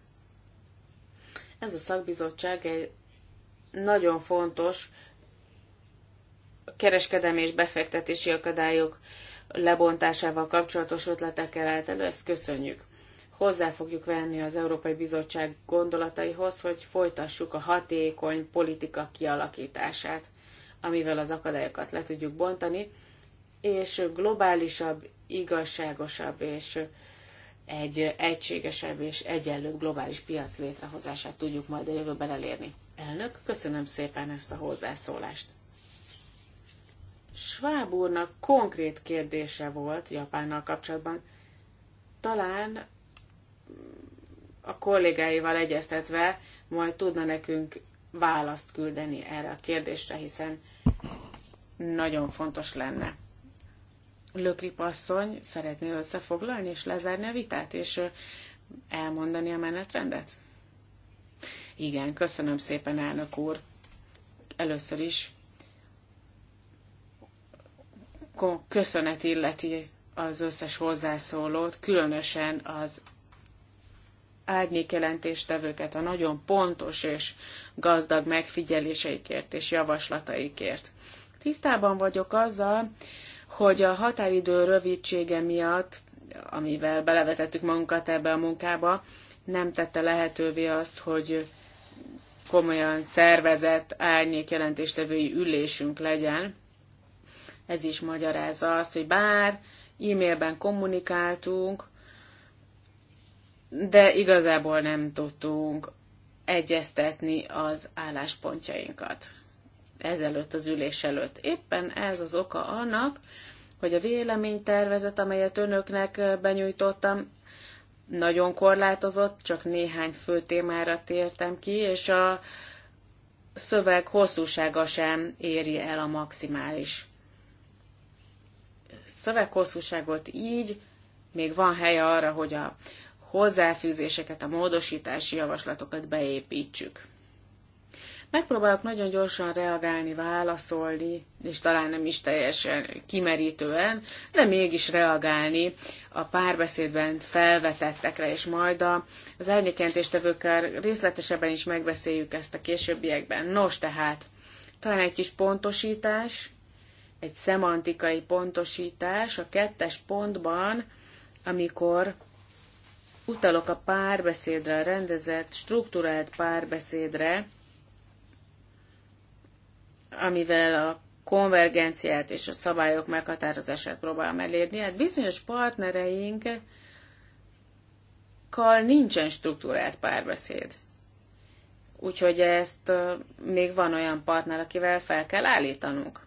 Ez a szakbizottság egy nagyon fontos kereskedelmi és befektetési akadályok lebontásával kapcsolatos ötletekkel állt elő, ezt köszönjük. Hozzá fogjuk venni az Európai Bizottság gondolataihoz, hogy folytassuk a hatékony politika kialakítását, amivel az akadályokat le tudjuk bontani, és globálisabb, igazságosabb és egy egységesebb és egyenlőbb globális piac létrehozását tudjuk majd a jövőben elérni. Elnök, köszönöm szépen ezt a hozzászólást. Schwab úrnak konkrét kérdése volt Japánnal kapcsolatban. Talán a kollégáival egyeztetve majd tudna nekünk választ küldeni erre a kérdésre, hiszen nagyon fontos lenne. Lökri asszony szeretné összefoglalni és lezárni a vitát, és elmondani a menetrendet? Igen, köszönöm szépen, elnök úr. Először is köszönet illeti az összes hozzászólót, különösen az árnyékjelentéstevőket a nagyon pontos és gazdag megfigyeléseikért és javaslataikért. Tisztában vagyok azzal, hogy a határidő rövidsége miatt, amivel belevetettük magunkat ebbe a munkába, nem tette lehetővé azt, hogy komolyan szervezett árnyékjelentéstevői ülésünk legyen, ez is magyarázza azt, hogy bár e-mailben kommunikáltunk, de igazából nem tudtunk egyeztetni az álláspontjainkat ezelőtt az ülés előtt. Éppen ez az oka annak, hogy a véleménytervezet, amelyet önöknek benyújtottam, nagyon korlátozott, csak néhány fő témára tértem ki, és a szöveg hosszúsága sem éri el a maximális szöveghosszúságot, így még van helye arra, hogy a hozzáfűzéseket, a módosítási javaslatokat beépítsük. Megpróbálok nagyon gyorsan reagálni, válaszolni, és talán nem is teljesen kimerítően, de mégis reagálni a párbeszédben felvetettekre, és majd az árnyékjelentéstevőkkel részletesebben is megbeszéljük ezt a későbbiekben. Nos, tehát talán egy kis pontosítás, egy szemantikai pontosítás a kettes pontban, amikor utalok a párbeszédre, a rendezett, struktúrált párbeszédre, amivel a konvergenciát és a szabályok meghatározását próbálom elérni. Hát bizonyos partnereinkkal nincsen struktúrált párbeszéd. Úgyhogy ezt még van olyan partner, akivel fel kell állítanunk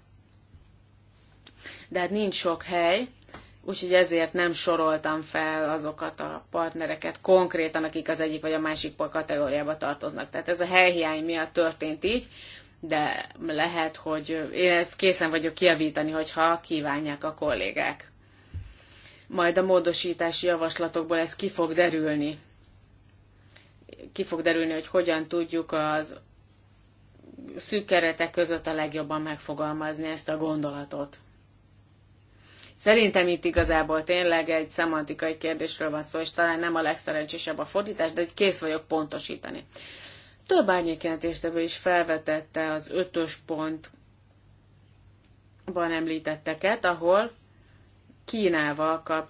de hát nincs sok hely, úgyhogy ezért nem soroltam fel azokat a partnereket konkrétan, akik az egyik vagy a másik kategóriába tartoznak. Tehát ez a helyhiány miatt történt így, de lehet, hogy én ezt készen vagyok kiavítani, hogyha kívánják a kollégák. Majd a módosítási javaslatokból ez ki fog derülni. Ki fog derülni, hogy hogyan tudjuk az szűk keretek között a legjobban megfogalmazni ezt a gondolatot. Szerintem itt igazából tényleg egy szemantikai kérdésről van szó, és talán nem a legszerencsésebb a fordítás, de egy kész vagyok pontosítani. Több árnyékjelentéstevő is felvetette az ötös pontban említetteket, ahol Kínával kap,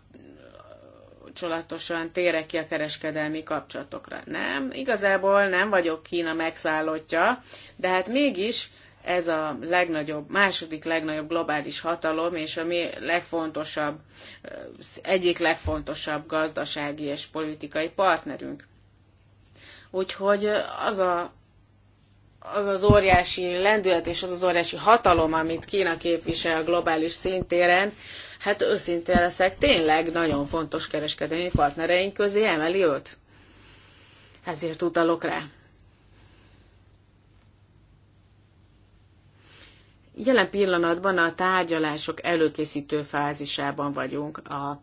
kapcsolatosan térek ki a kereskedelmi kapcsolatokra. Nem, igazából nem vagyok Kína megszállottja, de hát mégis ez a legnagyobb, második legnagyobb globális hatalom, és a mi legfontosabb, eh, egyik legfontosabb gazdasági és politikai partnerünk. Úgyhogy az a az az óriási lendület és az az óriási hatalom, amit Kína képvisel a globális szintéren, hát őszintén leszek, tényleg nagyon fontos kereskedelmi partnereink közé emeli őt. Ezért utalok rá. Jelen pillanatban a tárgyalások előkészítő fázisában vagyunk a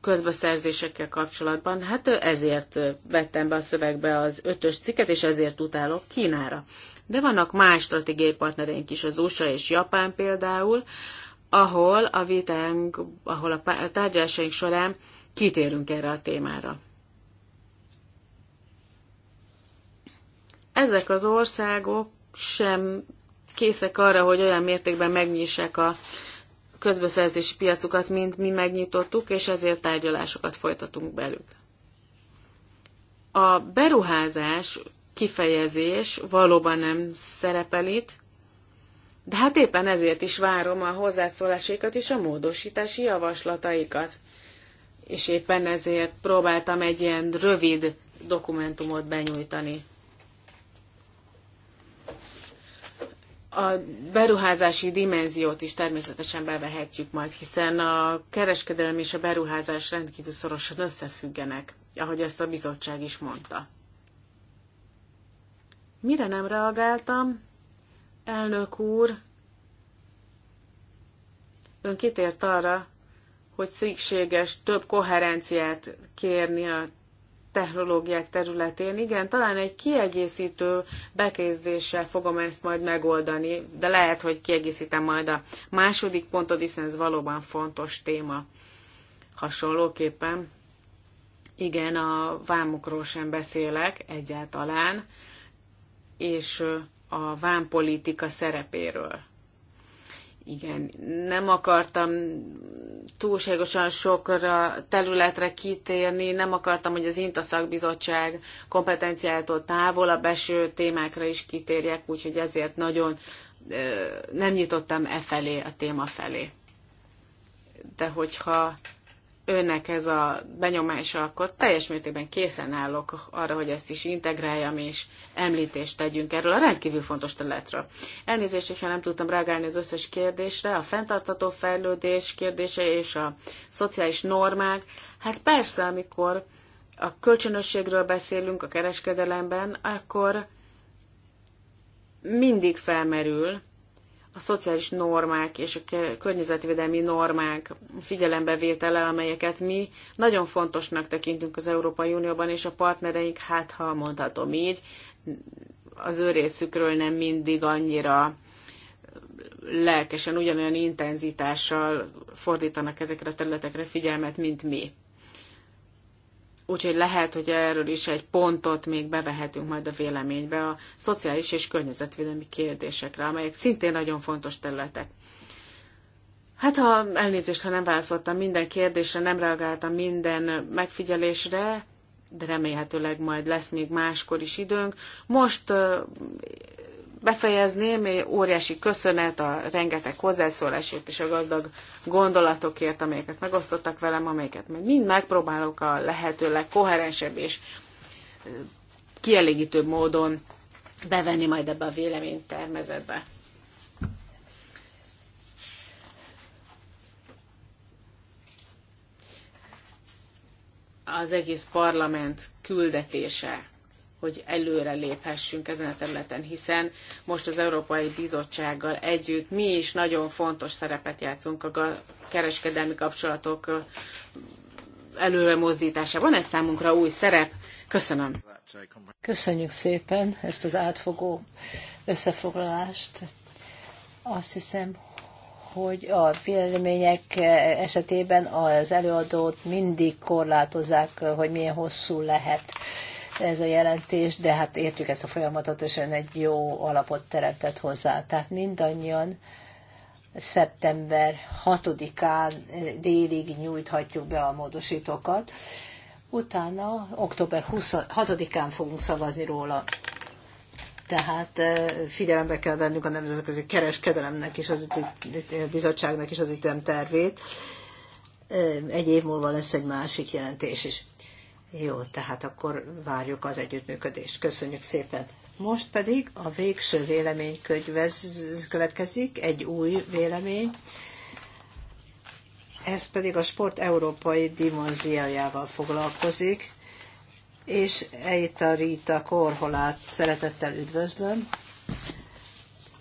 közbeszerzésekkel kapcsolatban. Hát ezért vettem be a szövegbe az ötös cikket, és ezért utálok Kínára. De vannak más stratégiai partnereink is, az USA és Japán például, ahol a vitánk, ahol a tárgyalásaink során kitérünk erre a témára. Ezek az országok sem készek arra, hogy olyan mértékben megnyissák a közbeszerzési piacukat, mint mi megnyitottuk, és ezért tárgyalásokat folytatunk belük. A beruházás kifejezés valóban nem szerepel itt, de hát éppen ezért is várom a hozzászólásaikat és a módosítási javaslataikat. És éppen ezért próbáltam egy ilyen rövid dokumentumot benyújtani. a beruházási dimenziót is természetesen bevehetjük majd, hiszen a kereskedelem és a beruházás rendkívül szorosan összefüggenek, ahogy ezt a bizottság is mondta. Mire nem reagáltam? Elnök úr, ön kitért arra, hogy szükséges több koherenciát kérni a technológiák területén. Igen, talán egy kiegészítő bekezdéssel fogom ezt majd megoldani, de lehet, hogy kiegészítem majd a második pontot, hiszen ez valóban fontos téma. Hasonlóképpen, igen, a vámokról sem beszélek egyáltalán, és a vámpolitika szerepéről. Igen, nem akartam túlságosan sokra területre kitérni, nem akartam, hogy az INTA szakbizottság kompetenciától a beső témákra is kitérjek, úgyhogy ezért nagyon nem nyitottam e felé, a téma felé. De hogyha önnek ez a benyomása, akkor teljes mértékben készen állok arra, hogy ezt is integráljam, és említést tegyünk erről a rendkívül fontos területről. Elnézést, hogyha nem tudtam reagálni az összes kérdésre, a fenntartató fejlődés kérdése és a szociális normák. Hát persze, amikor a kölcsönösségről beszélünk a kereskedelemben, akkor mindig felmerül, a szociális normák és a környezetvédelmi normák figyelembevétele, amelyeket mi nagyon fontosnak tekintünk az Európai Unióban, és a partnereink, hát ha mondhatom így, az ő részükről nem mindig annyira lelkesen, ugyanolyan intenzitással fordítanak ezekre a területekre figyelmet, mint mi. Úgyhogy lehet, hogy erről is egy pontot még bevehetünk majd a véleménybe a szociális és környezetvédelmi kérdésekre, amelyek szintén nagyon fontos területek. Hát ha elnézést, ha nem válaszoltam minden kérdésre, nem reagáltam minden megfigyelésre, de remélhetőleg majd lesz még máskor is időnk. Most befejezném, egy óriási köszönet a rengeteg hozzászólásért és a gazdag gondolatokért, amelyeket megosztottak velem, amelyeket meg mind megpróbálok a lehető legkoherensebb és kielégítőbb módon bevenni majd ebbe a véleménytermezetbe. Az egész parlament küldetése hogy előre léphessünk ezen a területen, hiszen most az Európai Bizottsággal együtt mi is nagyon fontos szerepet játszunk a kereskedelmi kapcsolatok előre mozdításában. Ez számunkra új szerep. Köszönöm. Köszönjük szépen ezt az átfogó összefoglalást. Azt hiszem, hogy a vélemények esetében az előadót mindig korlátozzák, hogy milyen hosszú lehet ez a jelentés, de hát értjük ezt a folyamatot, és ön egy jó alapot teremtett hozzá. Tehát mindannyian szeptember 6-án délig nyújthatjuk be a módosítókat. Utána október 26-án fogunk szavazni róla. Tehát figyelembe kell vennünk a nemzetközi kereskedelemnek is, az bizottságnak is az tervét. Egy év múlva lesz egy másik jelentés is. Jó, tehát akkor várjuk az együttműködést. Köszönjük szépen. Most pedig a végső vélemény következik, egy új vélemény. Ez pedig a sport európai dimenziójával foglalkozik, és Eita Rita Korholát szeretettel üdvözlöm,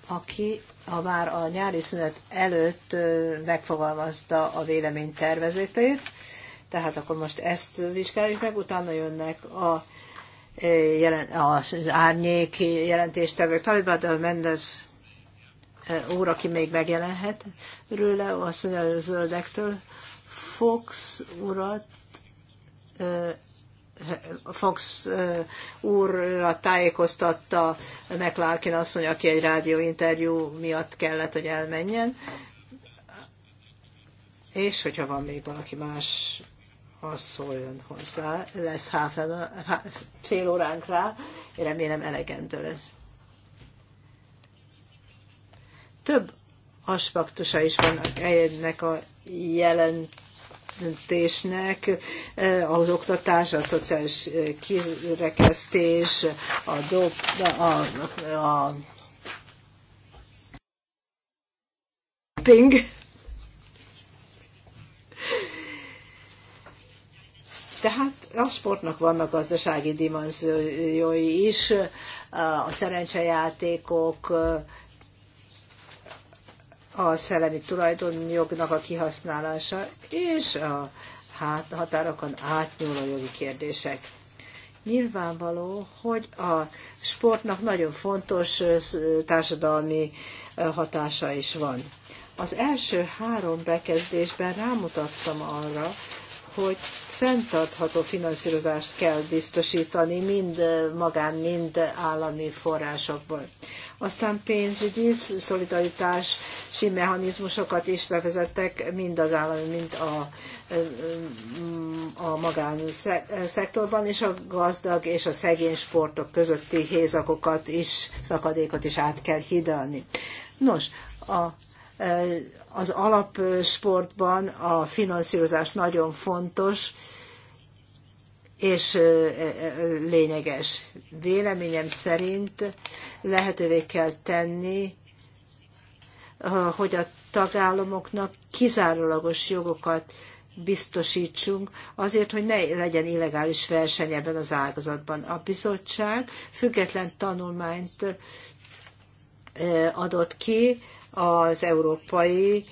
aki ha már a nyári szünet előtt megfogalmazta a vélemény tervezetét, tehát akkor most ezt vizsgáljuk meg, utána jönnek a e, jelen, az árnyék jelentéstevők. Talibad Mendez e, úr, aki még megjelenhet rőle, azt mondja a zöldektől, Fox urat e, Fox a tájékoztatta McLarkin asszony, aki egy rádióinterjú miatt kellett, hogy elmenjen. És hogyha van még valaki más, az szóljon hozzá. Lesz háfen, fél óránk rá, én remélem elegendő lesz. Több aspektusa is vannak ennek a jelentésnek, az oktatás, a szociális kirekesztés, a, dob, a, a, a ping, Tehát a sportnak vannak gazdasági dimenziói is, a szerencsejátékok, a szellemi tulajdonjognak a kihasználása és a hát határokon átnyúló jogi kérdések. Nyilvánvaló, hogy a sportnak nagyon fontos társadalmi hatása is van. Az első három bekezdésben rámutattam arra, hogy fenntartható finanszírozást kell biztosítani mind eh, magán, mind állami forrásokból. Aztán pénzügyi szolidaritási mechanizmusokat is bevezettek mind az állami, mind a, eh, a szektorban, és a gazdag és a szegény sportok közötti hézakokat is, szakadékot is át kell hidalni. Nos, a eh, az alapsportban a finanszírozás nagyon fontos és lényeges. Véleményem szerint lehetővé kell tenni, hogy a tagállamoknak kizárólagos jogokat biztosítsunk azért, hogy ne legyen illegális verseny ebben az ágazatban. A bizottság független tanulmányt adott ki az európai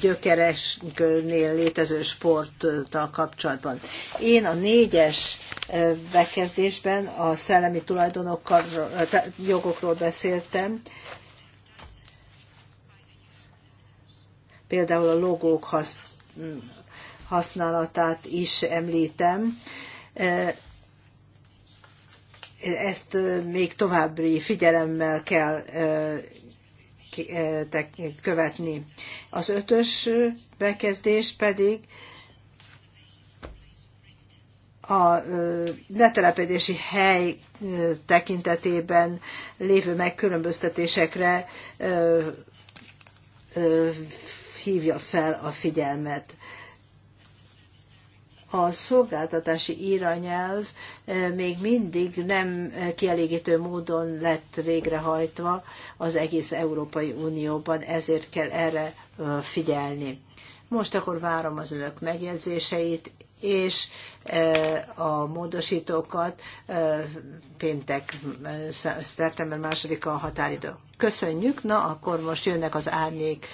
gyökeresnél létező sporttal kapcsolatban. Én a négyes bekezdésben a szellemi tulajdonokkal, jogokról beszéltem, például a logók használatát is említem, ezt még további figyelemmel kell követni. Az ötös bekezdés pedig a letelepedési hely tekintetében lévő megkülönböztetésekre hívja fel a figyelmet a szolgáltatási irányelv eh, még mindig nem eh, kielégítő módon lett végrehajtva az egész Európai Unióban, ezért kell erre eh, figyelni. Most akkor várom az önök megjegyzéseit, és a módosítókat péntek, szeptember második a határidő. Köszönjük, na akkor most jönnek az árnyék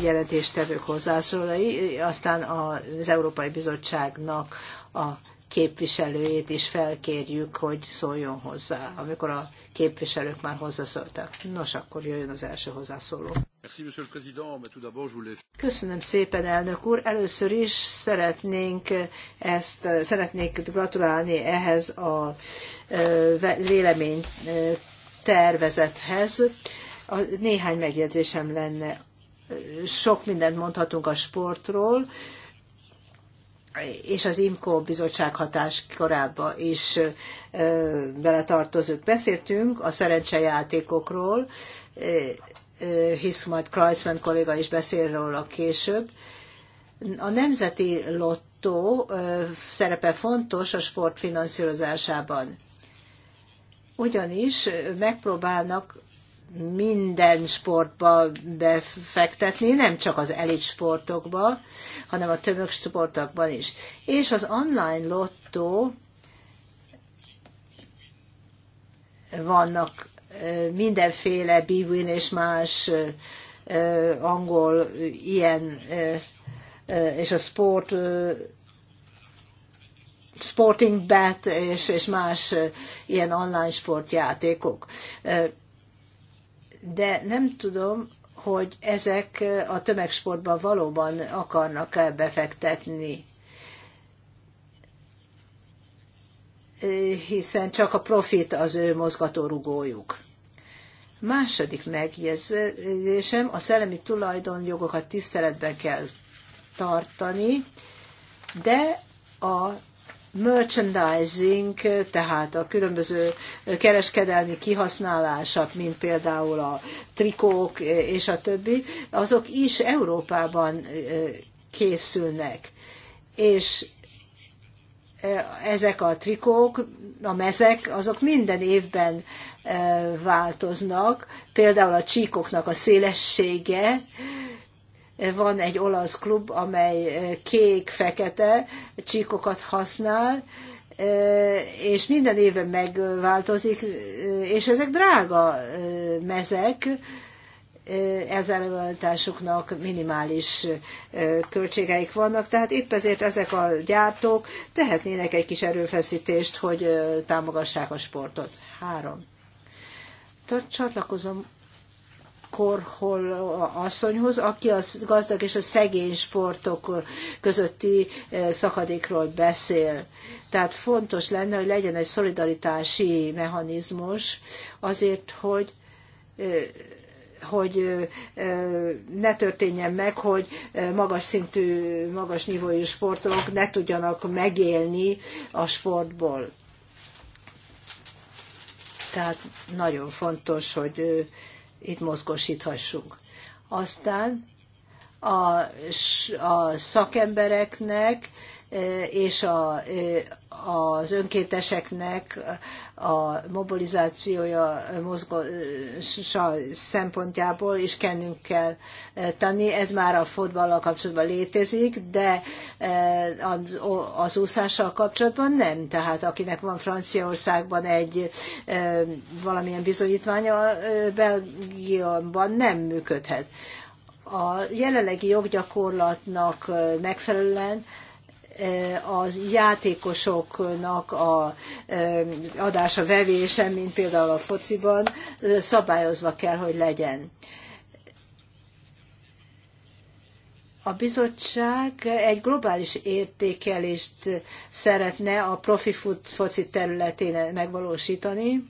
jelentéstevők hozzászólói, aztán az Európai Bizottságnak a képviselőjét is felkérjük, hogy szóljon hozzá, amikor a képviselők már hozzászóltak. Nos, akkor jöjjön az első hozzászóló. Köszönöm szépen, elnök úr. Először is szeretnénk ezt, szeretnék gratulálni ehhez a vélemény tervezethez a, néhány megjegyzésem lenne. Sok mindent mondhatunk a sportról, és az IMCO bizottság hatás korábban is beletartozott. Beszéltünk a szerencsejátékokról, hisz majd Kreuzmann kolléga is beszél róla később. A nemzeti lottó szerepe fontos a sport finanszírozásában. Ugyanis megpróbálnak minden sportba befektetni, nem csak az elit sportokba, hanem a tömök sportokban is. És az online lottó vannak mindenféle bivin és más angol ilyen és a sport sporting bet és, és más ilyen online sportjátékok de nem tudom, hogy ezek a tömegsportban valóban akarnak -e befektetni. hiszen csak a profit az ő mozgatórugójuk. Második megjegyzésem, a szellemi tulajdonjogokat tiszteletben kell tartani, de a merchandising, tehát a különböző kereskedelmi kihasználások, mint például a trikók és a többi, azok is Európában készülnek. És ezek a trikók, a mezek, azok minden évben változnak, például a csíkoknak a szélessége, van egy olasz klub, amely kék-fekete csíkokat használ, és minden évben megváltozik, és ezek drága mezek, ez előállításuknak minimális költségeik vannak, tehát épp ezért ezek a gyártók tehetnének egy kis erőfeszítést, hogy támogassák a sportot. Három. Csatlakozom Korhol asszonyhoz, aki a gazdag és a szegény sportok közötti eh, szakadékról beszél. Tehát fontos lenne, hogy legyen egy szolidaritási mechanizmus azért, hogy eh, hogy eh, ne történjen meg, hogy magas szintű, magas nívójú sportolók ne tudjanak megélni a sportból. Tehát nagyon fontos, hogy itt mozgosíthassunk. Aztán a, a szakembereknek eh, és a, eh, az önkénteseknek a mobilizációja mozgása szempontjából is kennünk kell tenni. Ez már a fotballal kapcsolatban létezik, de e, az úszással kapcsolatban nem. Tehát akinek van Franciaországban egy e, valamilyen bizonyítványa, e, Belgiumban nem működhet. A jelenlegi joggyakorlatnak megfelelően Eh, a játékosoknak a eh, adása vevése, mint például a fociban, eh, szabályozva kell, hogy legyen. A bizottság egy globális értékelést szeretne a profi foci területén megvalósítani,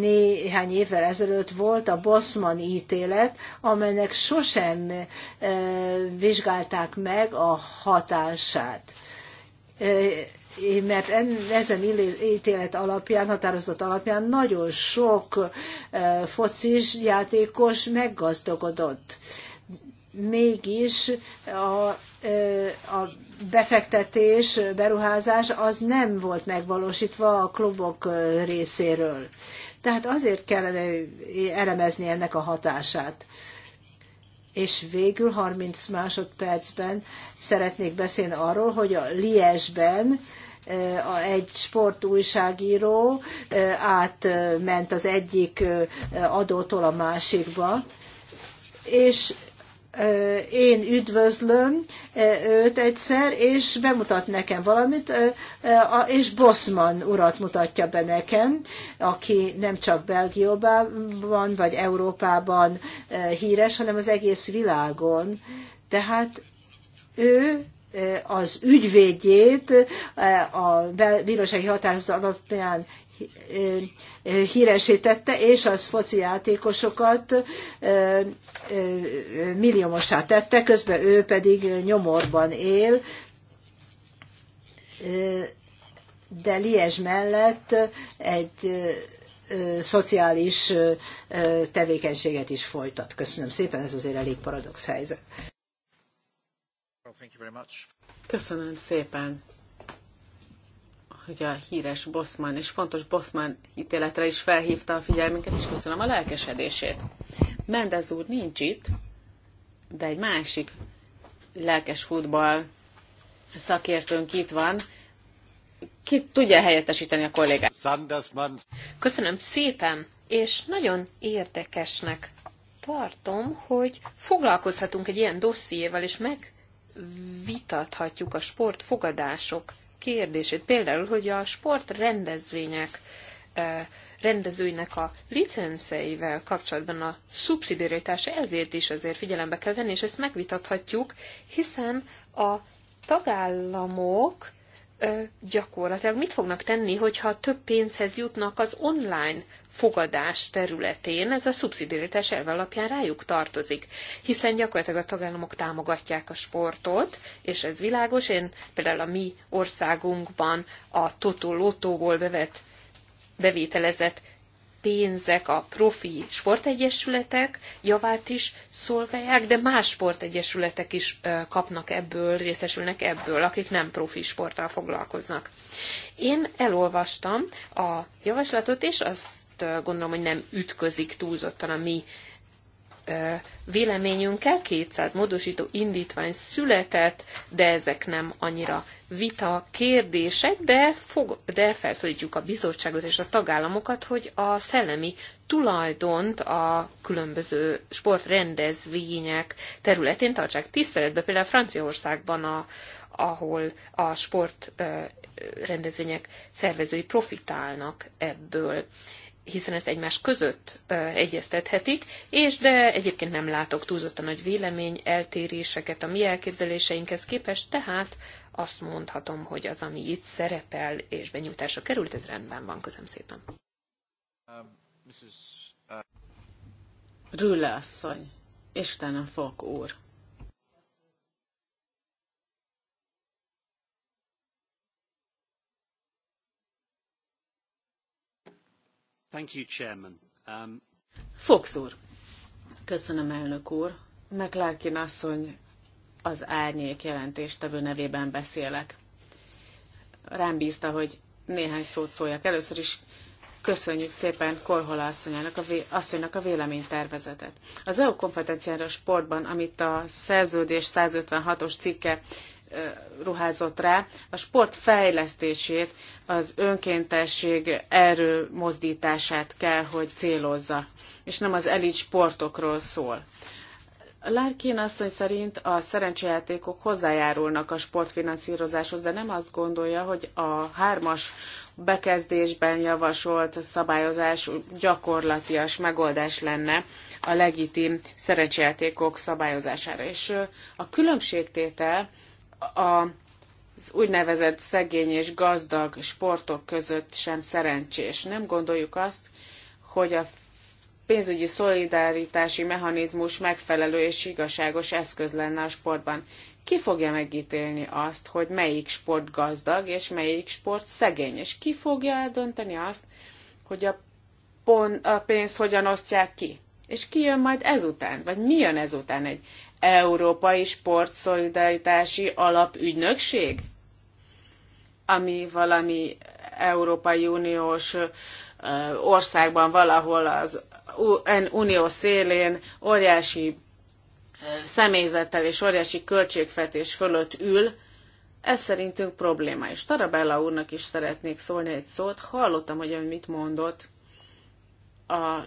néhány évvel ezelőtt volt a Bosman ítélet, amelynek sosem e, vizsgálták meg a hatását e, mert ezen ítélet alapján, határozott alapján nagyon sok e, focis játékos meggazdagodott mégis a, a befektetés, beruházás az nem volt megvalósítva a klubok részéről. Tehát azért kellene elemezni ennek a hatását. És végül 30 másodpercben szeretnék beszélni arról, hogy a Liesben egy sportújságíró átment az egyik adótól a másikba, és én üdvözlöm őt egyszer, és bemutat nekem valamit, és Bosman urat mutatja be nekem, aki nem csak Belgiumban vagy Európában híres, hanem az egész világon. Tehát ő az ügyvédjét a bírósági határozat alapján híresítette, és az foci játékosokat milliómosá tette, közben ő pedig nyomorban él, de Liezs mellett egy szociális tevékenységet is folytat. Köszönöm szépen, ez azért elég paradox helyzet. Köszönöm szépen hogy a híres Bosman és fontos Bosman ítéletre is felhívta a figyelmünket, és köszönöm a lelkesedését. Mendez úr nincs itt, de egy másik lelkes futball szakértőnk itt van, ki tudja helyettesíteni a kollégát. Sandersman. Köszönöm szépen, és nagyon érdekesnek tartom, hogy foglalkozhatunk egy ilyen dossziéval, és megvitathatjuk a sportfogadások kérdését. Például, hogy a sportrendezvények eh, rendezőinek a licenceivel kapcsolatban a szubszidiaritás elvét is azért figyelembe kell venni, és ezt megvitathatjuk, hiszen a tagállamok gyakorlatilag mit fognak tenni, hogyha több pénzhez jutnak az online fogadás területén, ez a szubszidiaritás elve alapján rájuk tartozik, hiszen gyakorlatilag a tagállamok támogatják a sportot, és ez világos, én például a mi országunkban a Toto Lottóból bevett bevételezett pénzek a profi sportegyesületek javát is szolgálják, de más sportegyesületek is kapnak ebből, részesülnek ebből, akik nem profi sporttal foglalkoznak. Én elolvastam a javaslatot, és azt gondolom, hogy nem ütközik túlzottan a mi véleményünkkel, 200 módosító indítvány született, de ezek nem annyira vita kérdések, de, fog, de felszólítjuk a bizottságot és a tagállamokat, hogy a szellemi tulajdont a különböző sportrendezvények területén tartsák tiszteletbe, például Franciaországban a, ahol a sportrendezvények szervezői profitálnak ebből hiszen ezt egymás között egyeztethetik, és de egyébként nem látok túlzottan nagy vélemény, eltéréseket a mi elképzeléseinkhez képest, tehát azt mondhatom, hogy az, ami itt szerepel és benyújtásra került, ez rendben van. Köszönöm szépen. Rülle asszony, és utána Falk úr. Thank you, Chairman. Um... Fox úr. Köszönöm, elnök úr. McLarkin asszony az árnyék jelentéstevő nevében beszélek. Rám bízta, hogy néhány szót szóljak. Először is köszönjük szépen Korhola a, vé- asszonynak a véleménytervezetet. Az EU kompetenciára a sportban, amit a szerződés 156-os cikke ruházott rá. A sport fejlesztését, az önkéntesség erőmozdítását kell, hogy célozza, és nem az elit sportokról szól. Larkin asszony szerint a szerencsejátékok hozzájárulnak a sportfinanszírozáshoz, de nem azt gondolja, hogy a hármas bekezdésben javasolt szabályozás gyakorlatias megoldás lenne a legitim szerencsejátékok szabályozására. És a különbségtétel az úgynevezett szegény és gazdag sportok között sem szerencsés. Nem gondoljuk azt, hogy a pénzügyi szolidaritási mechanizmus megfelelő és igazságos eszköz lenne a sportban. Ki fogja megítélni azt, hogy melyik sport gazdag és melyik sport szegény, és ki fogja eldönteni azt, hogy a, pon, a pénzt hogyan osztják ki? És ki jön majd ezután, vagy mi jön ezután? Egy Európai Sportszolidaritási Alapügynökség, ami valami Európai Uniós országban valahol az unió szélén óriási személyzettel és óriási költségvetés fölött ül, ez szerintünk probléma. És Tarabella úrnak is szeretnék szólni egy szót. Hallottam, hogy ön mit mondott a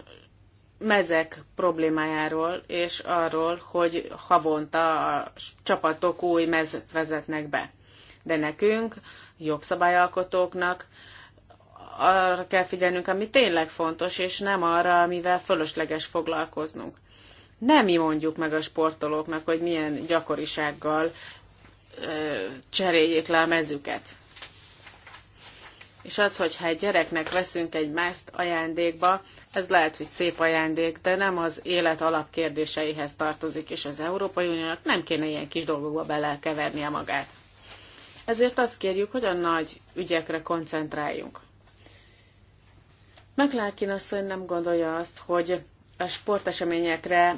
mezek problémájáról, és arról, hogy havonta a csapatok új mezet vezetnek be. De nekünk, jogszabályalkotóknak arra kell figyelnünk, ami tényleg fontos, és nem arra, amivel fölösleges foglalkoznunk. Nem mi mondjuk meg a sportolóknak, hogy milyen gyakorisággal ö, cseréljék le a mezüket. És az, hogyha egy gyereknek veszünk egy mászt ajándékba, ez lehet, hogy szép ajándék, de nem az élet alapkérdéseihez tartozik, és az Európai Uniónak nem kéne ilyen kis dolgokba belekevernie magát. Ezért azt kérjük, hogy a nagy ügyekre koncentráljunk. McLarkin asszony nem gondolja azt, hogy a sporteseményekre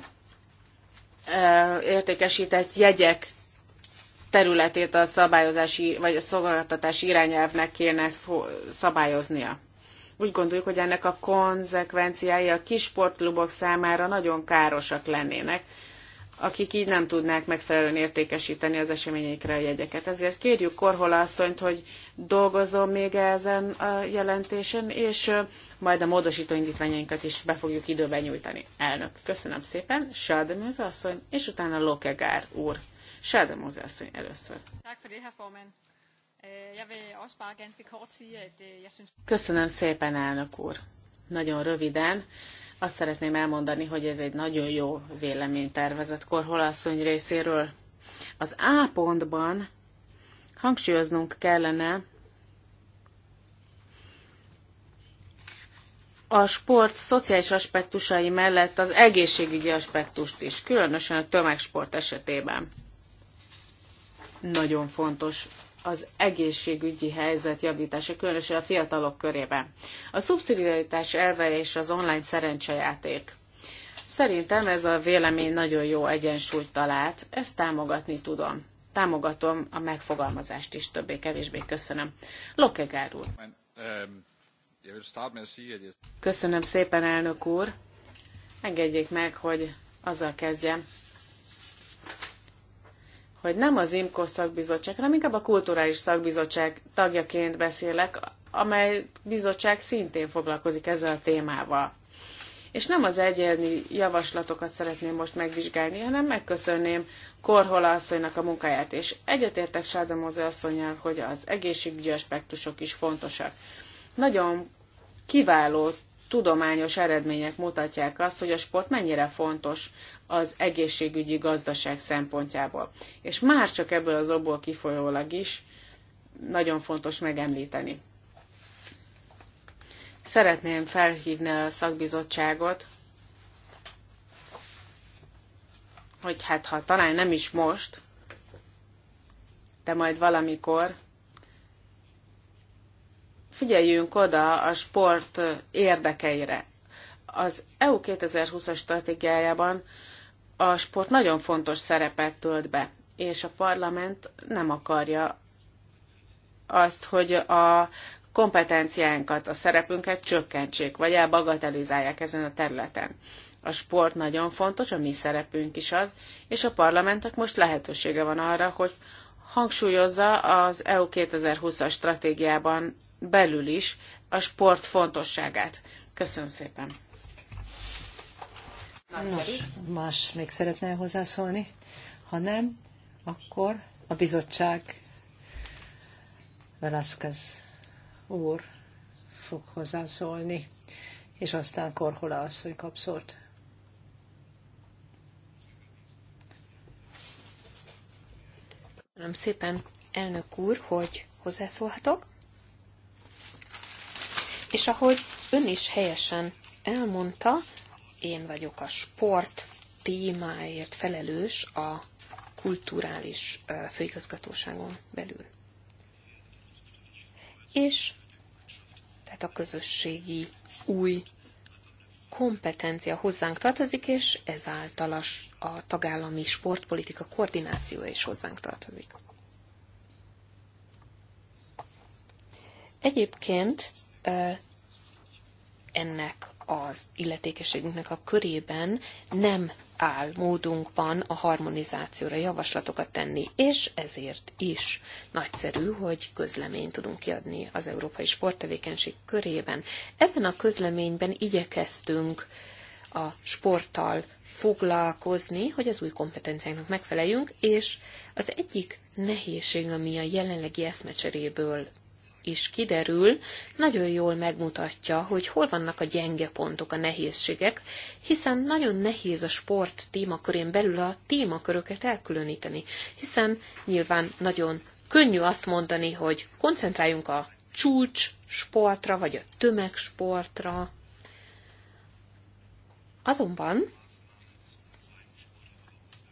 értékesített jegyek területét a szabályozási vagy a szolgáltatási irányelvnek kéne szabályoznia. Úgy gondoljuk, hogy ennek a konzekvenciái a kis sportklubok számára nagyon károsak lennének, akik így nem tudnák megfelelően értékesíteni az eseményeikre a jegyeket. Ezért kérjük Korhola asszonyt, hogy dolgozzon még ezen a jelentésen, és majd a módosító indítványainkat is be fogjuk időben nyújtani. Elnök, köszönöm szépen, Sádemőz asszony, és utána Lokegár úr először. Øh, øh, Köszönöm szépen, elnök úr. Nagyon röviden azt szeretném elmondani, hogy ez egy nagyon jó véleménytervezet Korholasszony részéről. Az A pontban hangsúlyoznunk kellene a sport szociális aspektusai mellett az egészségügyi aspektust is, különösen a tömegsport esetében nagyon fontos az egészségügyi helyzet javítása, különösen a fiatalok körében. A szubszidiaritás elve és az online szerencsejáték. Szerintem ez a vélemény nagyon jó egyensúlyt talált, ezt támogatni tudom. Támogatom a megfogalmazást is többé-kevésbé. Köszönöm. Lokegár úr. Köszönöm szépen, elnök úr. Engedjék meg, hogy azzal kezdjem, hogy nem az IMKO szakbizottság, hanem inkább a kulturális szakbizottság tagjaként beszélek, amely bizottság szintén foglalkozik ezzel a témával. És nem az egyéni javaslatokat szeretném most megvizsgálni, hanem megköszönném Korhola asszonynak a munkáját, és egyetértek Sádamoze asszonyjal, hogy az egészségügyi aspektusok is fontosak. Nagyon kiváló tudományos eredmények mutatják azt, hogy a sport mennyire fontos az egészségügyi gazdaság szempontjából. És már csak ebből az obból kifolyólag is nagyon fontos megemlíteni. Szeretném felhívni a szakbizottságot, hogy hát ha talán nem is most, de majd valamikor figyeljünk oda a sport érdekeire. Az EU 2020-as stratégiájában a sport nagyon fontos szerepet tölt be, és a parlament nem akarja azt, hogy a kompetenciánkat, a szerepünket csökkentsék, vagy elbagatelizálják ezen a területen. A sport nagyon fontos, a mi szerepünk is az, és a parlamentnek most lehetősége van arra, hogy hangsúlyozza az EU 2020-as stratégiában belül is a sport fontosságát. Köszönöm szépen! Nos, más még szeretne hozzászólni? Ha nem, akkor a bizottság Velázquez úr fog hozzászólni, és aztán Korhola asszony kap szót. Köszönöm szépen, elnök úr, hogy hozzászólhatok. És ahogy ön is helyesen elmondta, én vagyok a sport témáért felelős a kulturális főigazgatóságon belül. És tehát a közösségi új kompetencia hozzánk tartozik, és ezáltal a, a tagállami sportpolitika koordinációja is hozzánk tartozik. Egyébként ennek az illetékességünknek a körében nem áll módunkban a harmonizációra javaslatokat tenni, és ezért is nagyszerű, hogy közleményt tudunk kiadni az európai sporttevékenység körében. Ebben a közleményben igyekeztünk a sporttal foglalkozni, hogy az új kompetenciáknak megfeleljünk, és az egyik nehézség, ami a jelenlegi eszmecseréből is kiderül, nagyon jól megmutatja, hogy hol vannak a gyenge pontok, a nehézségek, hiszen nagyon nehéz a sport témakörén belül a témaköröket elkülöníteni, hiszen nyilván nagyon könnyű azt mondani, hogy koncentráljunk a csúcs sportra, vagy a tömegsportra. Azonban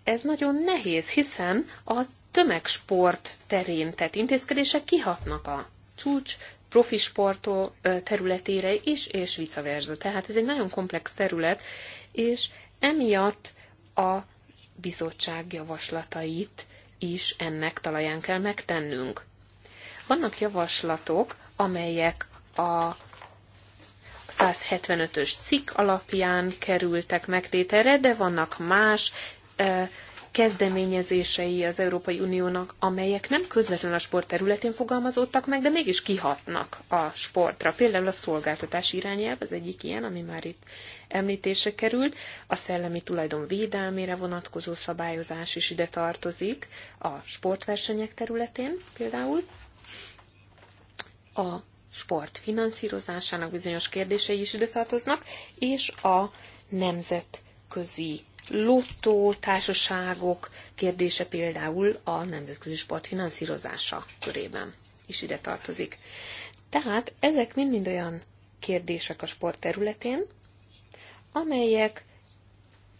ez nagyon nehéz, hiszen a tömegsport terén tett intézkedések kihatnak a csúcs profi sportó területére is, és vice versa. Tehát ez egy nagyon komplex terület, és emiatt a bizottság javaslatait is ennek talaján kell megtennünk. Vannak javaslatok, amelyek a 175-ös cikk alapján kerültek megtételre, de vannak más kezdeményezései az Európai Uniónak, amelyek nem közvetlenül a sport területén fogalmazódtak meg, de mégis kihatnak a sportra. Például a szolgáltatás irányelv az egyik ilyen, ami már itt említése került. A szellemi tulajdon védelmére vonatkozó szabályozás is ide tartozik a sportversenyek területén például. A sport finanszírozásának bizonyos kérdései is ide tartoznak, és a nemzetközi lottó társaságok kérdése például a nemzetközi sport finanszírozása körében is ide tartozik. Tehát ezek mind-mind olyan kérdések a sport területén, amelyek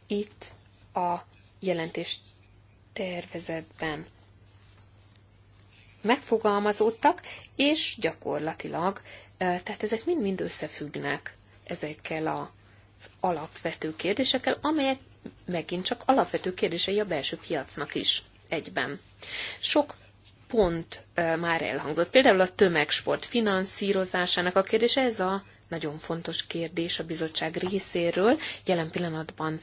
itt a jelentés tervezetben megfogalmazódtak, és gyakorlatilag, tehát ezek mind-mind összefüggnek ezekkel az alapvető kérdésekkel, amelyek megint csak alapvető kérdései a belső piacnak is egyben. Sok pont már elhangzott. Például a tömegsport finanszírozásának a kérdése, ez a nagyon fontos kérdés a bizottság részéről. Jelen pillanatban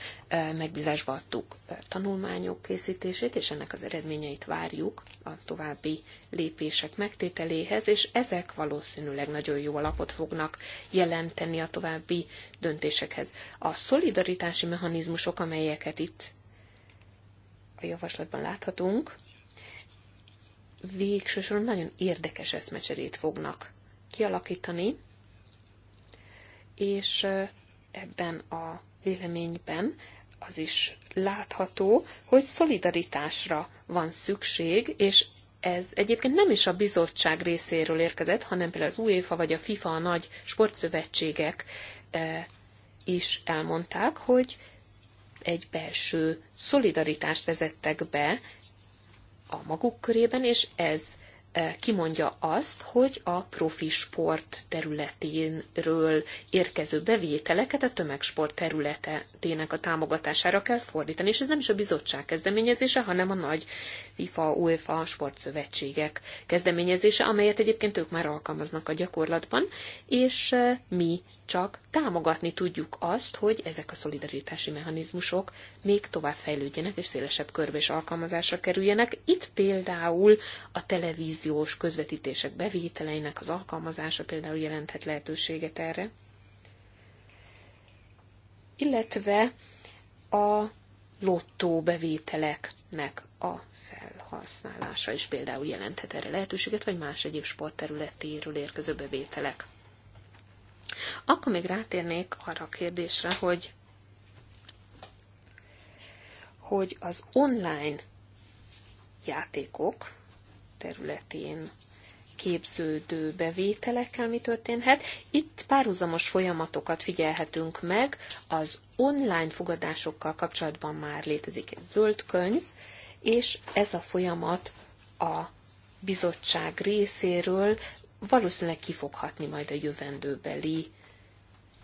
megbízásba adtuk tanulmányok készítését, és ennek az eredményeit várjuk a további lépések megtételéhez, és ezek valószínűleg nagyon jó alapot fognak jelenteni a további döntésekhez. A szolidaritási mechanizmusok, amelyeket itt a javaslatban láthatunk, végsősorban nagyon érdekes eszmecserét fognak kialakítani, és ebben a véleményben az is látható, hogy szolidaritásra van szükség, és ez egyébként nem is a bizottság részéről érkezett, hanem például az UEFA vagy a FIFA, a nagy sportszövetségek eh, is elmondták, hogy egy belső szolidaritást vezettek be a maguk körében, és ez kimondja azt, hogy a profi sport területénről érkező bevételeket a tömegsport területének a támogatására kell fordítani, és ez nem is a bizottság kezdeményezése, hanem a nagy FIFA, UEFA sportszövetségek kezdeményezése, amelyet egyébként ők már alkalmaznak a gyakorlatban, és mi csak támogatni tudjuk azt, hogy ezek a szolidaritási mechanizmusok még tovább fejlődjenek és szélesebb körbe és alkalmazásra kerüljenek. Itt például a televíziós közvetítések bevételeinek az alkalmazása például jelenthet lehetőséget erre. Illetve a lottó bevételeknek a felhasználása is például jelenthet erre lehetőséget, vagy más egyéb sportterületéről érkező bevételek. Akkor még rátérnék arra a kérdésre, hogy, hogy az online játékok területén képződő bevételekkel mi történhet. Itt párhuzamos folyamatokat figyelhetünk meg, az online fogadásokkal kapcsolatban már létezik egy zöld könyv, és ez a folyamat a bizottság részéről valószínűleg kifoghatni majd a jövendőbeli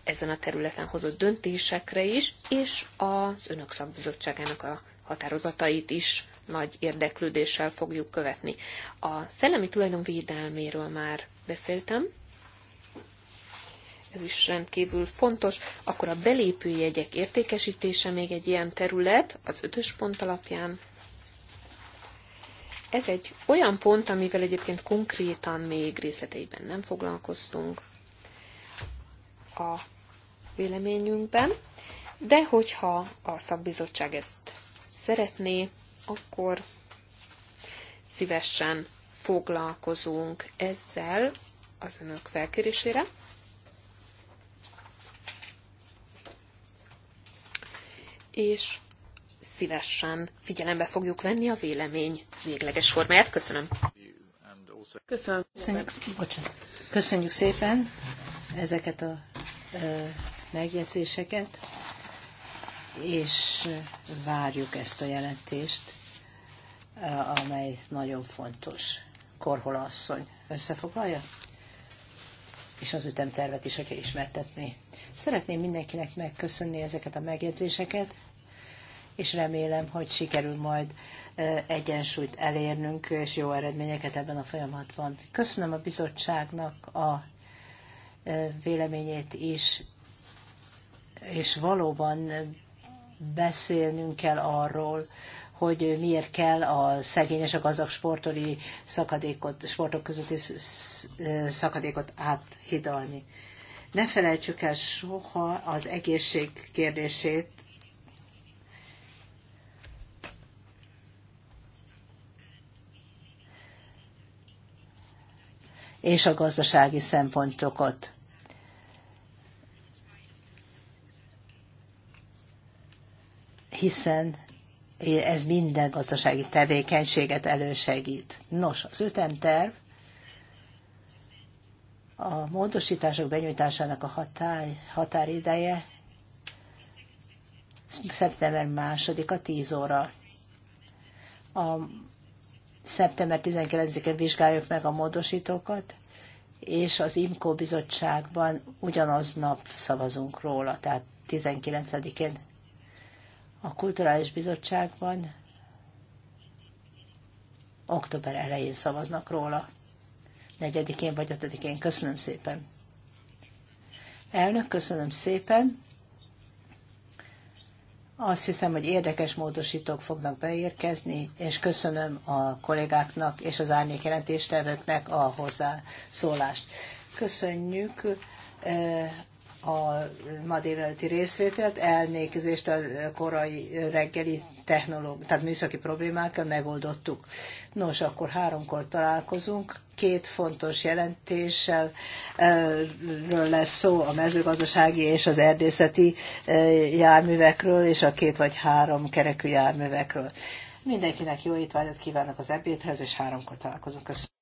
ezen a területen hozott döntésekre is, és az Önök Szakbizottságának a határozatait is nagy érdeklődéssel fogjuk követni. A szellemi tulajdon védelméről már beszéltem, ez is rendkívül fontos. Akkor a belépőjegyek értékesítése még egy ilyen terület az ötös pont alapján, ez egy olyan pont, amivel egyébként konkrétan még részleteiben nem foglalkoztunk a véleményünkben, de hogyha a szakbizottság ezt szeretné, akkor szívesen foglalkozunk ezzel az önök felkérésére. És szívesen figyelembe fogjuk venni a vélemény végleges formáját. Köszönöm. Köszönöm. Köszönjük, bocsánat. Köszönjük szépen ezeket a megjegyzéseket, és várjuk ezt a jelentést, amely nagyon fontos. Korhola asszony összefoglalja? és az ütemtervet is, hogyha ismertetné. Szeretném mindenkinek megköszönni ezeket a megjegyzéseket, és remélem, hogy sikerül majd egyensúlyt elérnünk, és jó eredményeket ebben a folyamatban. Köszönöm a bizottságnak a véleményét is, és valóban beszélnünk kell arról, hogy miért kell a szegény és a gazdag sportori szakadékot, sportok közötti szakadékot áthidalni. Ne felejtsük el soha az egészség kérdését, és a gazdasági szempontokat. Hiszen ez minden gazdasági tevékenységet elősegít. Nos, az ütemterv a módosítások benyújtásának a határ, határideje szeptember 2-a 10 óra. A szeptember 19-én vizsgáljuk meg a módosítókat, és az IMKO bizottságban ugyanaz nap szavazunk róla, tehát 19-én. A Kulturális Bizottságban október elején szavaznak róla. 4-én vagy 5-én. Köszönöm szépen. Elnök, köszönöm szépen. Azt hiszem, hogy érdekes módosítók fognak beérkezni, és köszönöm a kollégáknak és az árnyék jelentéstevőknek a hozzászólást. Köszönjük eh, a ma délelőtti részvételt, elnékezést a korai reggeli technológ, tehát műszaki problémákkal megoldottuk. Nos, akkor háromkor találkozunk, két fontos jelentéssel eh, ről lesz szó a mezőgazdasági és az erdészeti eh, járművekről, és a két vagy három kerekű járművekről. Mindenkinek jó étvágyat kívánok az ebédhez, és háromkor találkozunk. Köszönöm.